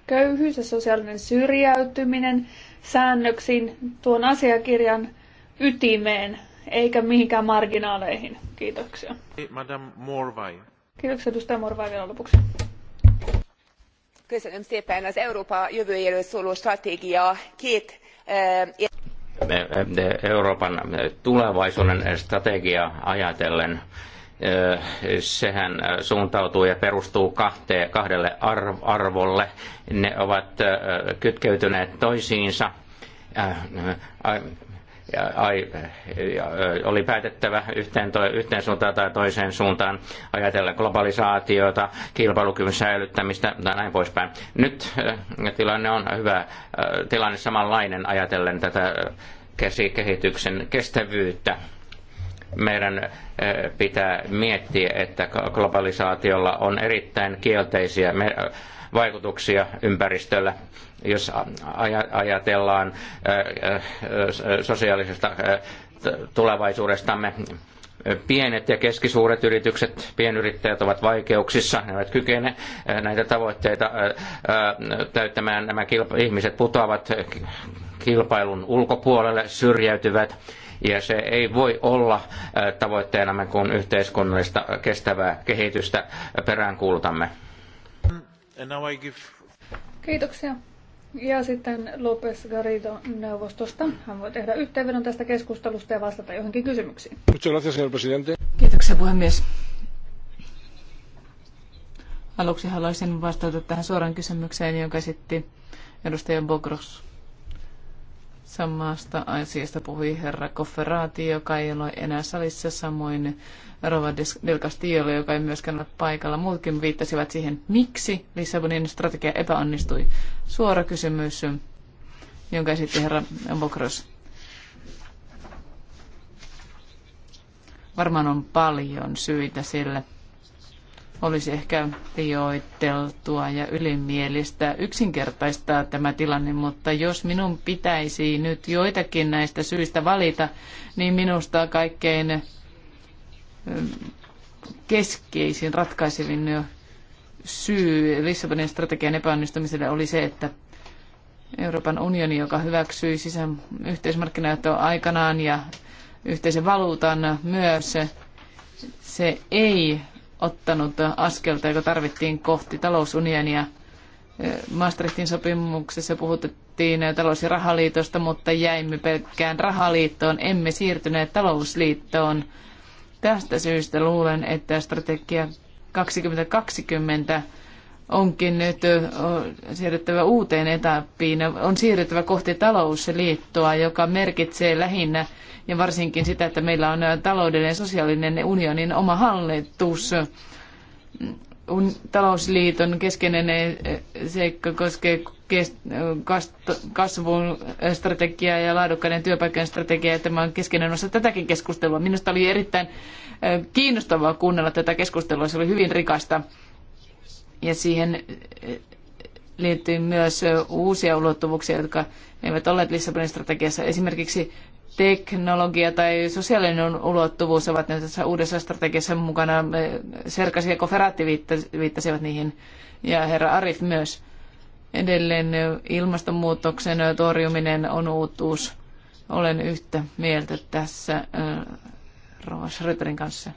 köyhyys ja sosiaalinen syrjäytyminen säännöksiin tuon asiakirjan ytimeen eikä mihinkään marginaaleihin. Kiitoksia. Madame Morvai. Kiitoksia edustaja Morvai vielä lopuksi. Köszönöm szépen. Az Európa jövőjéről szóló stratégia két eh, Euroopan tulevaisuuden strategia ajatellen eh, sehän suuntautuu ja perustuu kahteen, kahdelle arvolle. Ne ovat eh, kytkeytyneet toisiinsa ja, ai, ja, oli päätettävä yhteen, to, yhteen suuntaan tai toiseen suuntaan ajatella globalisaatiota, kilpailukyvyn säilyttämistä tai näin poispäin. Nyt tilanne on hyvä, tilanne samanlainen ajatellen tätä kehityksen kestävyyttä meidän pitää miettiä, että globalisaatiolla on erittäin kielteisiä vaikutuksia ympäristöllä. Jos ajatellaan sosiaalisesta tulevaisuudestamme, pienet ja keskisuuret yritykset, pienyrittäjät ovat vaikeuksissa, ne eivät kykene näitä tavoitteita täyttämään. Nämä ihmiset putoavat kilpailun ulkopuolelle, syrjäytyvät ja se ei voi olla tavoitteenamme, kun yhteiskunnallista kestävää kehitystä peräänkuulutamme. And now I give... Kiitoksia. Ja sitten Lopes Garrido neuvostosta. Hän voi tehdä yhteenvedon tästä keskustelusta ja vastata johonkin kysymyksiin. Kiitoksia puhemies. Aluksi haluaisin vastata tähän suoraan kysymykseen, jonka esitti edustaja Bogros. Samasta asiasta puhui herra Kofferati, joka ei ole enää salissa, samoin Rova Del Castillo, joka ei myöskään ole paikalla. Muutkin viittasivat siihen, miksi Lissabonin strategia epäonnistui. Suora kysymys, jonka esitti herra Bokros. Varmaan on paljon syitä sille olisi ehkä liioiteltua ja ylimielistä yksinkertaistaa tämä tilanne, mutta jos minun pitäisi nyt joitakin näistä syistä valita, niin minusta kaikkein keskeisin, ratkaisevin syy Lissabonin strategian epäonnistumiselle oli se, että Euroopan unioni, joka hyväksyi sisään yhteismarkkinat aikanaan ja yhteisen valuutan myös, se ei ottanut askelta, joka tarvittiin kohti talousunionia. Maastrichtin sopimuksessa puhuttiin talous- ja rahaliitosta, mutta jäimme pelkkään rahaliittoon, emme siirtyneet talousliittoon. Tästä syystä luulen, että strategia 2020 onkin nyt siirryttävä uuteen etappiin. On siirryttävä kohti talousliittoa, joka merkitsee lähinnä ja varsinkin sitä, että meillä on taloudellinen ja sosiaalinen unionin oma hallitus. Talousliiton keskeinen seikka koskee kasvun strategiaa ja laadukkaiden työpaikkojen strategiaa, tämä on keskeinen osa tätäkin keskustelua. Minusta oli erittäin kiinnostavaa kuunnella tätä keskustelua, se oli hyvin rikasta ja siihen eh, liittyy myös uusia ulottuvuuksia, jotka eivät olleet Lissabonin strategiassa. Esimerkiksi teknologia tai sosiaalinen ulottuvuus ovat nyt tässä uudessa strategiassa mukana. Serkas ja Koferatti viittasivat niihin ja herra Arif myös. Edelleen ilmastonmuutoksen torjuminen on uutuus. Olen yhtä mieltä tässä eh, Rovas Schröterin kanssa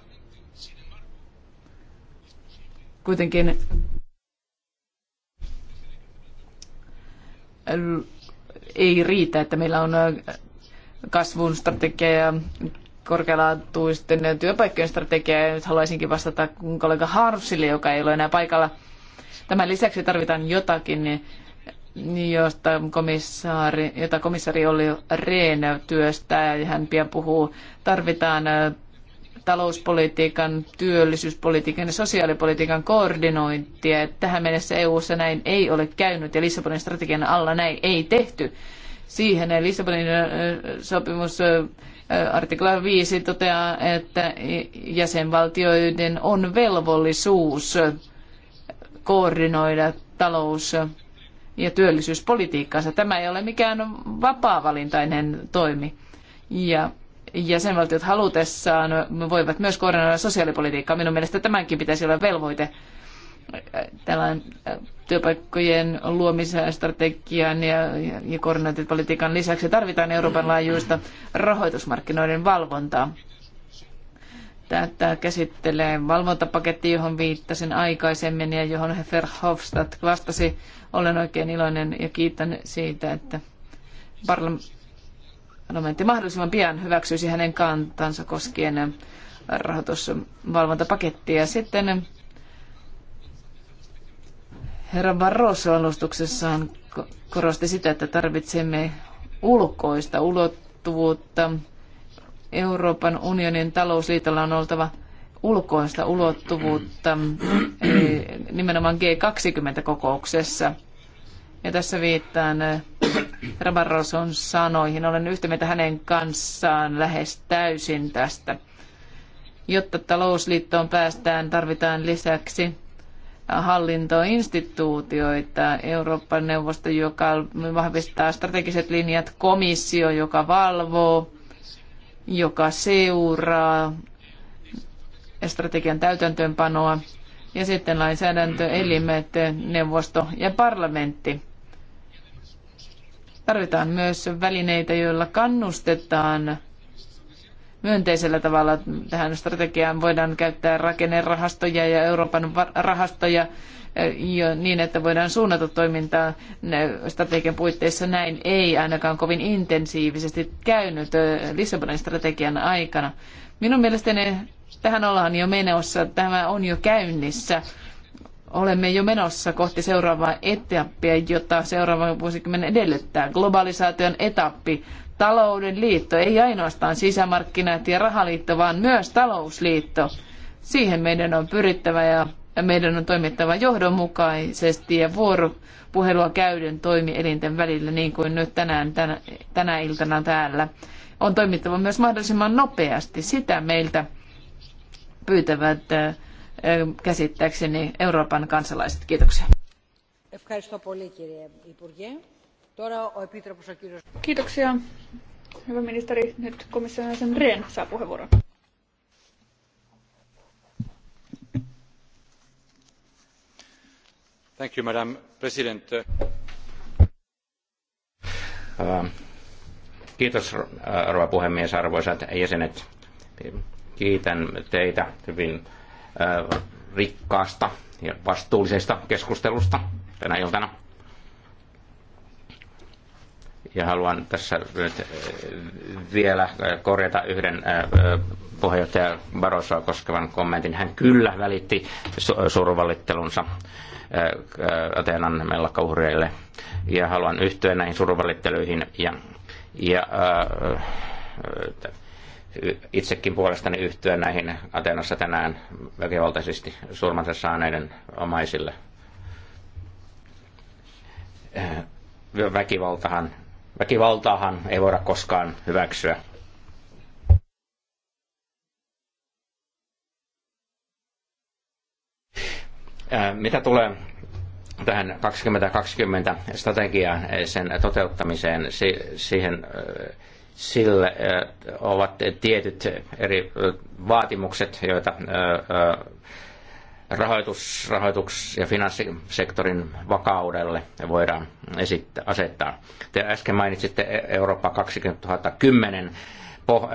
kuitenkin ei riitä, että meillä on äh, kasvun strategia ja korkealaatuisten työpaikkojen strategia. Ja nyt haluaisinkin vastata kollega Harpsille, joka ei ole enää paikalla. Tämän lisäksi tarvitaan jotakin, josta komissaari, jota komissaari oli Rehn työstää ja hän pian puhuu. Tarvitaan äh, talouspolitiikan, työllisyyspolitiikan ja sosiaalipolitiikan koordinointia. Tähän mennessä EU:ssa näin ei ole käynyt ja Lissabonin strategian alla näin ei tehty. Siihen Lissabonin sopimus artikla 5 toteaa, että jäsenvaltioiden on velvollisuus koordinoida talous- ja työllisyyspolitiikkaansa. Tämä ei ole mikään vapaavalintainen toimi. Ja jäsenvaltiot halutessaan voivat myös koordinoida sosiaalipolitiikkaa. Minun mielestä tämänkin pitäisi olla velvoite tällainen äh, työpaikkojen luomisen strategian ja, ja koordinaatiopolitiikan lisäksi tarvitaan Euroopan laajuista rahoitusmarkkinoiden valvontaa. Tätä käsittelee valvontapaketti, johon viittasin aikaisemmin ja johon Hefer Hofstadt vastasi. Olen oikein iloinen ja kiitän siitä, että parlamentti parlamentti mahdollisimman pian hyväksyisi hänen kantansa koskien äh, rahoitusvalvontapakettia. Sitten äh, herra Barroso alustuksessaan korosti sitä, että tarvitsemme ulkoista ulottuvuutta. Euroopan unionin talousliitolla on oltava ulkoista ulottuvuutta nimenomaan G20-kokouksessa. Ja tässä viittaan äh, Rabarroson sanoihin. Olen yhtä mieltä hänen kanssaan lähes täysin tästä. Jotta talousliittoon päästään, tarvitaan lisäksi hallintoinstituutioita, Euroopan neuvosto, joka vahvistaa strategiset linjat, komissio, joka valvoo, joka seuraa strategian täytäntöönpanoa, ja sitten lainsäädäntöelimet, neuvosto ja parlamentti. Tarvitaan myös välineitä, joilla kannustetaan myönteisellä tavalla tähän strategiaan. Voidaan käyttää rakennerahastoja ja Euroopan rahastoja eh, jo niin, että voidaan suunnata toimintaa strategian puitteissa. Näin ei ainakaan kovin intensiivisesti käynyt eh, Lissabonin strategian aikana. Minun mielestäni tähän ollaan jo menossa. Tämä on jo käynnissä olemme jo menossa kohti seuraavaa etappia, jota seuraava vuosikymmen edellyttää. Globalisaation etappi, talouden liitto, ei ainoastaan sisämarkkinat ja rahaliitto, vaan myös talousliitto. Siihen meidän on pyrittävä ja meidän on toimittava johdonmukaisesti ja vuoropuhelua käyden toimielinten välillä, niin kuin nyt tänään, tänä, tänä iltana täällä. On toimittava myös mahdollisimman nopeasti. Sitä meiltä pyytävät äh, käsittääkseni Euroopan kansalaiset. Kiitoksia. Kiitoksia. Hyvä ministeri, nyt komission sen Rehn saa puheenvuoron. Thank you, Madam President. Kiitos, rouva puhemies, arvoisat jäsenet. Kiitän teitä hyvin rikkaasta ja vastuullisesta keskustelusta tänä iltana. Ja haluan tässä nyt vielä korjata yhden puheenjohtaja Barosoa koskevan kommentin. Hän kyllä välitti survallittelunsa Atenan mellakauhreille. Ja haluan yhtyä näihin survallitteluihin ja, ja äh, itsekin puolestani yhtyä näihin Atenassa tänään väkivaltaisesti surmansa saaneiden omaisille. Äh, väkivaltahan, väkivaltaahan ei voida koskaan hyväksyä. Äh, mitä tulee tähän 2020 strategiaan, sen toteuttamiseen, siihen äh, sille ovat tietyt eri vaatimukset, joita rahoitus, rahoitus- ja finanssisektorin vakaudelle voidaan esittää, asettaa. Te äsken mainitsitte e- Eurooppa 2010,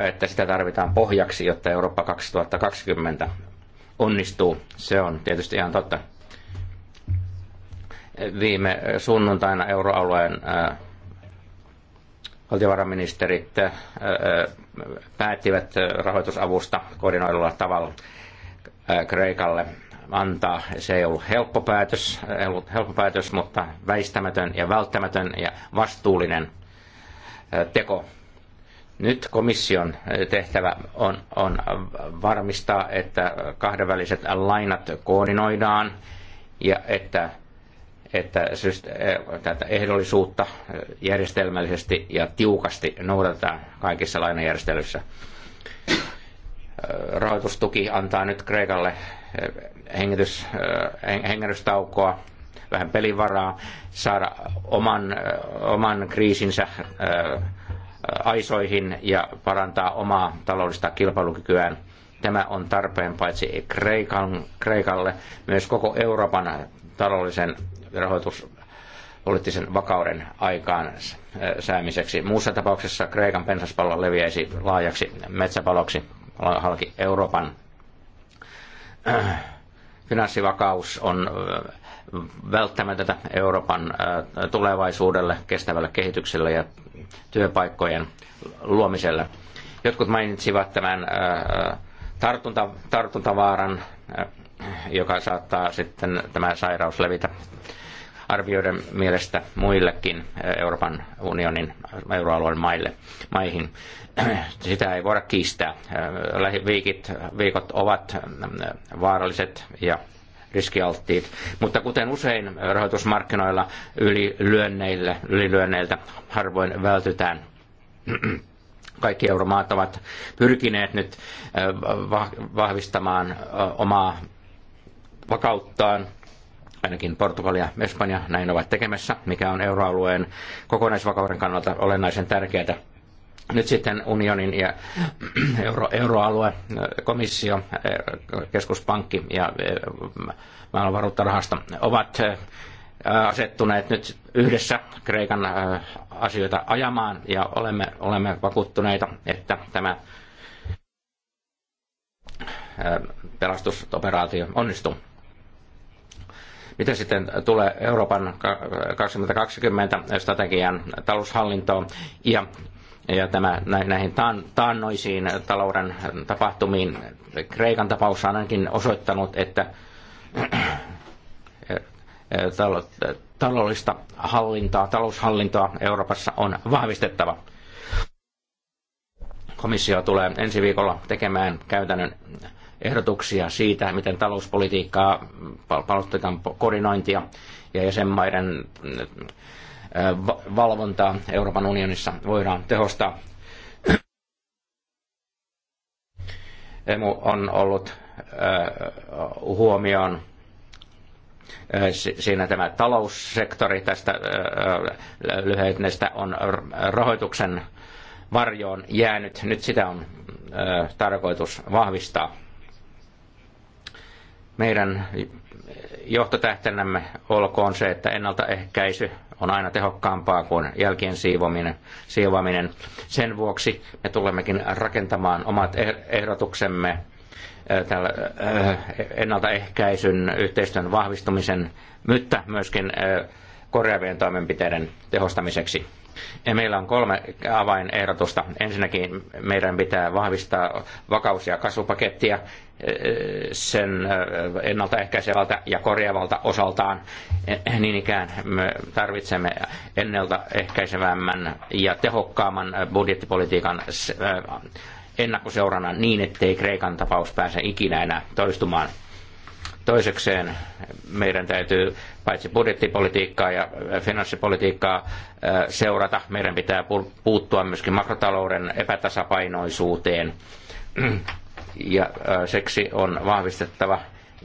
että sitä tarvitaan pohjaksi, jotta Eurooppa 2020 onnistuu. Se on tietysti ihan totta. Viime sunnuntaina euroalueen valtiovarainministerit äh, äh, päättivät äh, rahoitusavusta koordinoidulla tavalla Kreikalle antaa. Se ei ollut helppo päätös, ei ollut helppo päätös, mutta väistämätön ja välttämätön ja vastuullinen teko. Nyt komission tehtävä on, on varmistaa, että kahdenväliset lainat koordinoidaan ja että että e- tätä ehdollisuutta järjestelmällisesti ja tiukasti noudatetaan kaikissa lainajärjestelyissä. Rahoitustuki antaa nyt Kreikalle hengitys, hengitystaukoa, vähän pelivaraa, saada oman, oman kriisinsä aisoihin ja parantaa omaa taloudellista kilpailukykyään. Tämä on tarpeen paitsi Kreikan, Kreikalle, myös koko Euroopan taloudellisen poliittisen vakauden aikaan äh, säämiseksi. Muussa tapauksessa Kreikan pensaspallo leviäisi laajaksi metsäpaloksi halki Euroopan. Äh, finanssivakaus on äh, välttämätöntä Euroopan tulevaisuudelle, kestävälle kehitykselle ja työpaikkojen luomiselle. Jotkut mainitsivat tämän tartunta, tartuntavaaran joka saattaa sitten tämä sairaus levitä arvioiden mielestä muillekin Euroopan unionin euroalueen maille, maihin. Sitä ei voida kiistää. Lähiviikit, viikot ovat vaaralliset ja riskialttiit. Mutta kuten usein rahoitusmarkkinoilla ylilyönneillä, ylilyönneiltä harvoin vältytään. Kaikki euromaat ovat pyrkineet nyt vahvistamaan omaa vakauttaan. Ainakin Portugalia ja Espanja näin ovat tekemässä, mikä on euroalueen kokonaisvakauden kannalta olennaisen tärkeää. Nyt sitten unionin ja euro, euroalue, komissio, keskuspankki ja e, maailmanvaruuttarahasto ovat e, asettuneet nyt yhdessä Kreikan e, asioita ajamaan ja olemme, olemme vakuuttuneita, että tämä pelastusoperaatio onnistuu. Mitä sitten tulee Euroopan 2020 strategian taloushallintoon ja ja tämä, näihin taannoisiin talouden tapahtumiin. Kreikan tapaus on ainakin osoittanut, että e, e, taloudellista hallintaa, taloushallintoa Euroopassa on vahvistettava. Komissio tulee ensi viikolla tekemään käytännön ehdotuksia siitä, miten talouspolitiikkaa, palveluiden koordinointia ja jäsenmaiden valvontaa Euroopan unionissa voidaan tehostaa. Emu on ollut huomioon siinä tämä taloussektori tästä lyhennestä on rahoituksen varjoon jäänyt. Nyt sitä on tarkoitus vahvistaa. Meidän johtotähtenämme olkoon se, että ennaltaehkäisy on aina tehokkaampaa kuin jälkien siivominen, siivoaminen. Sen vuoksi me tulemmekin rakentamaan omat eh- ehdotuksemme eh, tällä eh, ennaltaehkäisyn yhteistyön vahvistumisen, mutta myöskin korjaavien toimenpiteiden tehostamiseksi. Ja meillä on kolme avainehdotusta. Ensinnäkin meidän pitää vahvistaa vakaus- ja kasvupakettia sen ennaltaehkäisevältä ja korjaavalta osaltaan. Eh, niin ikään me tarvitsemme ennaltaehkäisevämmän ja tehokkaamman budjettipolitiikan ennakkoseurana niin, ettei Kreikan tapaus pääse ikinä enää toistumaan. Toisekseen meidän täytyy paitsi budjettipolitiikkaa ja finanssipolitiikkaa seurata, meidän pitää puuttua myöskin makrotalouden epätasapainoisuuteen ja äh, seksi on vahvistettava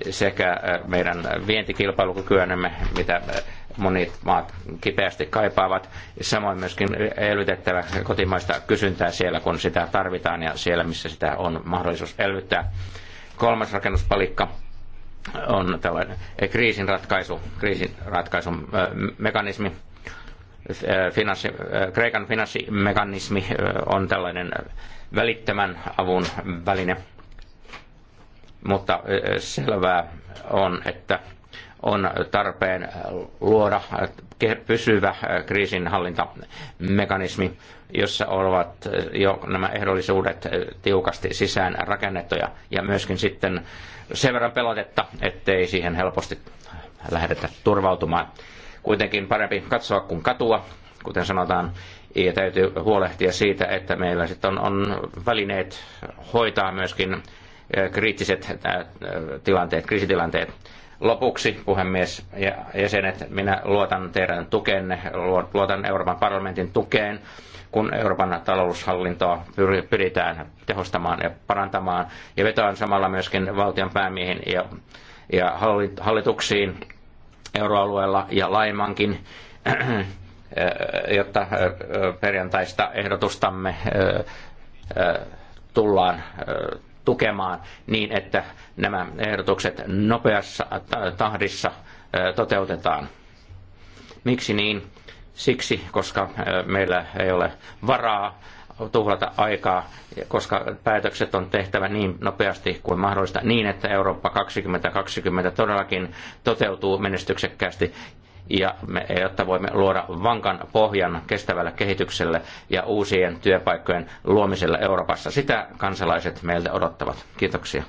sekä äh, meidän vientikilpailukykyämme, mitä äh, monet maat kipeästi kaipaavat, samoin myöskin elvytettävä kotimaista kysyntää siellä, kun sitä tarvitaan ja siellä, missä sitä on mahdollisuus elvyttää. Kolmas rakennuspalikka on tällainen kriisinratkaisu, kriisinratkaisun mekanismi. Finanssi, Kreikan finanssimekanismi on tällainen välittömän avun väline – mutta e, e, selvää on, että on tarpeen luoda pysyvä e, kriisinhallintamekanismi, jossa ovat jo nämä ehdollisuudet tiukasti sisään rakennettuja ja myöskin sitten sen verran pelotetta, ettei siihen helposti lähdetä turvautumaan. Kuitenkin parempi katsoa kuin katua, kuten sanotaan, ja täytyy huolehtia siitä, että meillä sitten on, on välineet hoitaa myöskin kriittiset tilanteet, kriisitilanteet. Lopuksi, puhemies ja jäsenet, minä luotan teidän tukenne, luotan Euroopan parlamentin tukeen, kun Euroopan taloushallintoa pyritään tehostamaan ja parantamaan. Ja vetoan samalla myöskin valtion päämiehiin ja, ja hallituksiin euroalueella ja laimankin jotta perjantaista ehdotustamme tullaan tukemaan niin, että nämä ehdotukset nopeassa tahdissa toteutetaan. Miksi niin? Siksi, koska meillä ei ole varaa tuhlata aikaa, koska päätökset on tehtävä niin nopeasti kuin mahdollista niin, että Eurooppa 2020 todellakin toteutuu menestyksekkäästi ja me, jotta voimme luoda vankan pohjan kestävälle kehitykselle ja uusien työpaikkojen luomiselle Euroopassa. Sitä kansalaiset meiltä odottavat. Kiitoksia.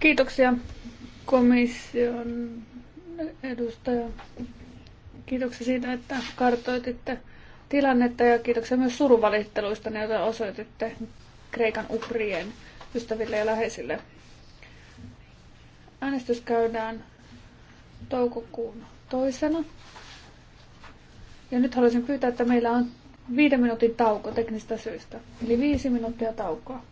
Kiitoksia komission edustaja. Kiitoksia siitä, että kartoititte tilannetta ja kiitoksia myös surunvalitteluista, joita osoititte Kreikan uhrien ystäville ja läheisille. Äänestys käydään toukokuun toisena. Ja nyt haluaisin pyytää, että meillä on viiden minuutin tauko teknistä syystä, Eli viisi minuuttia taukoa.